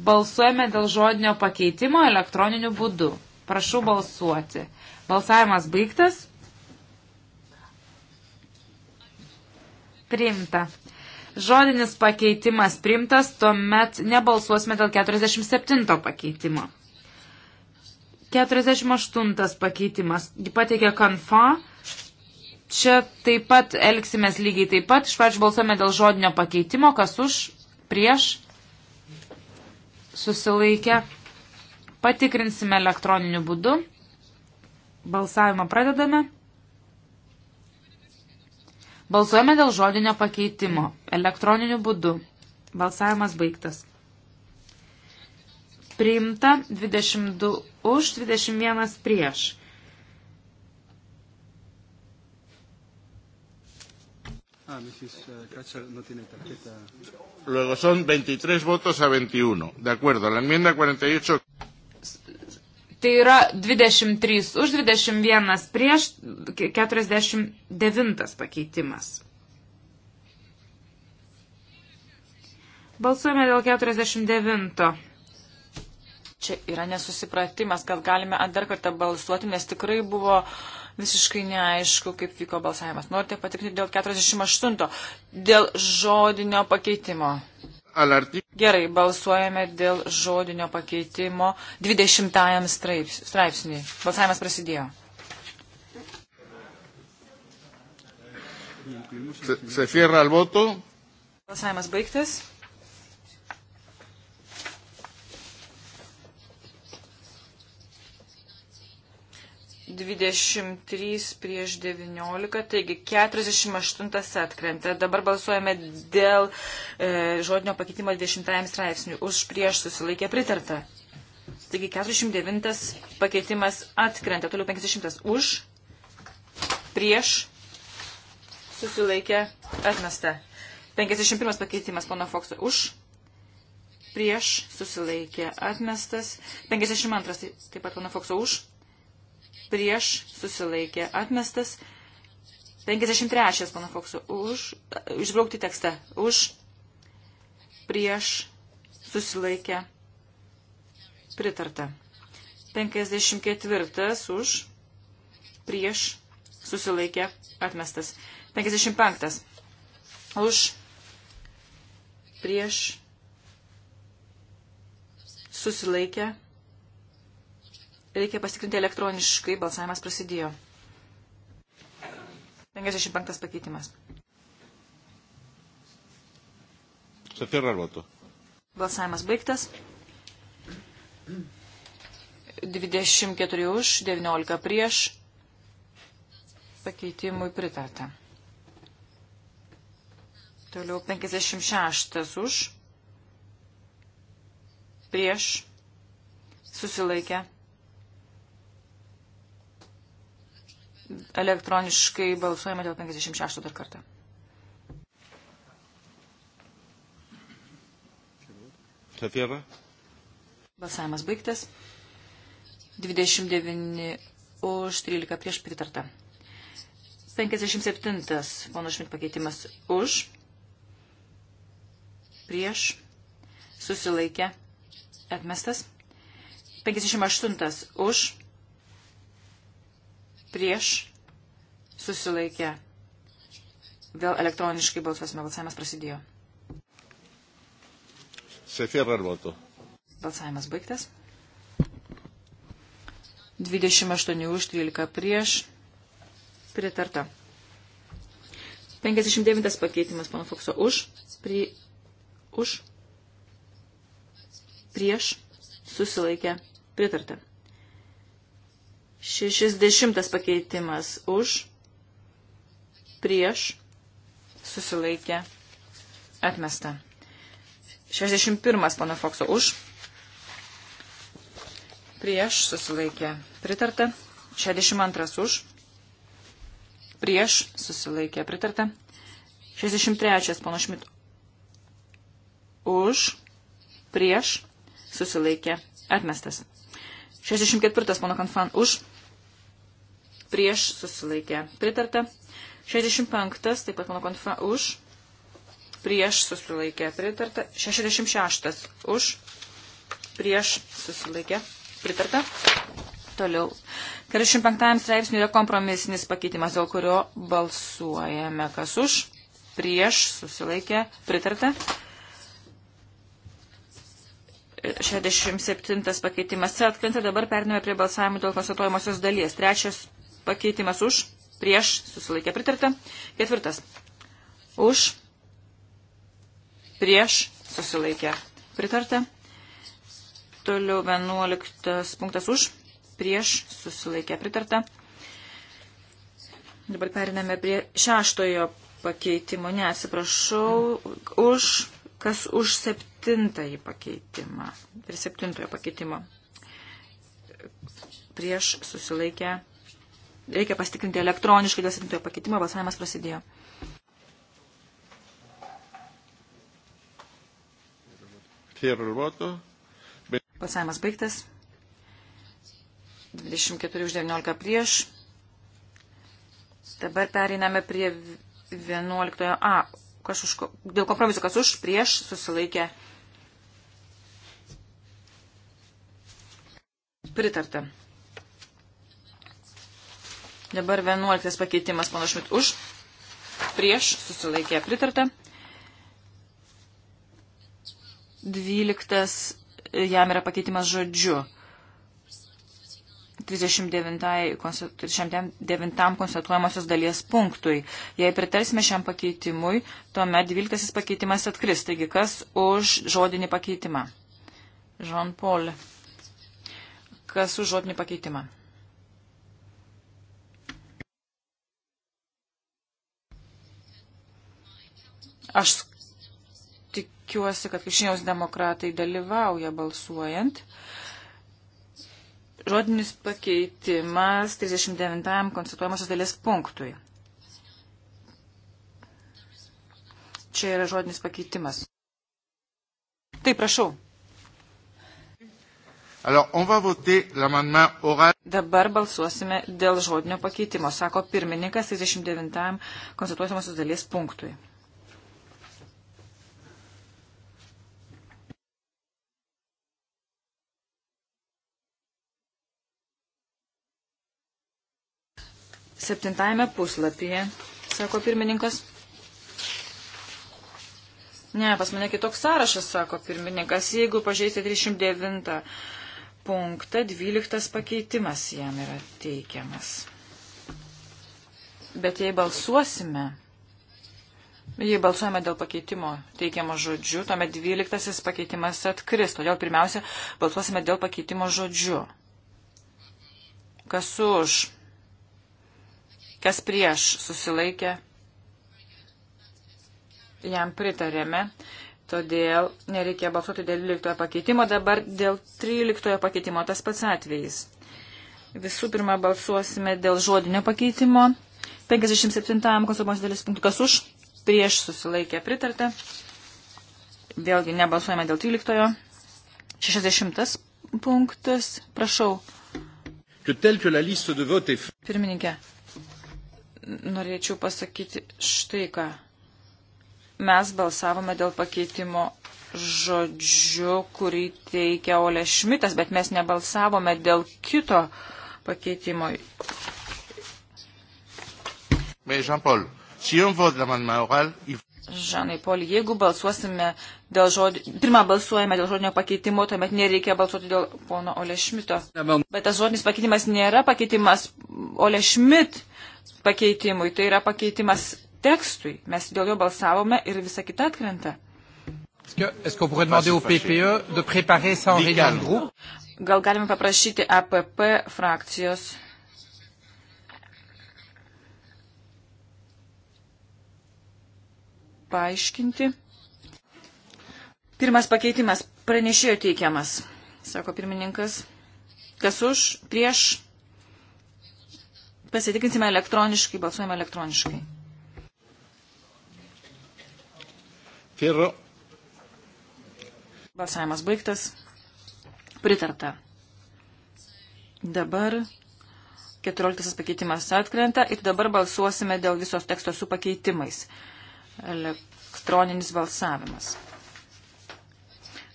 Balsuojame dėl žodinio pakeitimo elektroniniu būdu. Prašau balsuoti. Balsavimas baigtas. Priimta. Žodinis pakeitimas priimtas, tuomet nebalsuosime dėl 47 pakeitimo. 48 pakeitimas. Ji pateikė kanfa. Čia taip pat elgsimės lygiai taip pat. Iš pradžių balsuojame dėl žodinio pakeitimo, kas už, prieš, susilaikę. Patikrinsime elektroniniu būdu. Balsavimą pradedame. Balsuojame dėl žodinio pakeitimo. Elektroniniu būdu. Balsavimas baigtas priimta, 22 už, 21 prieš. Ah, uh, Luego son 23 votos a 21. De acuerdo, la enmienda 48. Tai yra 23 už, 21 prieš, 49 pakeitimas. Balsuojame dėl 49 čia yra nesusipratimas, gal galime dar kartą balsuoti, nes tikrai buvo visiškai neaišku, kaip vyko balsavimas. Norite patikrinti dėl 48, dėl žodinio pakeitimo. Gerai, balsuojame dėl žodinio pakeitimo 20 straipsniui. Balsavimas prasidėjo. Se, se cierra el voto. Balsavimas baigtas. 23 prieš 19, taigi 48 atkrenta. Dabar balsuojame dėl e, žodinio pakeitimo 20 straipsnių. Už prieš susilaikė pritarta. Taigi 49 pakeitimas atkrenta. Toliau 50 už prieš susilaikė atmesta. 51 pakeitimas pono Fokso už prieš susilaikė atmestas. 52 taip pat pono Fokso už prieš susilaikė atmestas. 53 pana Fokso už, išbraukti tekstą, už, prieš susilaikė pritarta. 54 už, prieš susilaikė atmestas. 55 už, prieš susilaikė atmestas Reikia pasikrinti elektroniškai, balsavimas prasidėjo. 55 pakeitimas. Safira tai Arvato. Balsavimas baigtas. 24 už, 19 prieš. Pakeitimui pritarta. Toliau 56 už. Prieš. Susilaikę Elektroniškai balsuojame dėl 56 dar kartą. Tafieva. Balsavimas baigtas. 29 už 13 prieš pritarta. 57 pono Šmit pakeitimas už, prieš, susilaikė, atmestas. 58 už, prieš susilaikė. Vėl elektroniškai balsuosime. Balsavimas prasidėjo. Se cierra el voto. Balsavimas baigtas. 28 už 13 prieš. Pritarta. 59 pakeitimas, pana Fokso, už. Pri, už. Prieš. Susilaikė. Pritarta. Šešisdešimtas pakeitimas už, prieš, susilaikė, atmesta. Šešdešimt pirmas pana Fokso už, prieš, susilaikė, pritarta. Šešdešimt antras už, prieš, susilaikė, pritarta. Šešdešimt trečias pana Šmit už, prieš, susilaikė, atmestas. 64 pono Kanfan už, prieš susilaikė pritarta. 65, taip pat mano konfa už, prieš susilaikė pritarta. 66 už, prieš susilaikė pritarta. Toliau. 45 straipsnių yra kompromisinis pakeitimas, dėl kurio balsuojame kas už, prieš susilaikė pritarta. 67 pakeitimas atkrenta, dabar periname prie balsavimo dėl konstatuojamosios dalies. Trečias pakeitimas už, prieš, susilaikė pritarta. Ketvirtas. Už, prieš, susilaikė pritarta. Toliau 11 punktas už, prieš, susilaikė pritarta. Dabar periname prie šeštojo pakeitimo. Ne, atsiprašau, už, kas už septintąjį pakeitimą. Ir septintojo pakeitimo prieš susilaikę reikia pasitikrinti elektroniškai dėl 7 pakeitimo, balsavimas prasidėjo. Balsavimas baigtas. 24 už 19 prieš. Dabar pereiname prie 11 A. Kas už, dėl kompromiso, kas už, prieš, susilaikė. Pritarta. Dabar 11 pakeitimas, panašu, už, prieš, susilaikė pritarta. 12 jam yra pakeitimas žodžiu. 39, 39 konstatuojamosios dalies punktui. Jei pritarsime šiam pakeitimui, tuomet 12 pakeitimas atkris. Taigi, kas už žodinį pakeitimą? Jean Paul. Kas už žodinį pakeitimą? Aš tikiuosi, kad kišiniaus demokratai dalyvauja balsuojant. Žodinis pakeitimas 39 konstatuojamosios dalies punktui. Čia yra žodinis pakeitimas. Taip, prašau. Alors, on va voter l'amendement oral. Dabar balsuosime dėl žodinio pakeitimo, sako pirmininkas 39 konstatuojamosios dalies punktui. Septintame puslapyje, sako pirmininkas. Ne, pas mane kitoks sąrašas, sako pirmininkas. Jeigu pažeisite 39 punktą, 12 pakeitimas jam yra teikiamas. Bet jei balsuosime, jei balsuojame dėl pakeitimo teikiamo žodžiu, tuomet 12 pakeitimas atkris. Todėl pirmiausia, balsuosime dėl pakeitimo žodžiu. Kas už? Kas prieš susilaikė, jam pritarėme. Todėl nereikia balsuoti dėl 12 pakeitimo, dabar dėl 13 pakeitimo tas pats atvejis. Visų pirma, balsuosime dėl žodinio pakeitimo. 57 konsultacijos dalis punktas už, prieš susilaikė pritartę. Vėlgi nebalsuojame dėl 13. 60 punktas, prašau. Pirmininkė, norėčiau pasakyti štai ką. Mes balsavome dėl pakeitimo žodžiu, kurį teikia Ole Šmitas, bet mes nebalsavome dėl kito pakeitimo. Jean-Paul, si on vote l'amendement oral, il Žanai Poli, jeigu balsuosime dėl žodžio, pirmą balsuojame dėl žodinio pakeitimo, tuomet nereikia balsuoti dėl pono Ole Šmito. Bet tas žodinis pakeitimas nėra pakeitimas Ole Šmit pakeitimui. Tai yra pakeitimas tekstui. Mes dėl jo balsavome ir visa kita atkrenta. E Gal galime paprašyti APP frakcijos paaiškinti. Pirmas pakeitimas pranešėjo teikiamas, sako pirmininkas. Kas už, prieš, Pasitikrinsime elektroniškai, balsuojame elektroniškai. Firro. Balsavimas baigtas. Pritarta. Dabar 14 pakeitimas atkrenta ir dabar balsuosime dėl visos teksto su pakeitimais. Elektroninis balsavimas.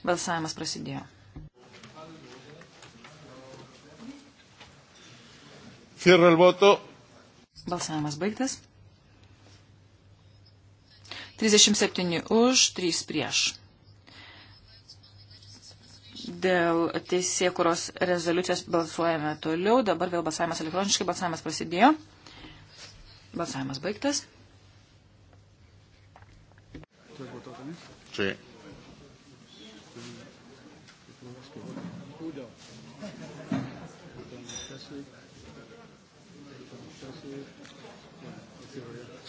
Balsavimas prasidėjo. Cierro el voto. Balsavimas baigtas. 37 už, 3 prieš. Dėl teisėkuros rezoliucijos balsuojame toliau. Dabar vėl balsavimas elektroniškai, balsavimas prasidėjo. Balsavimas baigtas. Sí.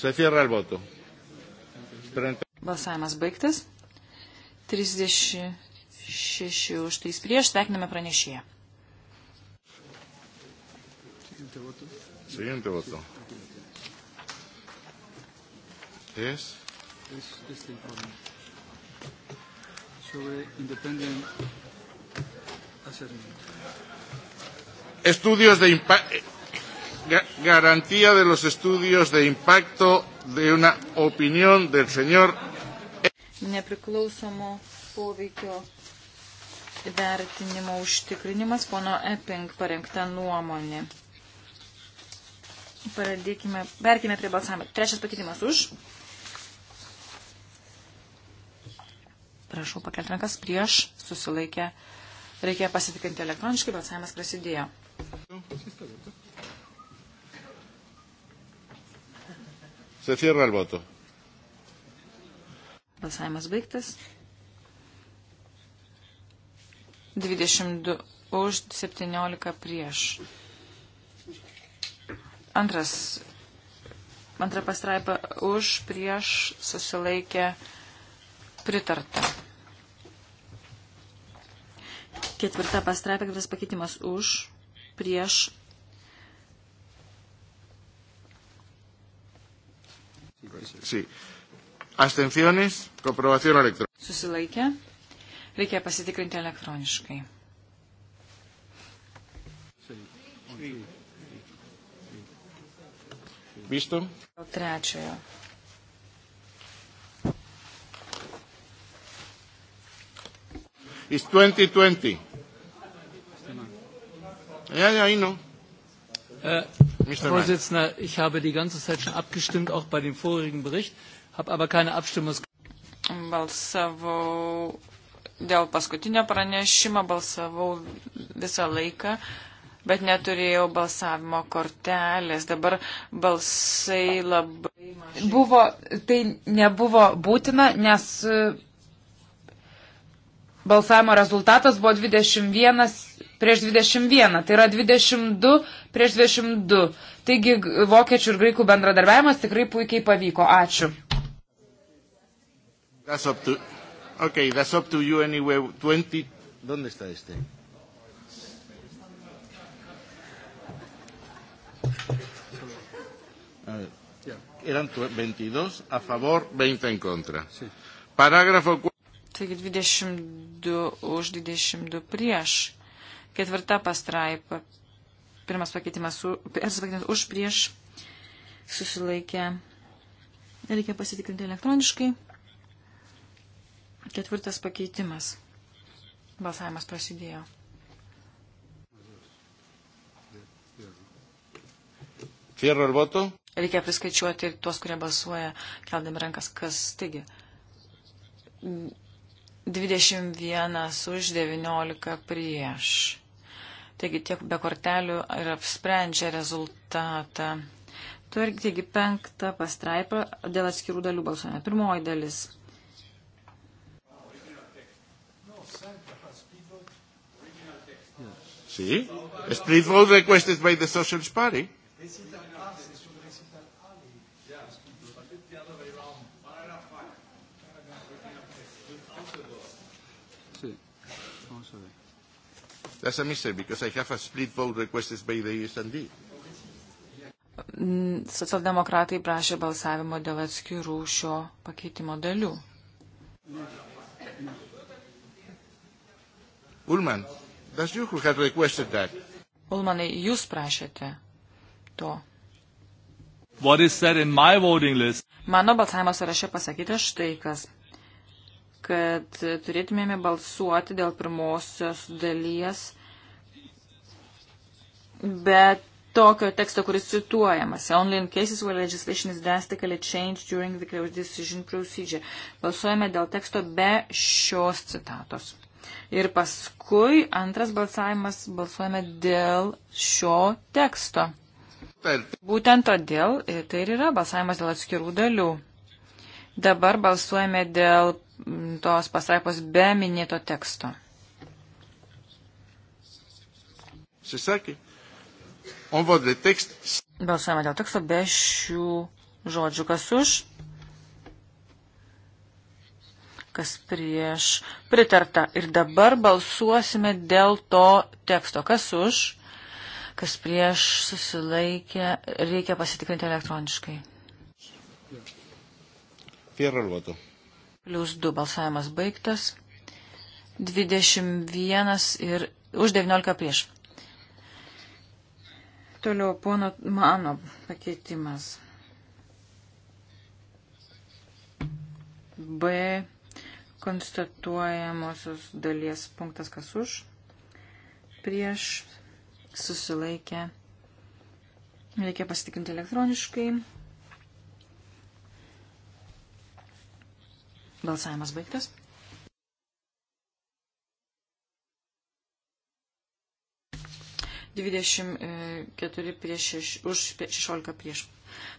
Se cierra el voto. Balsavimas baigtas. 36 už 3 prieš. Sveikiname pranešėją. Siguiente voto. Es. Este informe sobre independent assessment. Estudios de impacto garantía de los estudios de impacto de una opinión del señor. Nepriklausomo poveikio vertinimo užtikrinimas pono Epping parengta nuomonė. Pradėkime, verkime prie balsavimo. Trečias pakeitimas už. Prašau pakelti rankas prieš, susilaikė. Reikia pasitikinti elektroniškai, balsavimas prasidėjo. Jau, Se cierra el voto. Balsavimas baigtas. 22 už 17 prieš. Antras. Antra pastraipa už prieš susilaikė pritarta. Ketvirta pastraipa, ketvirtas pakeitimas už prieš Sí. Astenciones, comprobación elektroninė. Susilaikė. Reikia pasitikrinti elektroniškai. Visto? Trečiojo. It's 2020. Yeah, yeah, I know. Uh, Herr Vorsitzender, ich habe die ganze Zeit schon abgestimmt, auch bei dem vorigen Bericht, habe aber keine Abstimmungs... Balsavau dėl paskutinio pranešimo, balsavau visą laiką, bet neturėjau balsavimo kortelės. Dabar balsai labai mažai. Buvo, tai nebuvo būtina, nes e, balsavimo rezultatas buvo 21 prieš 21, tai yra 22 prieš 22. Taigi vokiečių ir graikų bendradarbiavimas tikrai puikiai pavyko. Ačiū. That's up to, okay, that's up to you anyway. 20, ¿dónde está este? Eran 22 a favor, 20 en contra. Parágrafo 4. Taigi 22 už 22 prieš. Ketvirta pastraipa. Pirmas pakeitimas, antras pakeitimas už prieš susilaikė. Reikia pasitikrinti elektroniškai. Ketvirtas pakeitimas. Balsavimas prasidėjo. Fierro ir voto. Reikia priskaičiuoti ir tuos, kurie balsuoja, keldami rankas, kas taigi. 21 už 19 prieš. Taigi tiek be kortelių ir apsprendžia rezultatą. Tu irgi, taigi, penktą pastraipą dėl atskirų dalių balsuojame. Pirmoji dalis. Sí, split vote requested by the Socialist Party. That's a mystery because I have a split vote requested by the USND. Mm, socialdemokratai prašė balsavimo dėl atskirų šio pakeitimo dalių. Ulman, that's you who had requested that. Ulmanai, jūs prašėte to. What is said in my voting list? Mano balsavimo sąraše pasakyta štai kas kad turėtumėme balsuoti dėl pirmosios dalies, bet tokio teksto, kuris cituojamas. Only in cases where legislation is drastically changed during the close decision procedure. Balsuojame dėl teksto be šios citatos. Ir paskui antras balsavimas balsuojame dėl šio teksto. Būtent todėl tai ir yra balsavimas dėl atskirų dalių. Dabar balsuojame dėl tos pastraipos be minėto teksto. Balsuojame dėl teksto be šių žodžių. Kas už? Kas prieš? Pritarta. Ir dabar balsuosime dėl to teksto. Kas už? Kas prieš susilaikė? Reikia pasitikrinti elektroniškai. Fierro el voto plus 2 balsavimas baigtas. 21 ir už 19 prieš. Toliau pono mano pakeitimas. B. Konstatuojamosios dalies punktas kas už. Prieš susilaikę. Reikia pasitikinti elektroniškai. Balsavimas baigtas. Dvidešimt e, keturi prieš, už šešiolika prieš.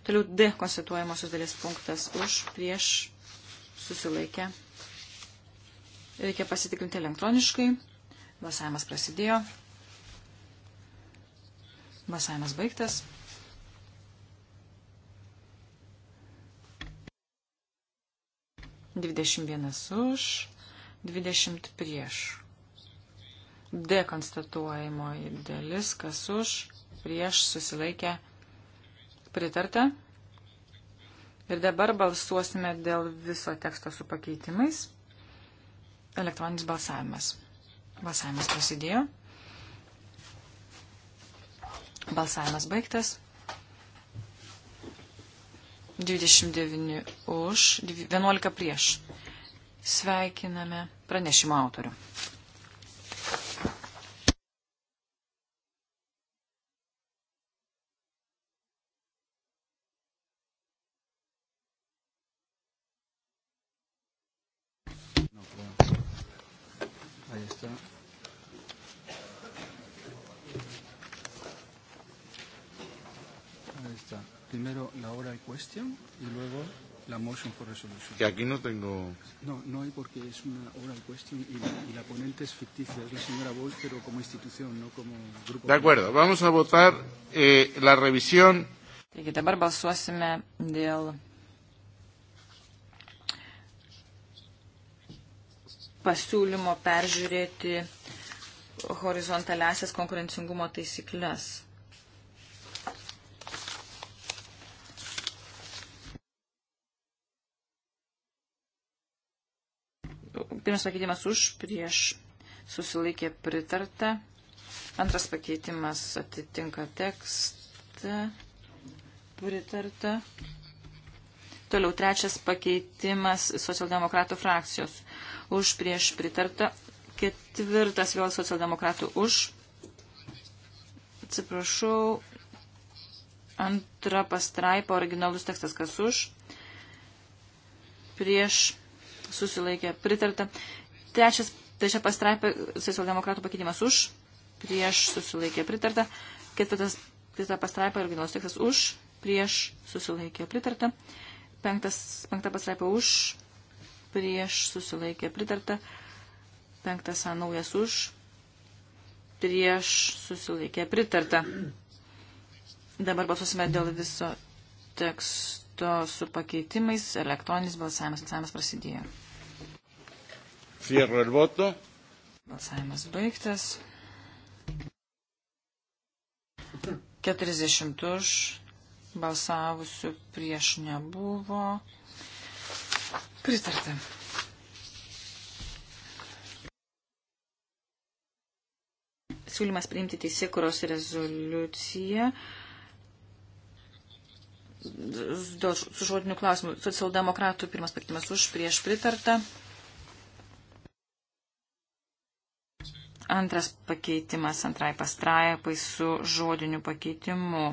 Toliau D konstatuojamosios dalies punktas už prieš susilaikę. Reikia pasitikrinti elektroniškai. Balsavimas prasidėjo. Balsavimas baigtas. 21 už, 20 prieš. D konstatuojamoji dalis, kas už, prieš susilaikę pritarta. Ir dabar balsuosime dėl viso teksto su pakeitimais. Elektroninis balsavimas. Balsavimas prasidėjo. Balsavimas baigtas. 29 už, 11 prieš. Sveikiname pranešimo autorių. question y luego la motion for resolution. Que aquí no tengo. No, no hay porque es una oral question y la, y la ponente es ficticia, es la señora Boll, pero como institución, no como grupo. De acuerdo, vamos a votar eh, la revisión. Taigi dabar balsuosime dėl pasiūlymo peržiūrėti horizontaliasias konkurencingumo taisyklės. Pirmas pakeitimas už, prieš susilaikė pritarta. Antras pakeitimas atitinka tekstą. Pritarta. Toliau trečias pakeitimas socialdemokratų frakcijos. Už prieš pritarta. Ketvirtas vėl socialdemokratų už. Atsiprašau. Antra pastraipa originalus tekstas kas už. Prieš susilaikė pritarta. Trečias, trečia pastraipė, socialdemokratų pakeitimas už, prieš susilaikė pritarta. Ketvirtas, kita pastraipė, originalus tekstas už, prieš susilaikė pritarta. Penktas, penkta pastraipė už, prieš susilaikė pritarta. Penktas A naujas už, prieš susilaikė pritarta. Dabar balsuosime dėl viso teksto teksto su pakeitimais. Elektroninis balsavimas. Balsavimas prasidėjo. Cierro el voto. Balsavimas baigtas. 40 už balsavusių prieš nebuvo. Pritarta. Siūlymas priimti teisėkuros rezoliuciją dėl, su žodiniu klausimu. Socialdemokratų pirmas pakeitimas už prieš pritarta. Antras pakeitimas antrai pastraipai su žodiniu pakeitimu.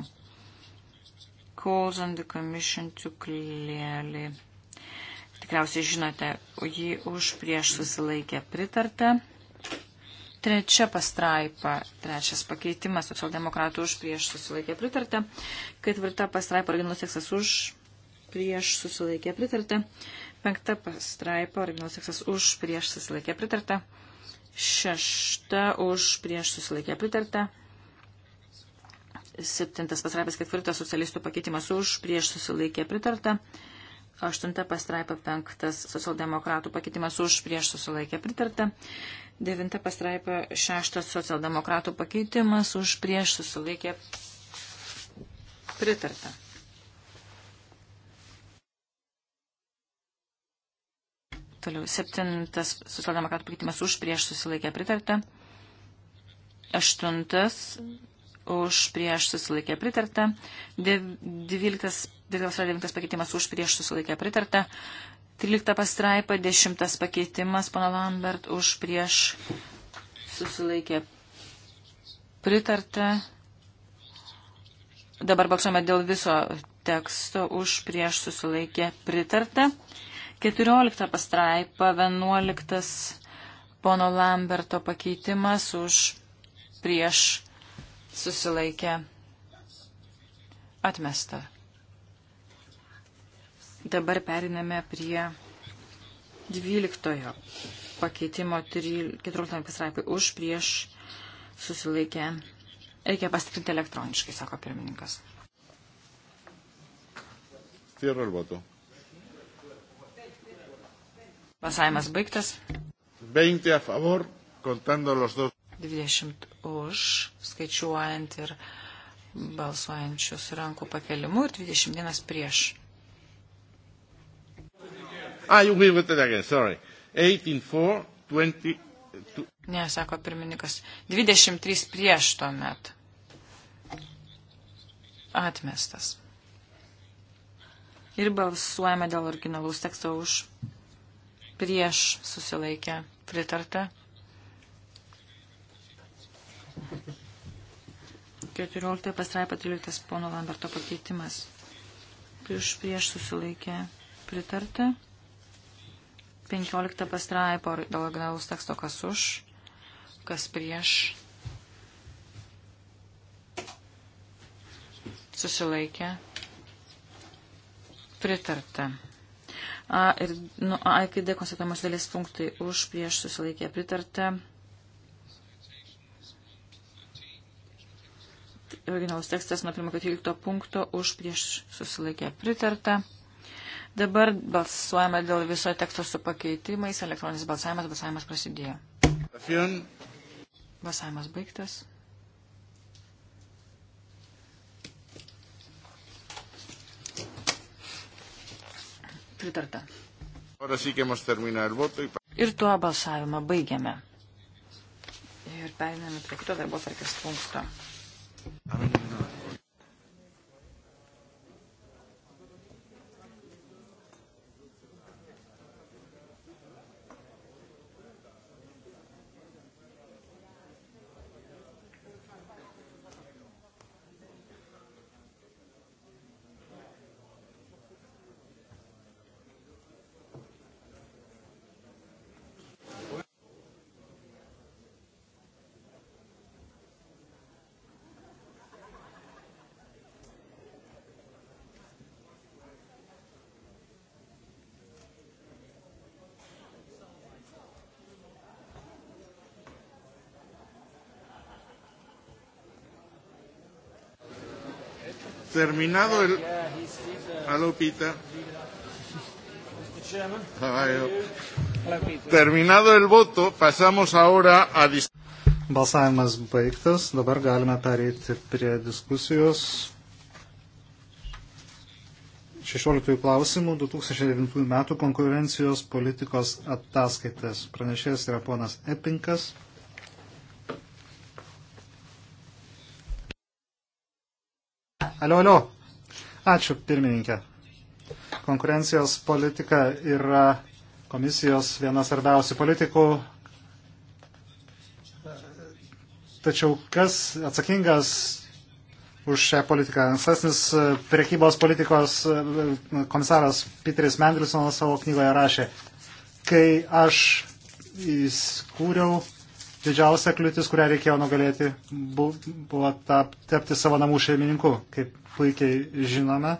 Calls on the commission to clearly. Tikriausiai žinote, jį už prieš susilaikė pritarta. Trečia pastraipa, trečias pakeitimas, socialdemokratų už prieš susilaikė pritartę. Ketvirta pastraipa, originalus tekstas už prieš susilaikė pritartę. Penkta pastraipa, originalus tekstas už prieš susilaikė pritartę. Šešta už prieš susilaikė pritartę. Septintas pastraipas, ketvirtas socialistų pakeitimas už prieš susilaikė pritartę. Aštunta pastraipa, penktas socialdemokratų pakeitimas už prieš susilaikė pritartę. Devinta pastraipa šeštas socialdemokratų pakeitimas už prieš susilaikė pritarta. Toliau septintas socialdemokratų pakeitimas už prieš susilaikė pritarta. Aštuntas už prieš susilaikė pritarta. Dvyliktas, devintas pakeitimas už prieš susilaikė pritarta. 13 pastraipa, 10 pakeitimas, pana Lambert, už prieš susilaikė pritarta. Dabar balsuojame dėl viso teksto, už prieš susilaikė pritarta. 14 pastraipa, 11 pono Lamberto pakeitimas, už prieš susilaikė atmesta. Dabar periname prie 12 pakeitimo 14 pasraipai už prieš susilaikę. Reikia pasitikrinti elektroniškai, sako pirmininkas. Cierro el voto. Pasavimas baigtas. 20 a favor, contando los dos. 20 už, skaičiuojant ir balsuojančius rankų pakelimu ir 21 prieš. Ah, you agree with that again, sorry. 18 for, 20. Ne, sako pirmininkas. 23 prieš tuomet. Atmestas. Ir balsuojame dėl originalaus teksto už prieš susilaikę pritartą. 14 pastraipa 13 pono Lamberto pakeitimas. Prieš prieš susilaikę pritartą. 15 pastraipo dėl originalaus teksto kas už, kas prieš. Susilaikė. Pritarta. A ir nuo A iki D konstatuojamos dalies punktai už prieš susilaikė pritarta. Originalus tekstas nuo 1 iki 13 punkto už prieš susilaikė pritarta. Dabar balsuojame dėl viso teksto su pakeitimais. Elektroninis balsavimas, balsavimas prasidėjo. Balsavimas baigtas. Pritarta. Ir tuo balsavimą baigiame. Ir periname prie kito darbo tarkės punkto. Amen. terminado el. Hello, Peter. Oh. Terminado el voto, pasamos ahora a. Balsavimas baigtas, dabar galime pereiti prie diskusijos. 16 klausimų 2009 metų konkurencijos politikos ataskaitas. Pranešėjas yra ponas Epinkas. Alio, alio. Ačiū, pirmininkė. Konkurencijos politika yra komisijos vienas svarbiausių politikų. Tačiau kas atsakingas už šią politiką? Ankstesnis e, priekybos politikos e, komisaras Peteris Mendelsonas savo knygoje rašė, kai aš įskūriau didžiausia kliūtis, kurią reikėjo nugalėti, buvo tap, tapti savo namų šeimininku, kaip puikiai žinome.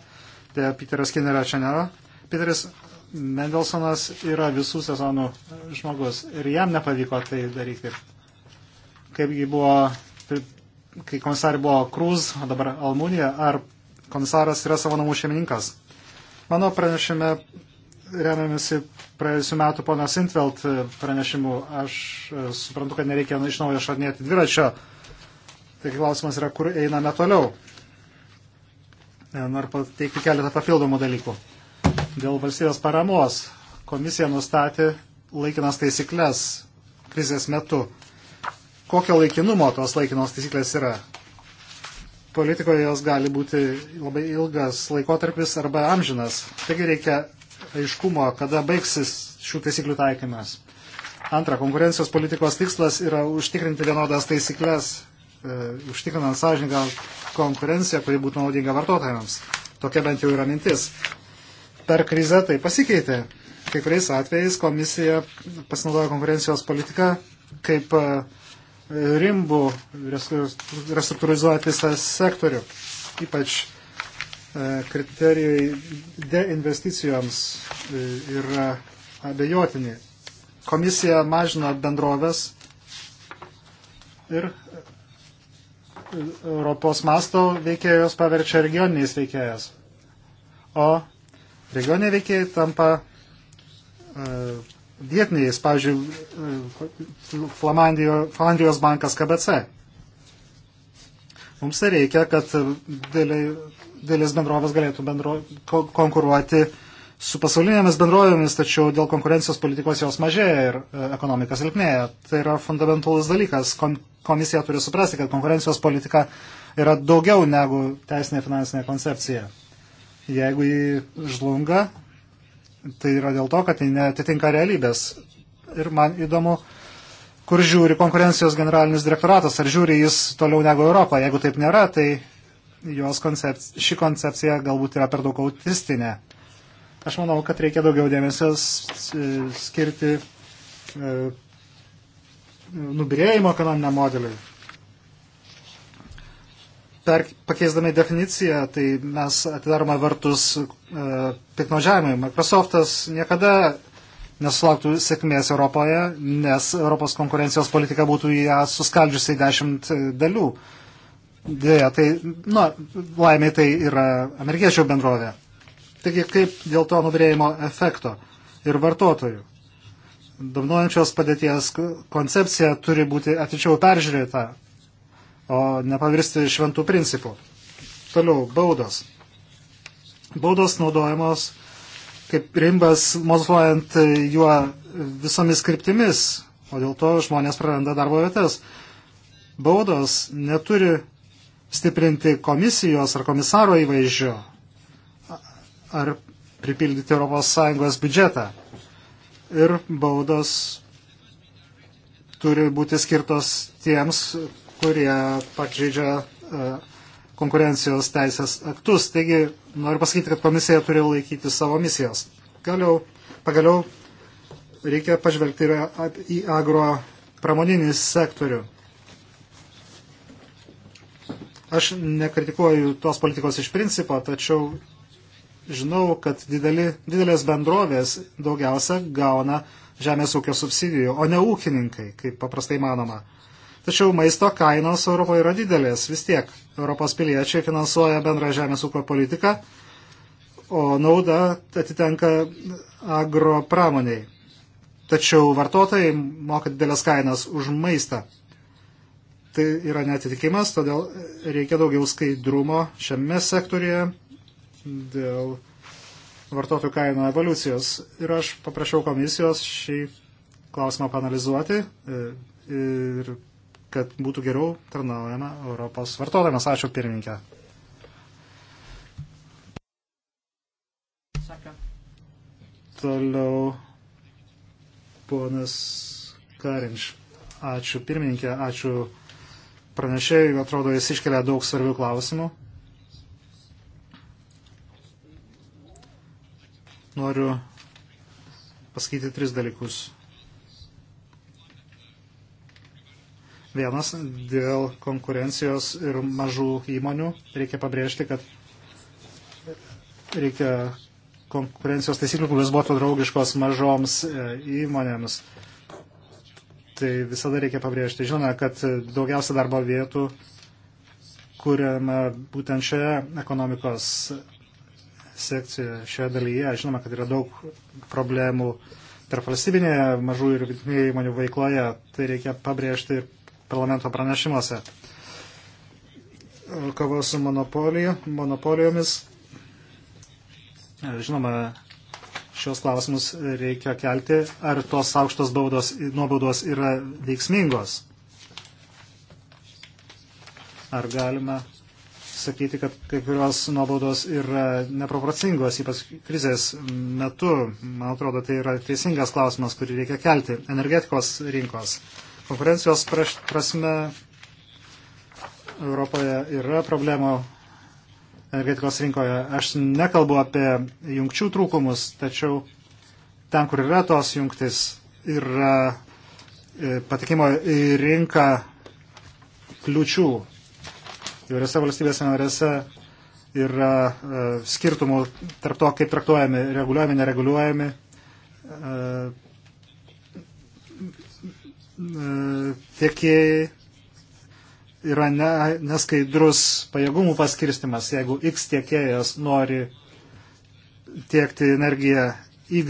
Tai Peteras Skinnerio čia nėra. Peteris Mendelsonas yra visų sezonų žmogus ir jam nepavyko tai daryti. Kaipgi buvo, kai komisarė buvo Krūz, o dabar Almūnija, ar komisaras yra savo namų šeimininkas? Mano pranešime remiamasi praėjusiu metu ponas Intvelt e, pranešimu. Aš e, suprantu, kad nereikia iš naujo šarnėti dviračio. Tai klausimas yra, kur einame toliau. E, noriu pateikti keletą papildomų dalykų. Dėl valstybės paramos komisija nustatė laikinas taisyklės krizės metu. Kokio laikinumo tos laikinos taisyklės yra? Politikoje jos gali būti labai ilgas laikotarpis arba amžinas. Taigi reikia aiškumo, kada baigsis šių taisyklių taikymas. Antra, konkurencijos politikos tikslas yra užtikrinti vienodas taisyklės, e, užtikrinant sąžininką konkurenciją, kuri būtų naudinga vartotojams. Tokia bent jau yra mintis. Per krizę tai pasikeitė. Kai kuriais atvejais komisija pasinaudojo konkurencijos politiką kaip e, rimbų restruktūrizuoti visą sektorių, ypač E, kriterijai deinvesticijoms e, yra abejotini. Komisija mažina bendrovės ir e, Europos masto veikėjos paverčia regioniniais veikėjas. O regioniai veikėjai tampa vietiniais, pavyzdžiui, Flandijos bankas KBC. Mums tai reikia, kad dėliai dėlis bendrovės galėtų bendro, ko, konkuruoti su pasaulinėmis bendrovėmis, tačiau dėl konkurencijos politikos jos mažėja ir e, ekonomika silpnėja. Tai yra fundamentalus dalykas. Komisija turi suprasti, kad konkurencijos politika yra daugiau negu teisinė finansinė koncepcija. Jeigu jį žlunga, tai yra dėl to, kad tai netitinka realybės. Ir man įdomu, kur žiūri konkurencijos generalinis direktoratas, ar žiūri jis toliau negu Europą. Jeigu taip nėra, tai jos koncepcija, ši koncepcija galbūt yra per daug autistinė. Aš manau, kad reikia daugiau dėmesio skirti e, nubirėjimo ekonominiam modeliui. Per, pakeisdami definiciją, tai mes atidarome vartus e, piknaudžiavimui. Microsoftas niekada nesulauktų sėkmės Europoje, nes Europos konkurencijos politika būtų ją suskaldžiusi į dešimt dalių. E, Dėja, tai, na, laimė tai yra amerikiečių bendrovė. Taigi kaip dėl to nubrėjimo efekto ir vartotojų? Dominuojančios padėties koncepcija turi būti atičiau peržiūrėta, o nepavirsti šventų principų. Toliau, baudos. Baudos naudojamos kaip rimbas, mozluojant juo visomis kryptimis, o dėl to žmonės praranda darbo vietas. Baudos neturi stiprinti komisijos ar komisaro įvaizdžio, ar pripildyti ES biudžetą. Ir baudos turi būti skirtos tiems, kurie pažeidžia e, konkurencijos teisės aktus. Taigi noriu pasakyti, kad komisija turi laikyti savo misijos. Galiau, pagaliau reikia pažvelgti ir į agro pramoninį sektorių. Aš nekritikuoju tos politikos iš principo, tačiau žinau, kad dideli, didelės bendrovės daugiausia gauna žemės ūkio subsidijų, o ne ūkininkai, kaip paprastai manoma. Tačiau maisto kainos Europoje yra didelės vis tiek. Europos piliečiai finansuoja bendrą žemės ūkio politiką, o nauda atitenka agropramoniai. Tačiau vartotojai moka didelės kainas už maistą tai yra netitikimas, todėl reikia daugiau skaidrumo šiame sektorėje dėl vartotojų kainų evoliucijos. Ir aš paprašiau komisijos šį klausimą panalizuoti e, ir kad būtų geriau tarnaujama Europos vartotojams. Ačiū pirmininkė. Toliau ponas Karinš. Ačiū pirmininkė, ačiū pranešėjui, atrodo, jis iškelia daug svarbių klausimų. Noriu pasakyti tris dalykus. Vienas, dėl konkurencijos ir mažų įmonių. Reikia pabrėžti, kad reikia konkurencijos taisyklių, kuris būtų draugiškos mažoms e, įmonėms. Tai visada reikia pabrėžti. Žinome, kad daugiausia darbo vietų kuriama būtent šioje ekonomikos sekcijoje, šioje dalyje. Žinoma, kad yra daug problemų tarp valstybinėje mažų ir vidutinių įmonių veikloje. Tai reikia pabrėžti ir parlamento pranešimuose. Kovos su monopolijomis. Žinoma, šios klausimus reikia kelti, ar tos aukštos baudos, nuobaudos yra veiksmingos. Ar galima sakyti, kad kai kurios nuobaudos yra neproporcingos, ypač krizės metu. Man atrodo, tai yra teisingas klausimas, kurį reikia kelti. Energetikos rinkos. Konkurencijos prasme Europoje yra problemų energetikos rinkoje. Aš nekalbu apie jungčių trūkumus, tačiau ten, kur yra tos jungtis, yra e, patikimo į rinką kliučių. Įvairiose valstybėse narėse yra e, skirtumų tarp to, kaip traktuojami, reguliuojami, nereguliuojami e, tiekėjai yra ne, neskaidrus pajėgumų paskirstimas. Jeigu X tiekėjas nori tiekti energiją Y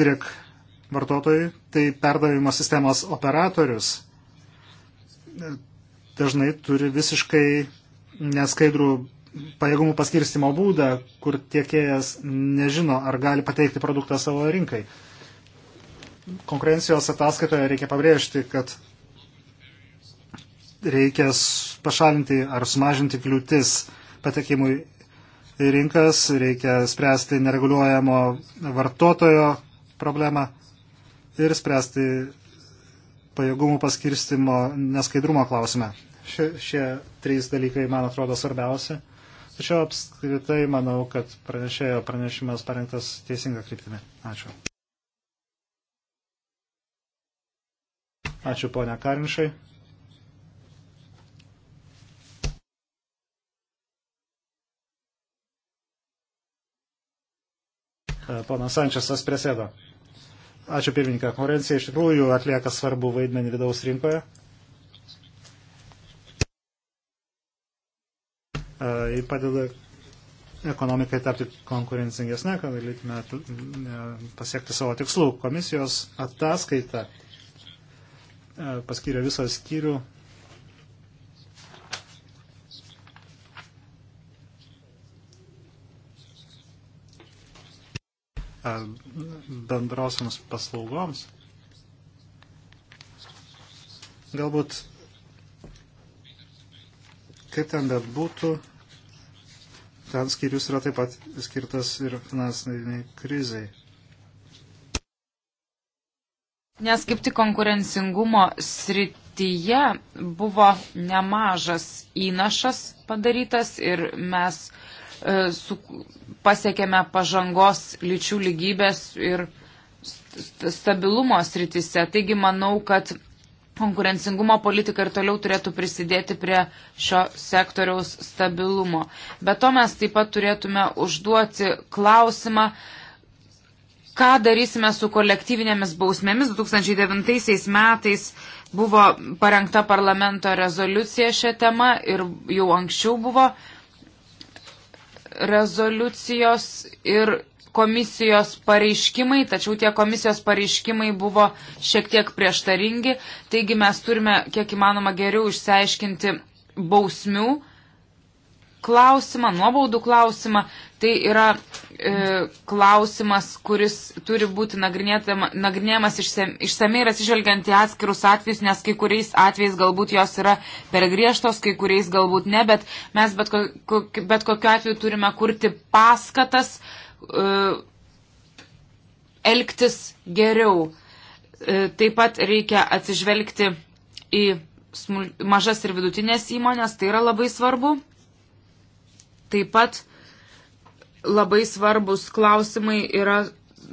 vartotojui, tai perdavimo sistemos operatorius e, dažnai turi visiškai neskaidrų pajėgumų paskirstimo būdą, kur tiekėjas nežino, ar gali pateikti produktą savo rinkai. Konkurencijos ataskaitoje reikia pabrėžti, kad reikia pašalinti ar sumažinti kliūtis patekimui į rinkas, reikia spręsti nereguliuojamo vartotojo problemą ir spręsti pajėgumų paskirstimo neskaidrumo klausimą. Šie, šie trys dalykai, man atrodo, svarbiausia. Tačiau apskritai manau, kad pranešėjo pranešimas parengtas teisinga kryptimi. Ačiū. Ačiū ponia Karinšai. E, ponas Sančiasas prisėdo. Ačiū pirmininką. Konkurencija iš tikrųjų atlieka svarbu vaidmenį vidaus rinkoje. E, ji padeda ekonomikai tapti konkurencingesnė, kad galėtume e, pasiekti savo tikslų. Komisijos ataskaita paskyrė visą skyrių bendrosiams paslaugoms. Galbūt, kaip ten bet būtų, ten skyrius yra taip pat skirtas ir finansiniai krizai. Nes kaip tik konkurencingumo srityje buvo nemažas įnašas padarytas ir mes E, su, pasiekėme pažangos lyčių lygybės ir stabilumo sritise. Taigi manau, kad konkurencingumo politika ir toliau turėtų prisidėti prie šio sektoriaus stabilumo. Be to mes taip pat turėtume užduoti klausimą, ką darysime su kolektyvinėmis bausmėmis. 2009 metais buvo parengta parlamento rezoliucija šią temą ir jau anksčiau buvo rezoliucijos ir komisijos pareiškimai, tačiau tie komisijos pareiškimai buvo šiek tiek prieštaringi, taigi mes turime kiek įmanoma geriau išsiaiškinti bausmių klausimą, nuobaudų klausimą. Tai yra e, klausimas, kuris turi būti nagrinėjamas išsamei ir atsižvelgiant į atskirus atvejus, nes kai kuriais atvejais galbūt jos yra per griežtos, kai kuriais galbūt ne, bet mes bet, ko, bet kokiu atveju turime kurti paskatas e, elgtis geriau. E, taip pat reikia atsižvelgti į mažas ir vidutinės įmonės, tai yra labai svarbu. Taip pat labai svarbus klausimai yra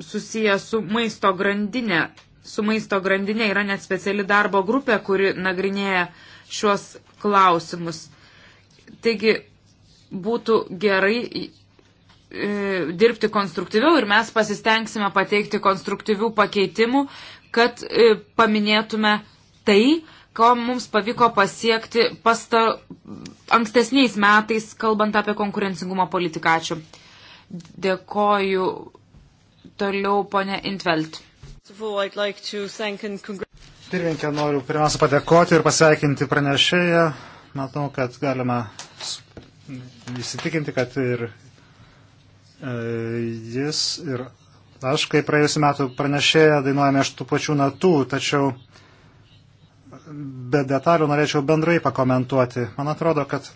susiję su maisto grandinė. Su maisto grandinė yra net speciali darbo grupė, kuri nagrinėja šiuos klausimus. Taigi būtų gerai e, dirbti konstruktyviau ir mes pasistengsime pateikti konstruktyvių pakeitimų, kad e, paminėtume tai, ko mums pavyko pasiekti pasta, ankstesniais metais, kalbant apie konkurencingumo politiką. Ačiū. Dėkoju toliau, ponė Intvelt. Pirmininkė, noriu pirmiausia padėkoti ir pasveikinti pranešėją. Matau, kad galima įsitikinti, kad ir e, jis, ir aš, kaip praėjusiu metu pranešėja, dainuojame iš tų pačių natų, tačiau be detalių norėčiau bendrai pakomentuoti. Man atrodo, kad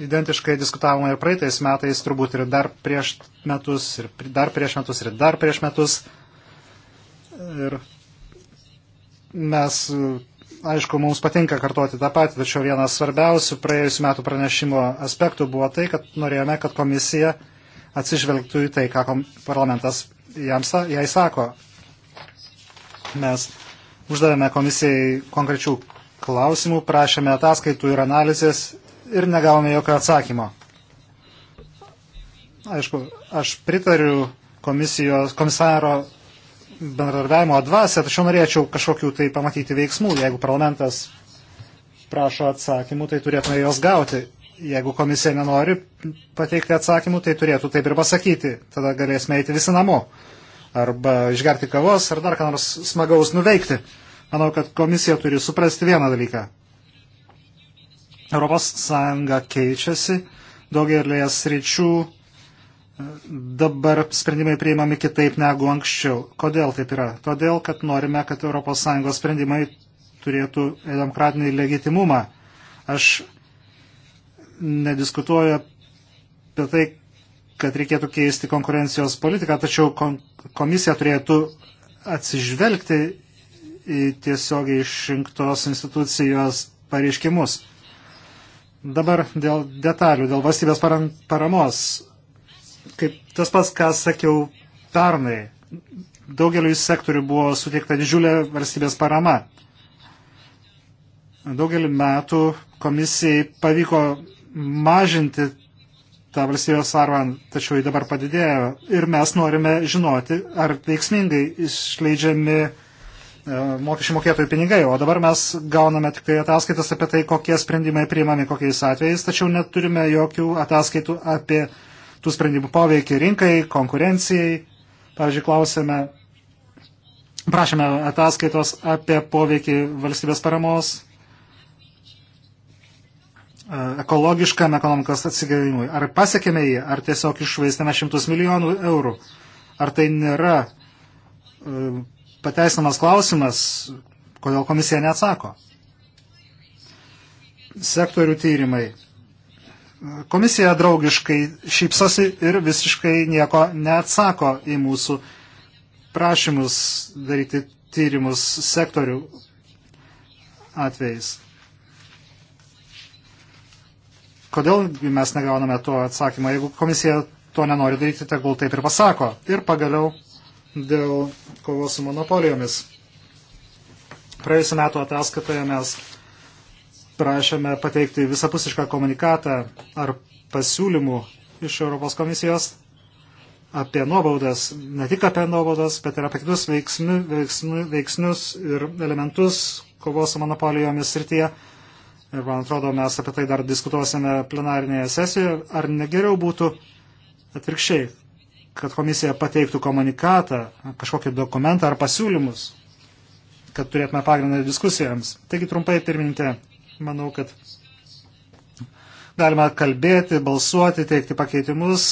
identiškai diskutavome ir praeitais metais, turbūt ir dar prieš metus, ir dar prieš metus, ir dar prieš metus. Ir mes, aišku, mums patinka kartuoti tą patį, tačiau vienas svarbiausių praėjusių metų pranešimo aspektų buvo tai, kad norėjome, kad komisija atsižvelgtų į tai, ką parlamentas jam, jai sako. Mes Uždavėme komisijai konkrečių klausimų, prašėme ataskaitų ir analizės ir negavome jokio atsakymo. Aišku, aš pritariu komisijos, komisaro bendradarbiavimo dvasę, tačiau norėčiau kažkokių tai pamatyti veiksmų. Jeigu parlamentas prašo atsakymų, tai turėtume juos gauti. Jeigu komisija nenori pateikti atsakymų, tai turėtų taip ir pasakyti. Tada galėsime eiti visi namo arba išgerti kavos, ar dar ką nors smagaus nuveikti. Manau, kad komisija turi suprasti vieną dalyką. Europos Sąjunga keičiasi, daugelėje sričių e, dabar sprendimai priimami kitaip negu anksčiau. Kodėl taip yra? Todėl, kad norime, kad Europos Sąjungos sprendimai turėtų demokratinį legitimumą. Aš nediskutuoju apie tai, kad reikėtų keisti konkurencijos politiką, tačiau komisija turėtų atsižvelgti į tiesiogiai išrinktos institucijos pareiškimus. Dabar dėl detalių, dėl valstybės paramos. Kaip tas pats, ką sakiau pernai, daugeliu sektorių buvo suteikta didžiulė valstybės parama. Daugelį metų komisijai pavyko mažinti ta valstybės arvan, tačiau ji dabar padidėjo. Ir mes norime žinoti, ar veiksmingai išleidžiami e, mokesčių mokėtojų pinigai, o dabar mes gauname tik tai ataskaitas apie tai, kokie sprendimai priimami kokiais atvejais, tačiau neturime jokių ataskaitų apie tų sprendimų poveikį rinkai, konkurencijai. Pavyzdžiui, klausėme, prašėme ataskaitos apie poveikį valstybės paramos ekologiškam ekonomikos atsigavimui. Ar pasiekėme jį, ar tiesiog išvaistėme šimtus milijonų eurų. Ar tai nėra e, pateisinamas klausimas, kodėl komisija neatsako? Sektorių tyrimai. Komisija draugiškai šypsosi ir visiškai nieko neatsako į mūsų prašymus daryti tyrimus sektorių atvejais. Kodėl mes negauname to atsakymą? Jeigu komisija to nenori daryti, tegul taip ir pasako. Ir pagaliau dėl kovos su monopolijomis. Praėjusiu metu ataskaitoje mes prašėme pateikti visapusišką komunikatą ar pasiūlymų iš Europos komisijos apie nuobaudas, ne tik apie nuobaudas, bet ir apie kitus veiksmi, veiksmi, veiksnius ir elementus kovos su monopolijomis srityje. Ir tie, Ir man atrodo, mes apie tai dar diskutuosime plenarinėje sesijoje. Ar negeriau būtų atvirkščiai, kad komisija pateiktų komunikatą, kažkokį dokumentą ar pasiūlymus, kad turėtume pagrindą diskusijams. Taigi trumpai, pirmininkė, manau, kad galima kalbėti, balsuoti, teikti pakeitimus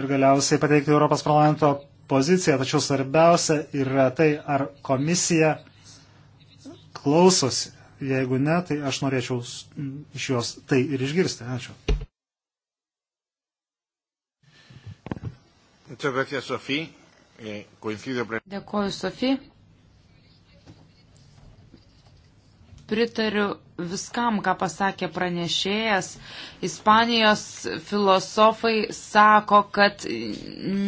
ir galiausiai pateikti Europos parlamento poziciją, tačiau svarbiausia yra tai, ar komisija klausosi Jeigu ne, tai aš norėčiau iš jos tai ir išgirsti. Ačiū. Eh, Dėkoju, Sofija. pritariu viskam, ką pasakė pranešėjas. Ispanijos filosofai sako, kad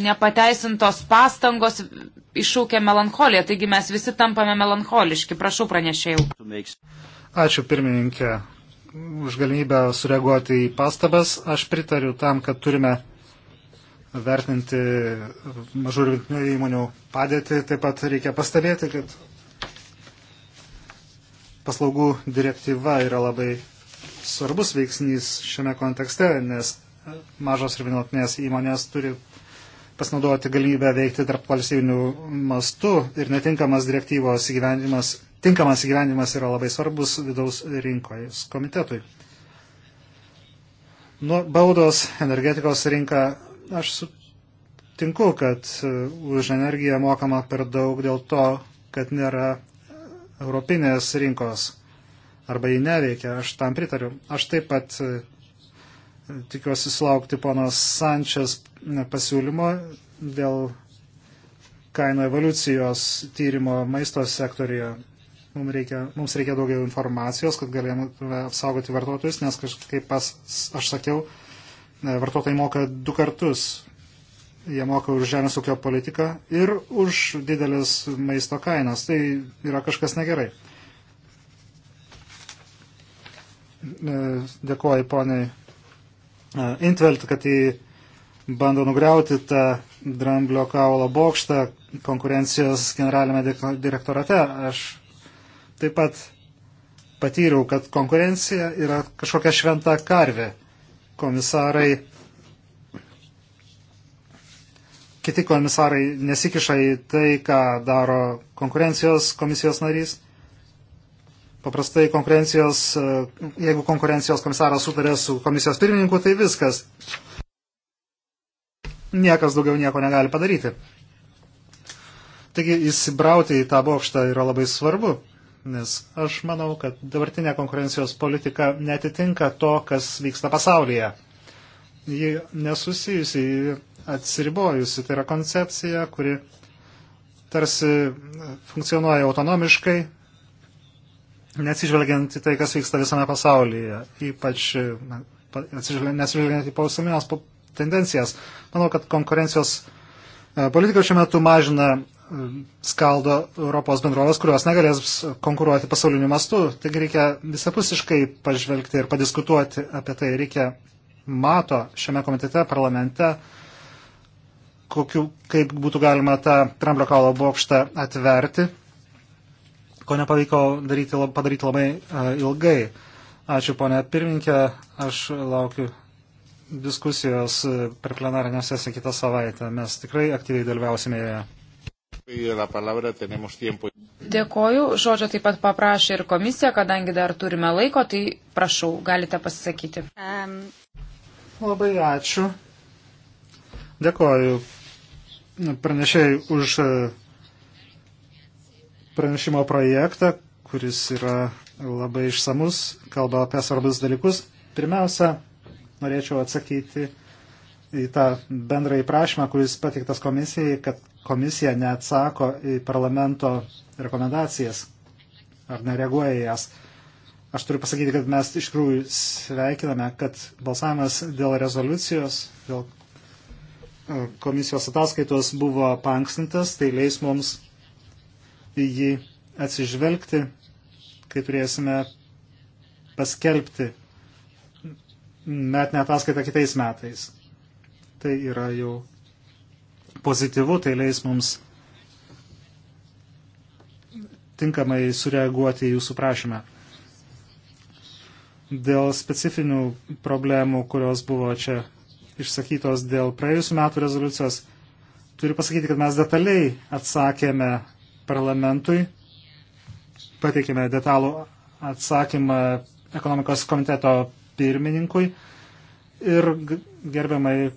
nepateisintos pastangos iššaukia melancholiją, taigi mes visi tampame melancholiški. Prašau pranešėjau. Ačiū pirmininkė už galimybę sureaguoti į pastabas. Aš pritariu tam, kad turime vertinti mažų ir vidutinių įmonių padėtį. Taip pat reikia pastebėti, kad paslaugų direktyva yra labai svarbus veiksnys šiame kontekste, nes mažos ir vienotinės įmonės turi pasinaudoti galimybę veikti tarp valstybinių mastų ir netinkamas direktyvos įgyvendimas, tinkamas įgyvendimas yra labai svarbus vidaus rinkojais komitetui. Nuo baudos energetikos rinka, aš sutinku, kad e, už energiją mokama per daug dėl to, kad nėra europinės rinkos arba ji neveikia, aš tam pritariu. Aš taip pat e, tikiuosi sulaukti ponos Sančias e, pasiūlymo dėl kainų evoliucijos tyrimo maisto sektorijoje. Mums reikia, mums reikia daugiau informacijos, kad galėtume apsaugoti vartotojus, nes kažkaip pas, aš sakiau, e, vartotojai moka du kartus jie moka už žemės ūkio politiką ir už didelės maisto kainas. Tai yra kažkas negerai. E, Dėkuoju poniai e, Intvelt, kad jį bando nugriauti tą dramblio kaulo bokštą konkurencijos generalinėme direktorate. Aš taip pat patyriau, kad konkurencija yra kažkokia šventa karvė. Komisarai kiti komisarai nesikiša į tai, ką daro konkurencijos komisijos narys. Paprastai konkurencijos, e, jeigu konkurencijos komisaras sutarė su komisijos pirmininku, tai viskas. Niekas daugiau nieko negali padaryti. Taigi įsibrauti į tą bokštą yra labai svarbu, nes aš manau, kad dabartinė konkurencijos politika netitinka to, kas vyksta pasaulyje. Ji nesusijusi, atsiribojusi. Tai yra koncepcija, kuri tarsi funkcionuoja autonomiškai, neatsižvelgiant į tai, kas vyksta visame pasaulyje, ypač neatsižvelgiant į pausaminės tendencijas. Manau, kad konkurencijos e, politika šiuo metu mažina e, skaldo Europos bendrovės, kurios negalės konkuruoti pasauliniu mastu. Taigi reikia visapusiškai pažvelgti ir padiskutuoti apie tai. Reikia mato šiame komitete, parlamente, kokiu, kaip būtų galima tą Tramblio kaulo bokštą atverti, ko nepavyko daryti, padaryti labai e, ilgai. Ačiū, ponė pirmininkė, aš laukiu diskusijos e, per plenarinę sesiją kitą savaitę. Mes tikrai aktyviai dalyvausime joje. Dėkoju, žodžio taip pat paprašė ir komisija, kadangi dar turime laiko, tai prašau, galite pasisakyti. Um. Labai ačiū. Dėkoju pranešėjai už e, pranešimo projektą, kuris yra labai išsamus, kalba apie svarbus dalykus. Pirmiausia, norėčiau atsakyti į tą bendrąjį prašymą, kuris patiktas komisijai, kad komisija neatsako į parlamento rekomendacijas ar nereaguoja į jas. Aš turiu pasakyti, kad mes iš tikrųjų sveikiname, kad balsavimas dėl rezoliucijos, dėl komisijos ataskaitos buvo pankstintas, tai leis mums į jį atsižvelgti, kai turėsime paskelbti metinę ataskaitą kitais metais. Tai yra jau pozityvu, tai leis mums tinkamai sureaguoti į jūsų prašymą. Dėl specifinių problemų, kurios buvo čia išsakytos dėl praėjusių metų rezoliucijos, turiu pasakyti, kad mes detaliai atsakėme parlamentui, pateikėme detalų atsakymą ekonomikos komiteto pirmininkui ir gerbiamai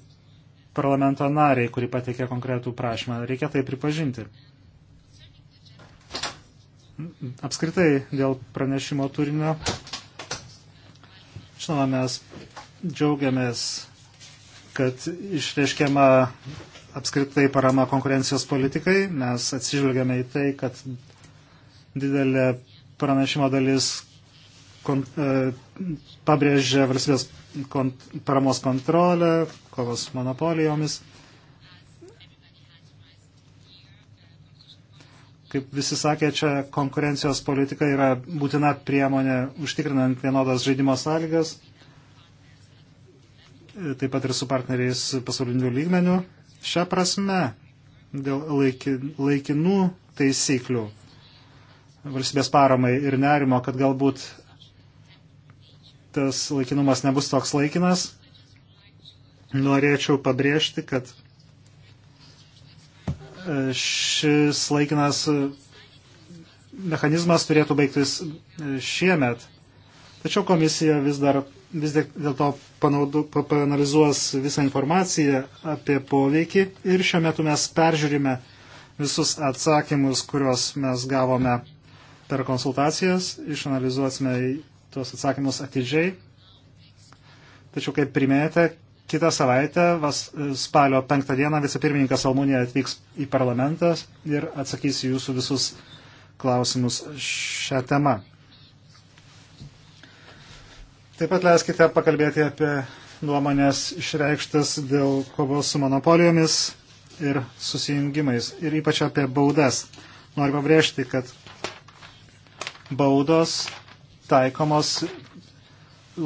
parlamento nariai, kuri pateikė konkretų prašymą. Reikia tai pripažinti. Apskritai dėl pranešimo turinio, žinoma, mes džiaugiamės kad išreiškiama apskritai parama konkurencijos politikai. Mes atsižvelgiame į tai, kad didelė pranešimo dalis kont, e, pabrėžia valstybės kont, paramos kontrolę, kovos monopolijomis. Kaip visi sakė, čia konkurencijos politika yra būtina priemonė užtikrinant vienodas žaidimo sąlygas taip pat ir su partneriais pasauliniu lygmeniu. Šią prasme, dėl laikinų taisyklių valstybės paramai ir nerimo, kad galbūt tas laikinumas nebus toks laikinas, norėčiau pabrėžti, kad e, šis laikinas mechanizmas turėtų baigtis e, šiemet. Tačiau komisija vis dar vis dėlto panalizuos visą informaciją apie poveikį ir šiuo metu mes peržiūrime visus atsakymus, kuriuos mes gavome per konsultacijas, išanalizuosime tuos atsakymus atidžiai. Tačiau, kaip priminėte, kitą savaitę, vas, spalio penktą dieną, vicepirmininkas Almūnė atvyks į parlamentą ir atsakys jūsų visus klausimus šią temą. Taip pat leiskite pakalbėti apie nuomonės išreikštas dėl kovos su monopolijomis ir susijungimais ir ypač apie baudas. Noriu pabrėžti, kad baudos taikomos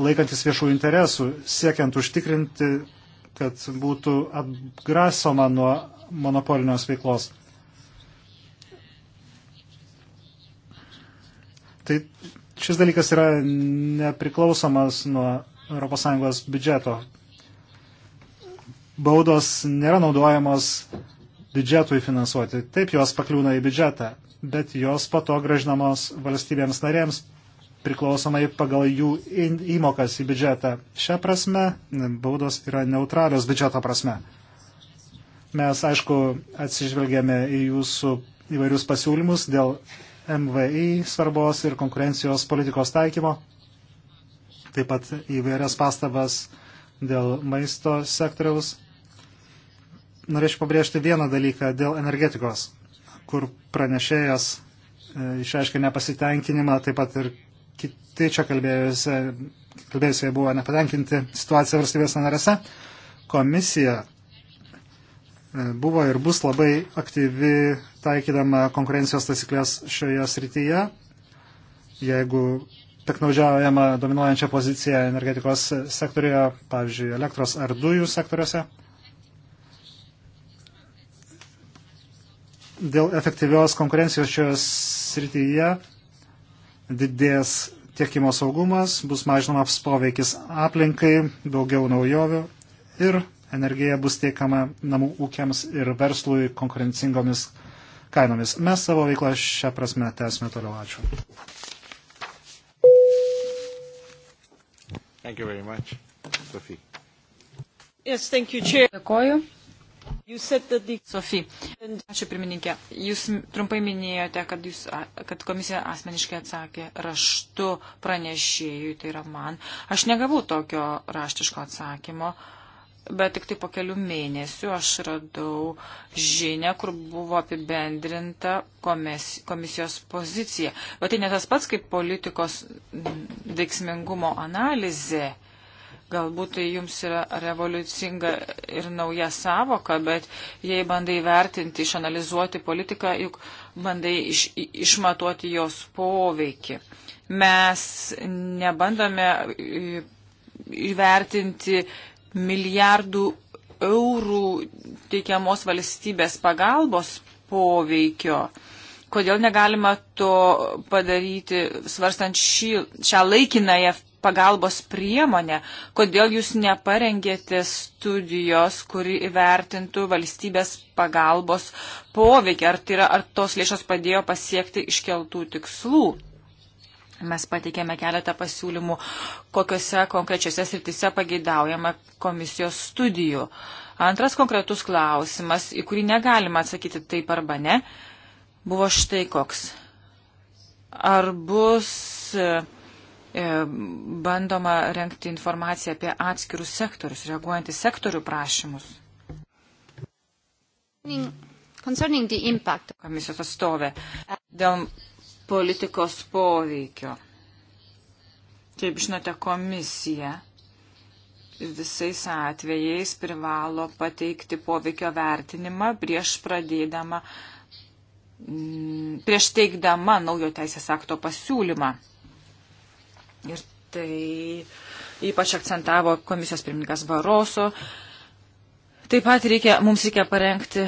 laikantis viešų interesų, siekiant užtikrinti, kad būtų atgrasoma nuo monopolinios veiklos. Tai Šis dalykas yra nepriklausomas nuo ES biudžeto. Baudos nėra naudojamos biudžetui finansuoti. Taip jos pakliūna į biudžetą, bet jos po to gražinamos valstybėms narėms priklausomai pagal jų įmokas į biudžetą. Šią prasme baudos yra neutralios biudžeto prasme. Mes, aišku, atsižvelgėme į jūsų įvairius pasiūlymus dėl MVI svarbos ir konkurencijos politikos taikymo, taip pat įvairias pastabas dėl maisto sektoriaus. Norėčiau pabrėžti vieną dalyką dėl energetikos, kur pranešėjas e, išreiškė nepasitenkinimą, taip pat ir kiti čia kalbėjusiai buvo nepatenkinti situaciją valstybės narėse. Komisija E, buvo ir bus labai aktyvi taikydama konkurencijos taisyklės šioje srityje. Jeigu piknaudžiaujama dominuojančia pozicija energetikos sektorijoje, pavyzdžiui, elektros ar dujų sektoriuose. Dėl efektyvios konkurencijos šioje srityje didės tiekimo saugumas, bus mažinamas poveikis aplinkai, daugiau naujovių ir energija bus tiekama namų ūkiams ir verslui konkurencingomis kainomis. Mes savo veiklą šią prasme tęsime toliau. Ačiū. Thank you very much. Sophie. Yes, thank you, Chair. Dėkoju. The... Sofija, ačiū pirmininkė. Jūs trumpai minėjote, kad, jūs, kad komisija asmeniškai atsakė raštu pranešėjui, tai yra man. Aš negavau tokio raštiško atsakymo. Uh, bet tik tai po kelių mėnesių aš radau žinę, kur buvo apibendrinta komisijos pozicija. Bet tai ne tas pats kaip politikos veiksmingumo analizė. Galbūt tai jums yra revoliucinga ir nauja savoka, bet jei bandai vertinti, išanalizuoti politiką, juk bandai iš, išmatuoti jos poveikį. Mes nebandome e, įvertinti milijardų eurų teikiamos valstybės pagalbos poveikio. Kodėl negalima to padaryti, svarstant šį, šią laikinąją pagalbos priemonę? Kodėl jūs neparengėte studijos, kuri įvertintų valstybės pagalbos poveikį? Ar, tai yra, ar tos lėšos padėjo pasiekti iškeltų tikslų? Mes pateikėme keletą pasiūlymų, kokiuose konkrečiuose srityse pageidaujama komisijos studijų. Antras konkretus klausimas, į kurį negalima atsakyti taip arba ne, buvo štai koks. Ar bus e, e bandoma renkti informaciją apie atskirus sektorius, reaguojant į sektorių prašymus? Concerning the impact. Komisijos atstovė. Dėl politikos poveikio. Kaip žinote, komisija visais atvejais privalo pateikti poveikio vertinimą prieš pradėdama, mm, prieš teikdama naujo teisės akto pasiūlymą. Ir tai ypač akcentavo komisijos pirmininkas Baroso, Taip pat reikia, mums reikia parengti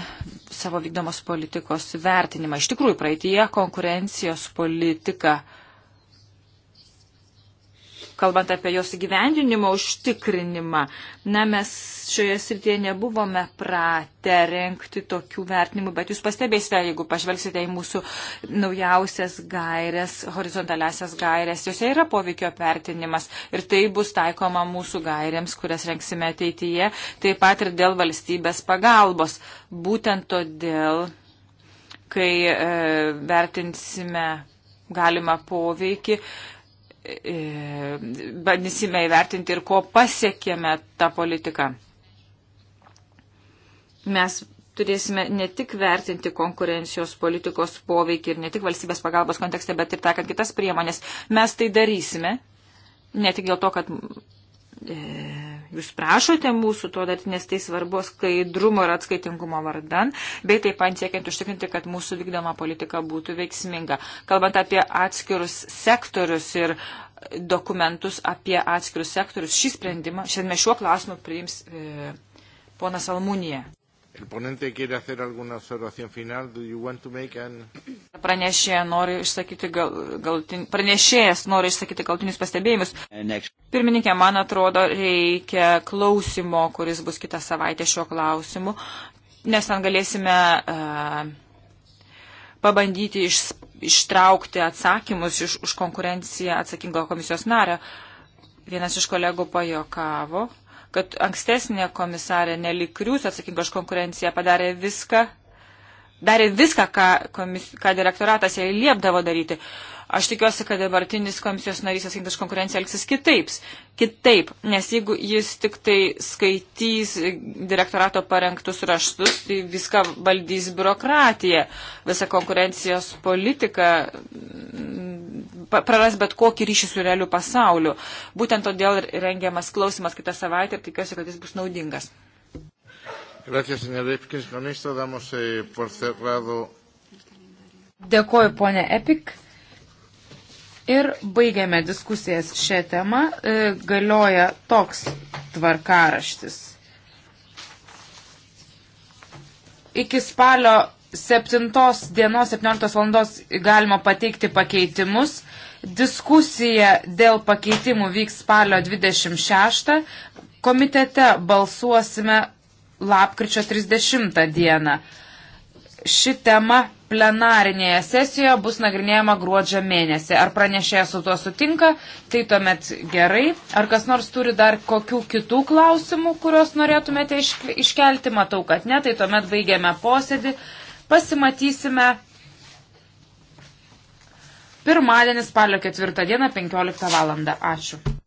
savo vykdomos politikos vertinimą. Iš tikrųjų, praeitie konkurencijos politika uh, kalbant apie jos įgyvendinimo užtikrinimą. Na, mes šioje srityje nebuvome pratę renkti tokių vertinimų, bet jūs pastebėsite, jeigu pažvelgsite į mūsų naujausias gairias, horizontaliasias gairias, jose yra poveikio vertinimas ir tai bus taikoma mūsų gairiams, kurias renksime ateityje, taip pat ir dėl valstybės pagalbos. Būtent todėl, kai e, vertinsime galimą poveikį, e, E, bandysime įvertinti ir ko pasiekėme tą politiką. Mes turėsime ne tik vertinti konkurencijos politikos poveikį ir ne tik valstybės pagalbos kontekste, bet ir takant kitas priemonės. Mes tai darysime, ne tik dėl to, kad e, Jūs prašote mūsų to daryti, nes tai svarbu skaidrumo ir atskaitingumo vardan, bei taip pat siekiant užtikrinti, kad mūsų vykdoma politika būtų veiksminga. Kalbant apie atskirus sektorius ir dokumentus apie atskirus sektorius, šį sprendimą šiandien šiuo klausimu priims e, ponas Almunija. El ponente quiere hacer alguna observación final. Do you want to make an... Pranešėjas nori išsakyti, gal, galutin... Pranešėjas nori išsakyti galtinius pastebėjimus. Pirmininkė, man atrodo, reikia klausimo, kuris bus kitą savaitę šiuo klausimu, nes ten galėsime uh, pabandyti iš, ištraukti atsakymus iš, už konkurenciją atsakingo komisijos nario. Vienas iš kolegų pajokavo kad ankstesnė komisarė Nelikrius atsakinga už konkurenciją padarė viską, darė viską, ką, komis, ką direktoratas jai liepdavo daryti. Uh, Aš tikiuosi, kad dabartinis komisijos narys atsakingas konkurencija elgsis kitaip, kitaip, nes jeigu jis tik tai skaitys direktorato parengtus raštus, tai viską valdys biurokratija, visa konkurencijos politika mm, praras bet kokį ryšį su realiu pasauliu. Būtent todėl rengiamas klausimas kitą savaitę ir tikiuosi, kad jis bus naudingas. Gracias, señor Epkins. Con esto damos eh, por cerrado. Dėkoju, ponė Epik. Ir baigiame diskusijas šią temą. E, galioja toks tvarkaraštis. Iki spalio 7 dienos 17 valandos galima pateikti pakeitimus. Diskusija dėl pakeitimų vyks spalio 26. Komitete balsuosime lapkričio 30 dieną ši tema plenarinėje sesijoje bus nagrinėjama gruodžio mėnesį. Ar pranešėjas su tuo sutinka, tai tuomet gerai. Ar kas nors turi dar kokių kitų klausimų, kuriuos norėtumėte iškelti, matau, kad ne, tai tuomet baigiame posėdį. Pasimatysime pirmadienį spalio 4 dieną 15 val. Ačiū.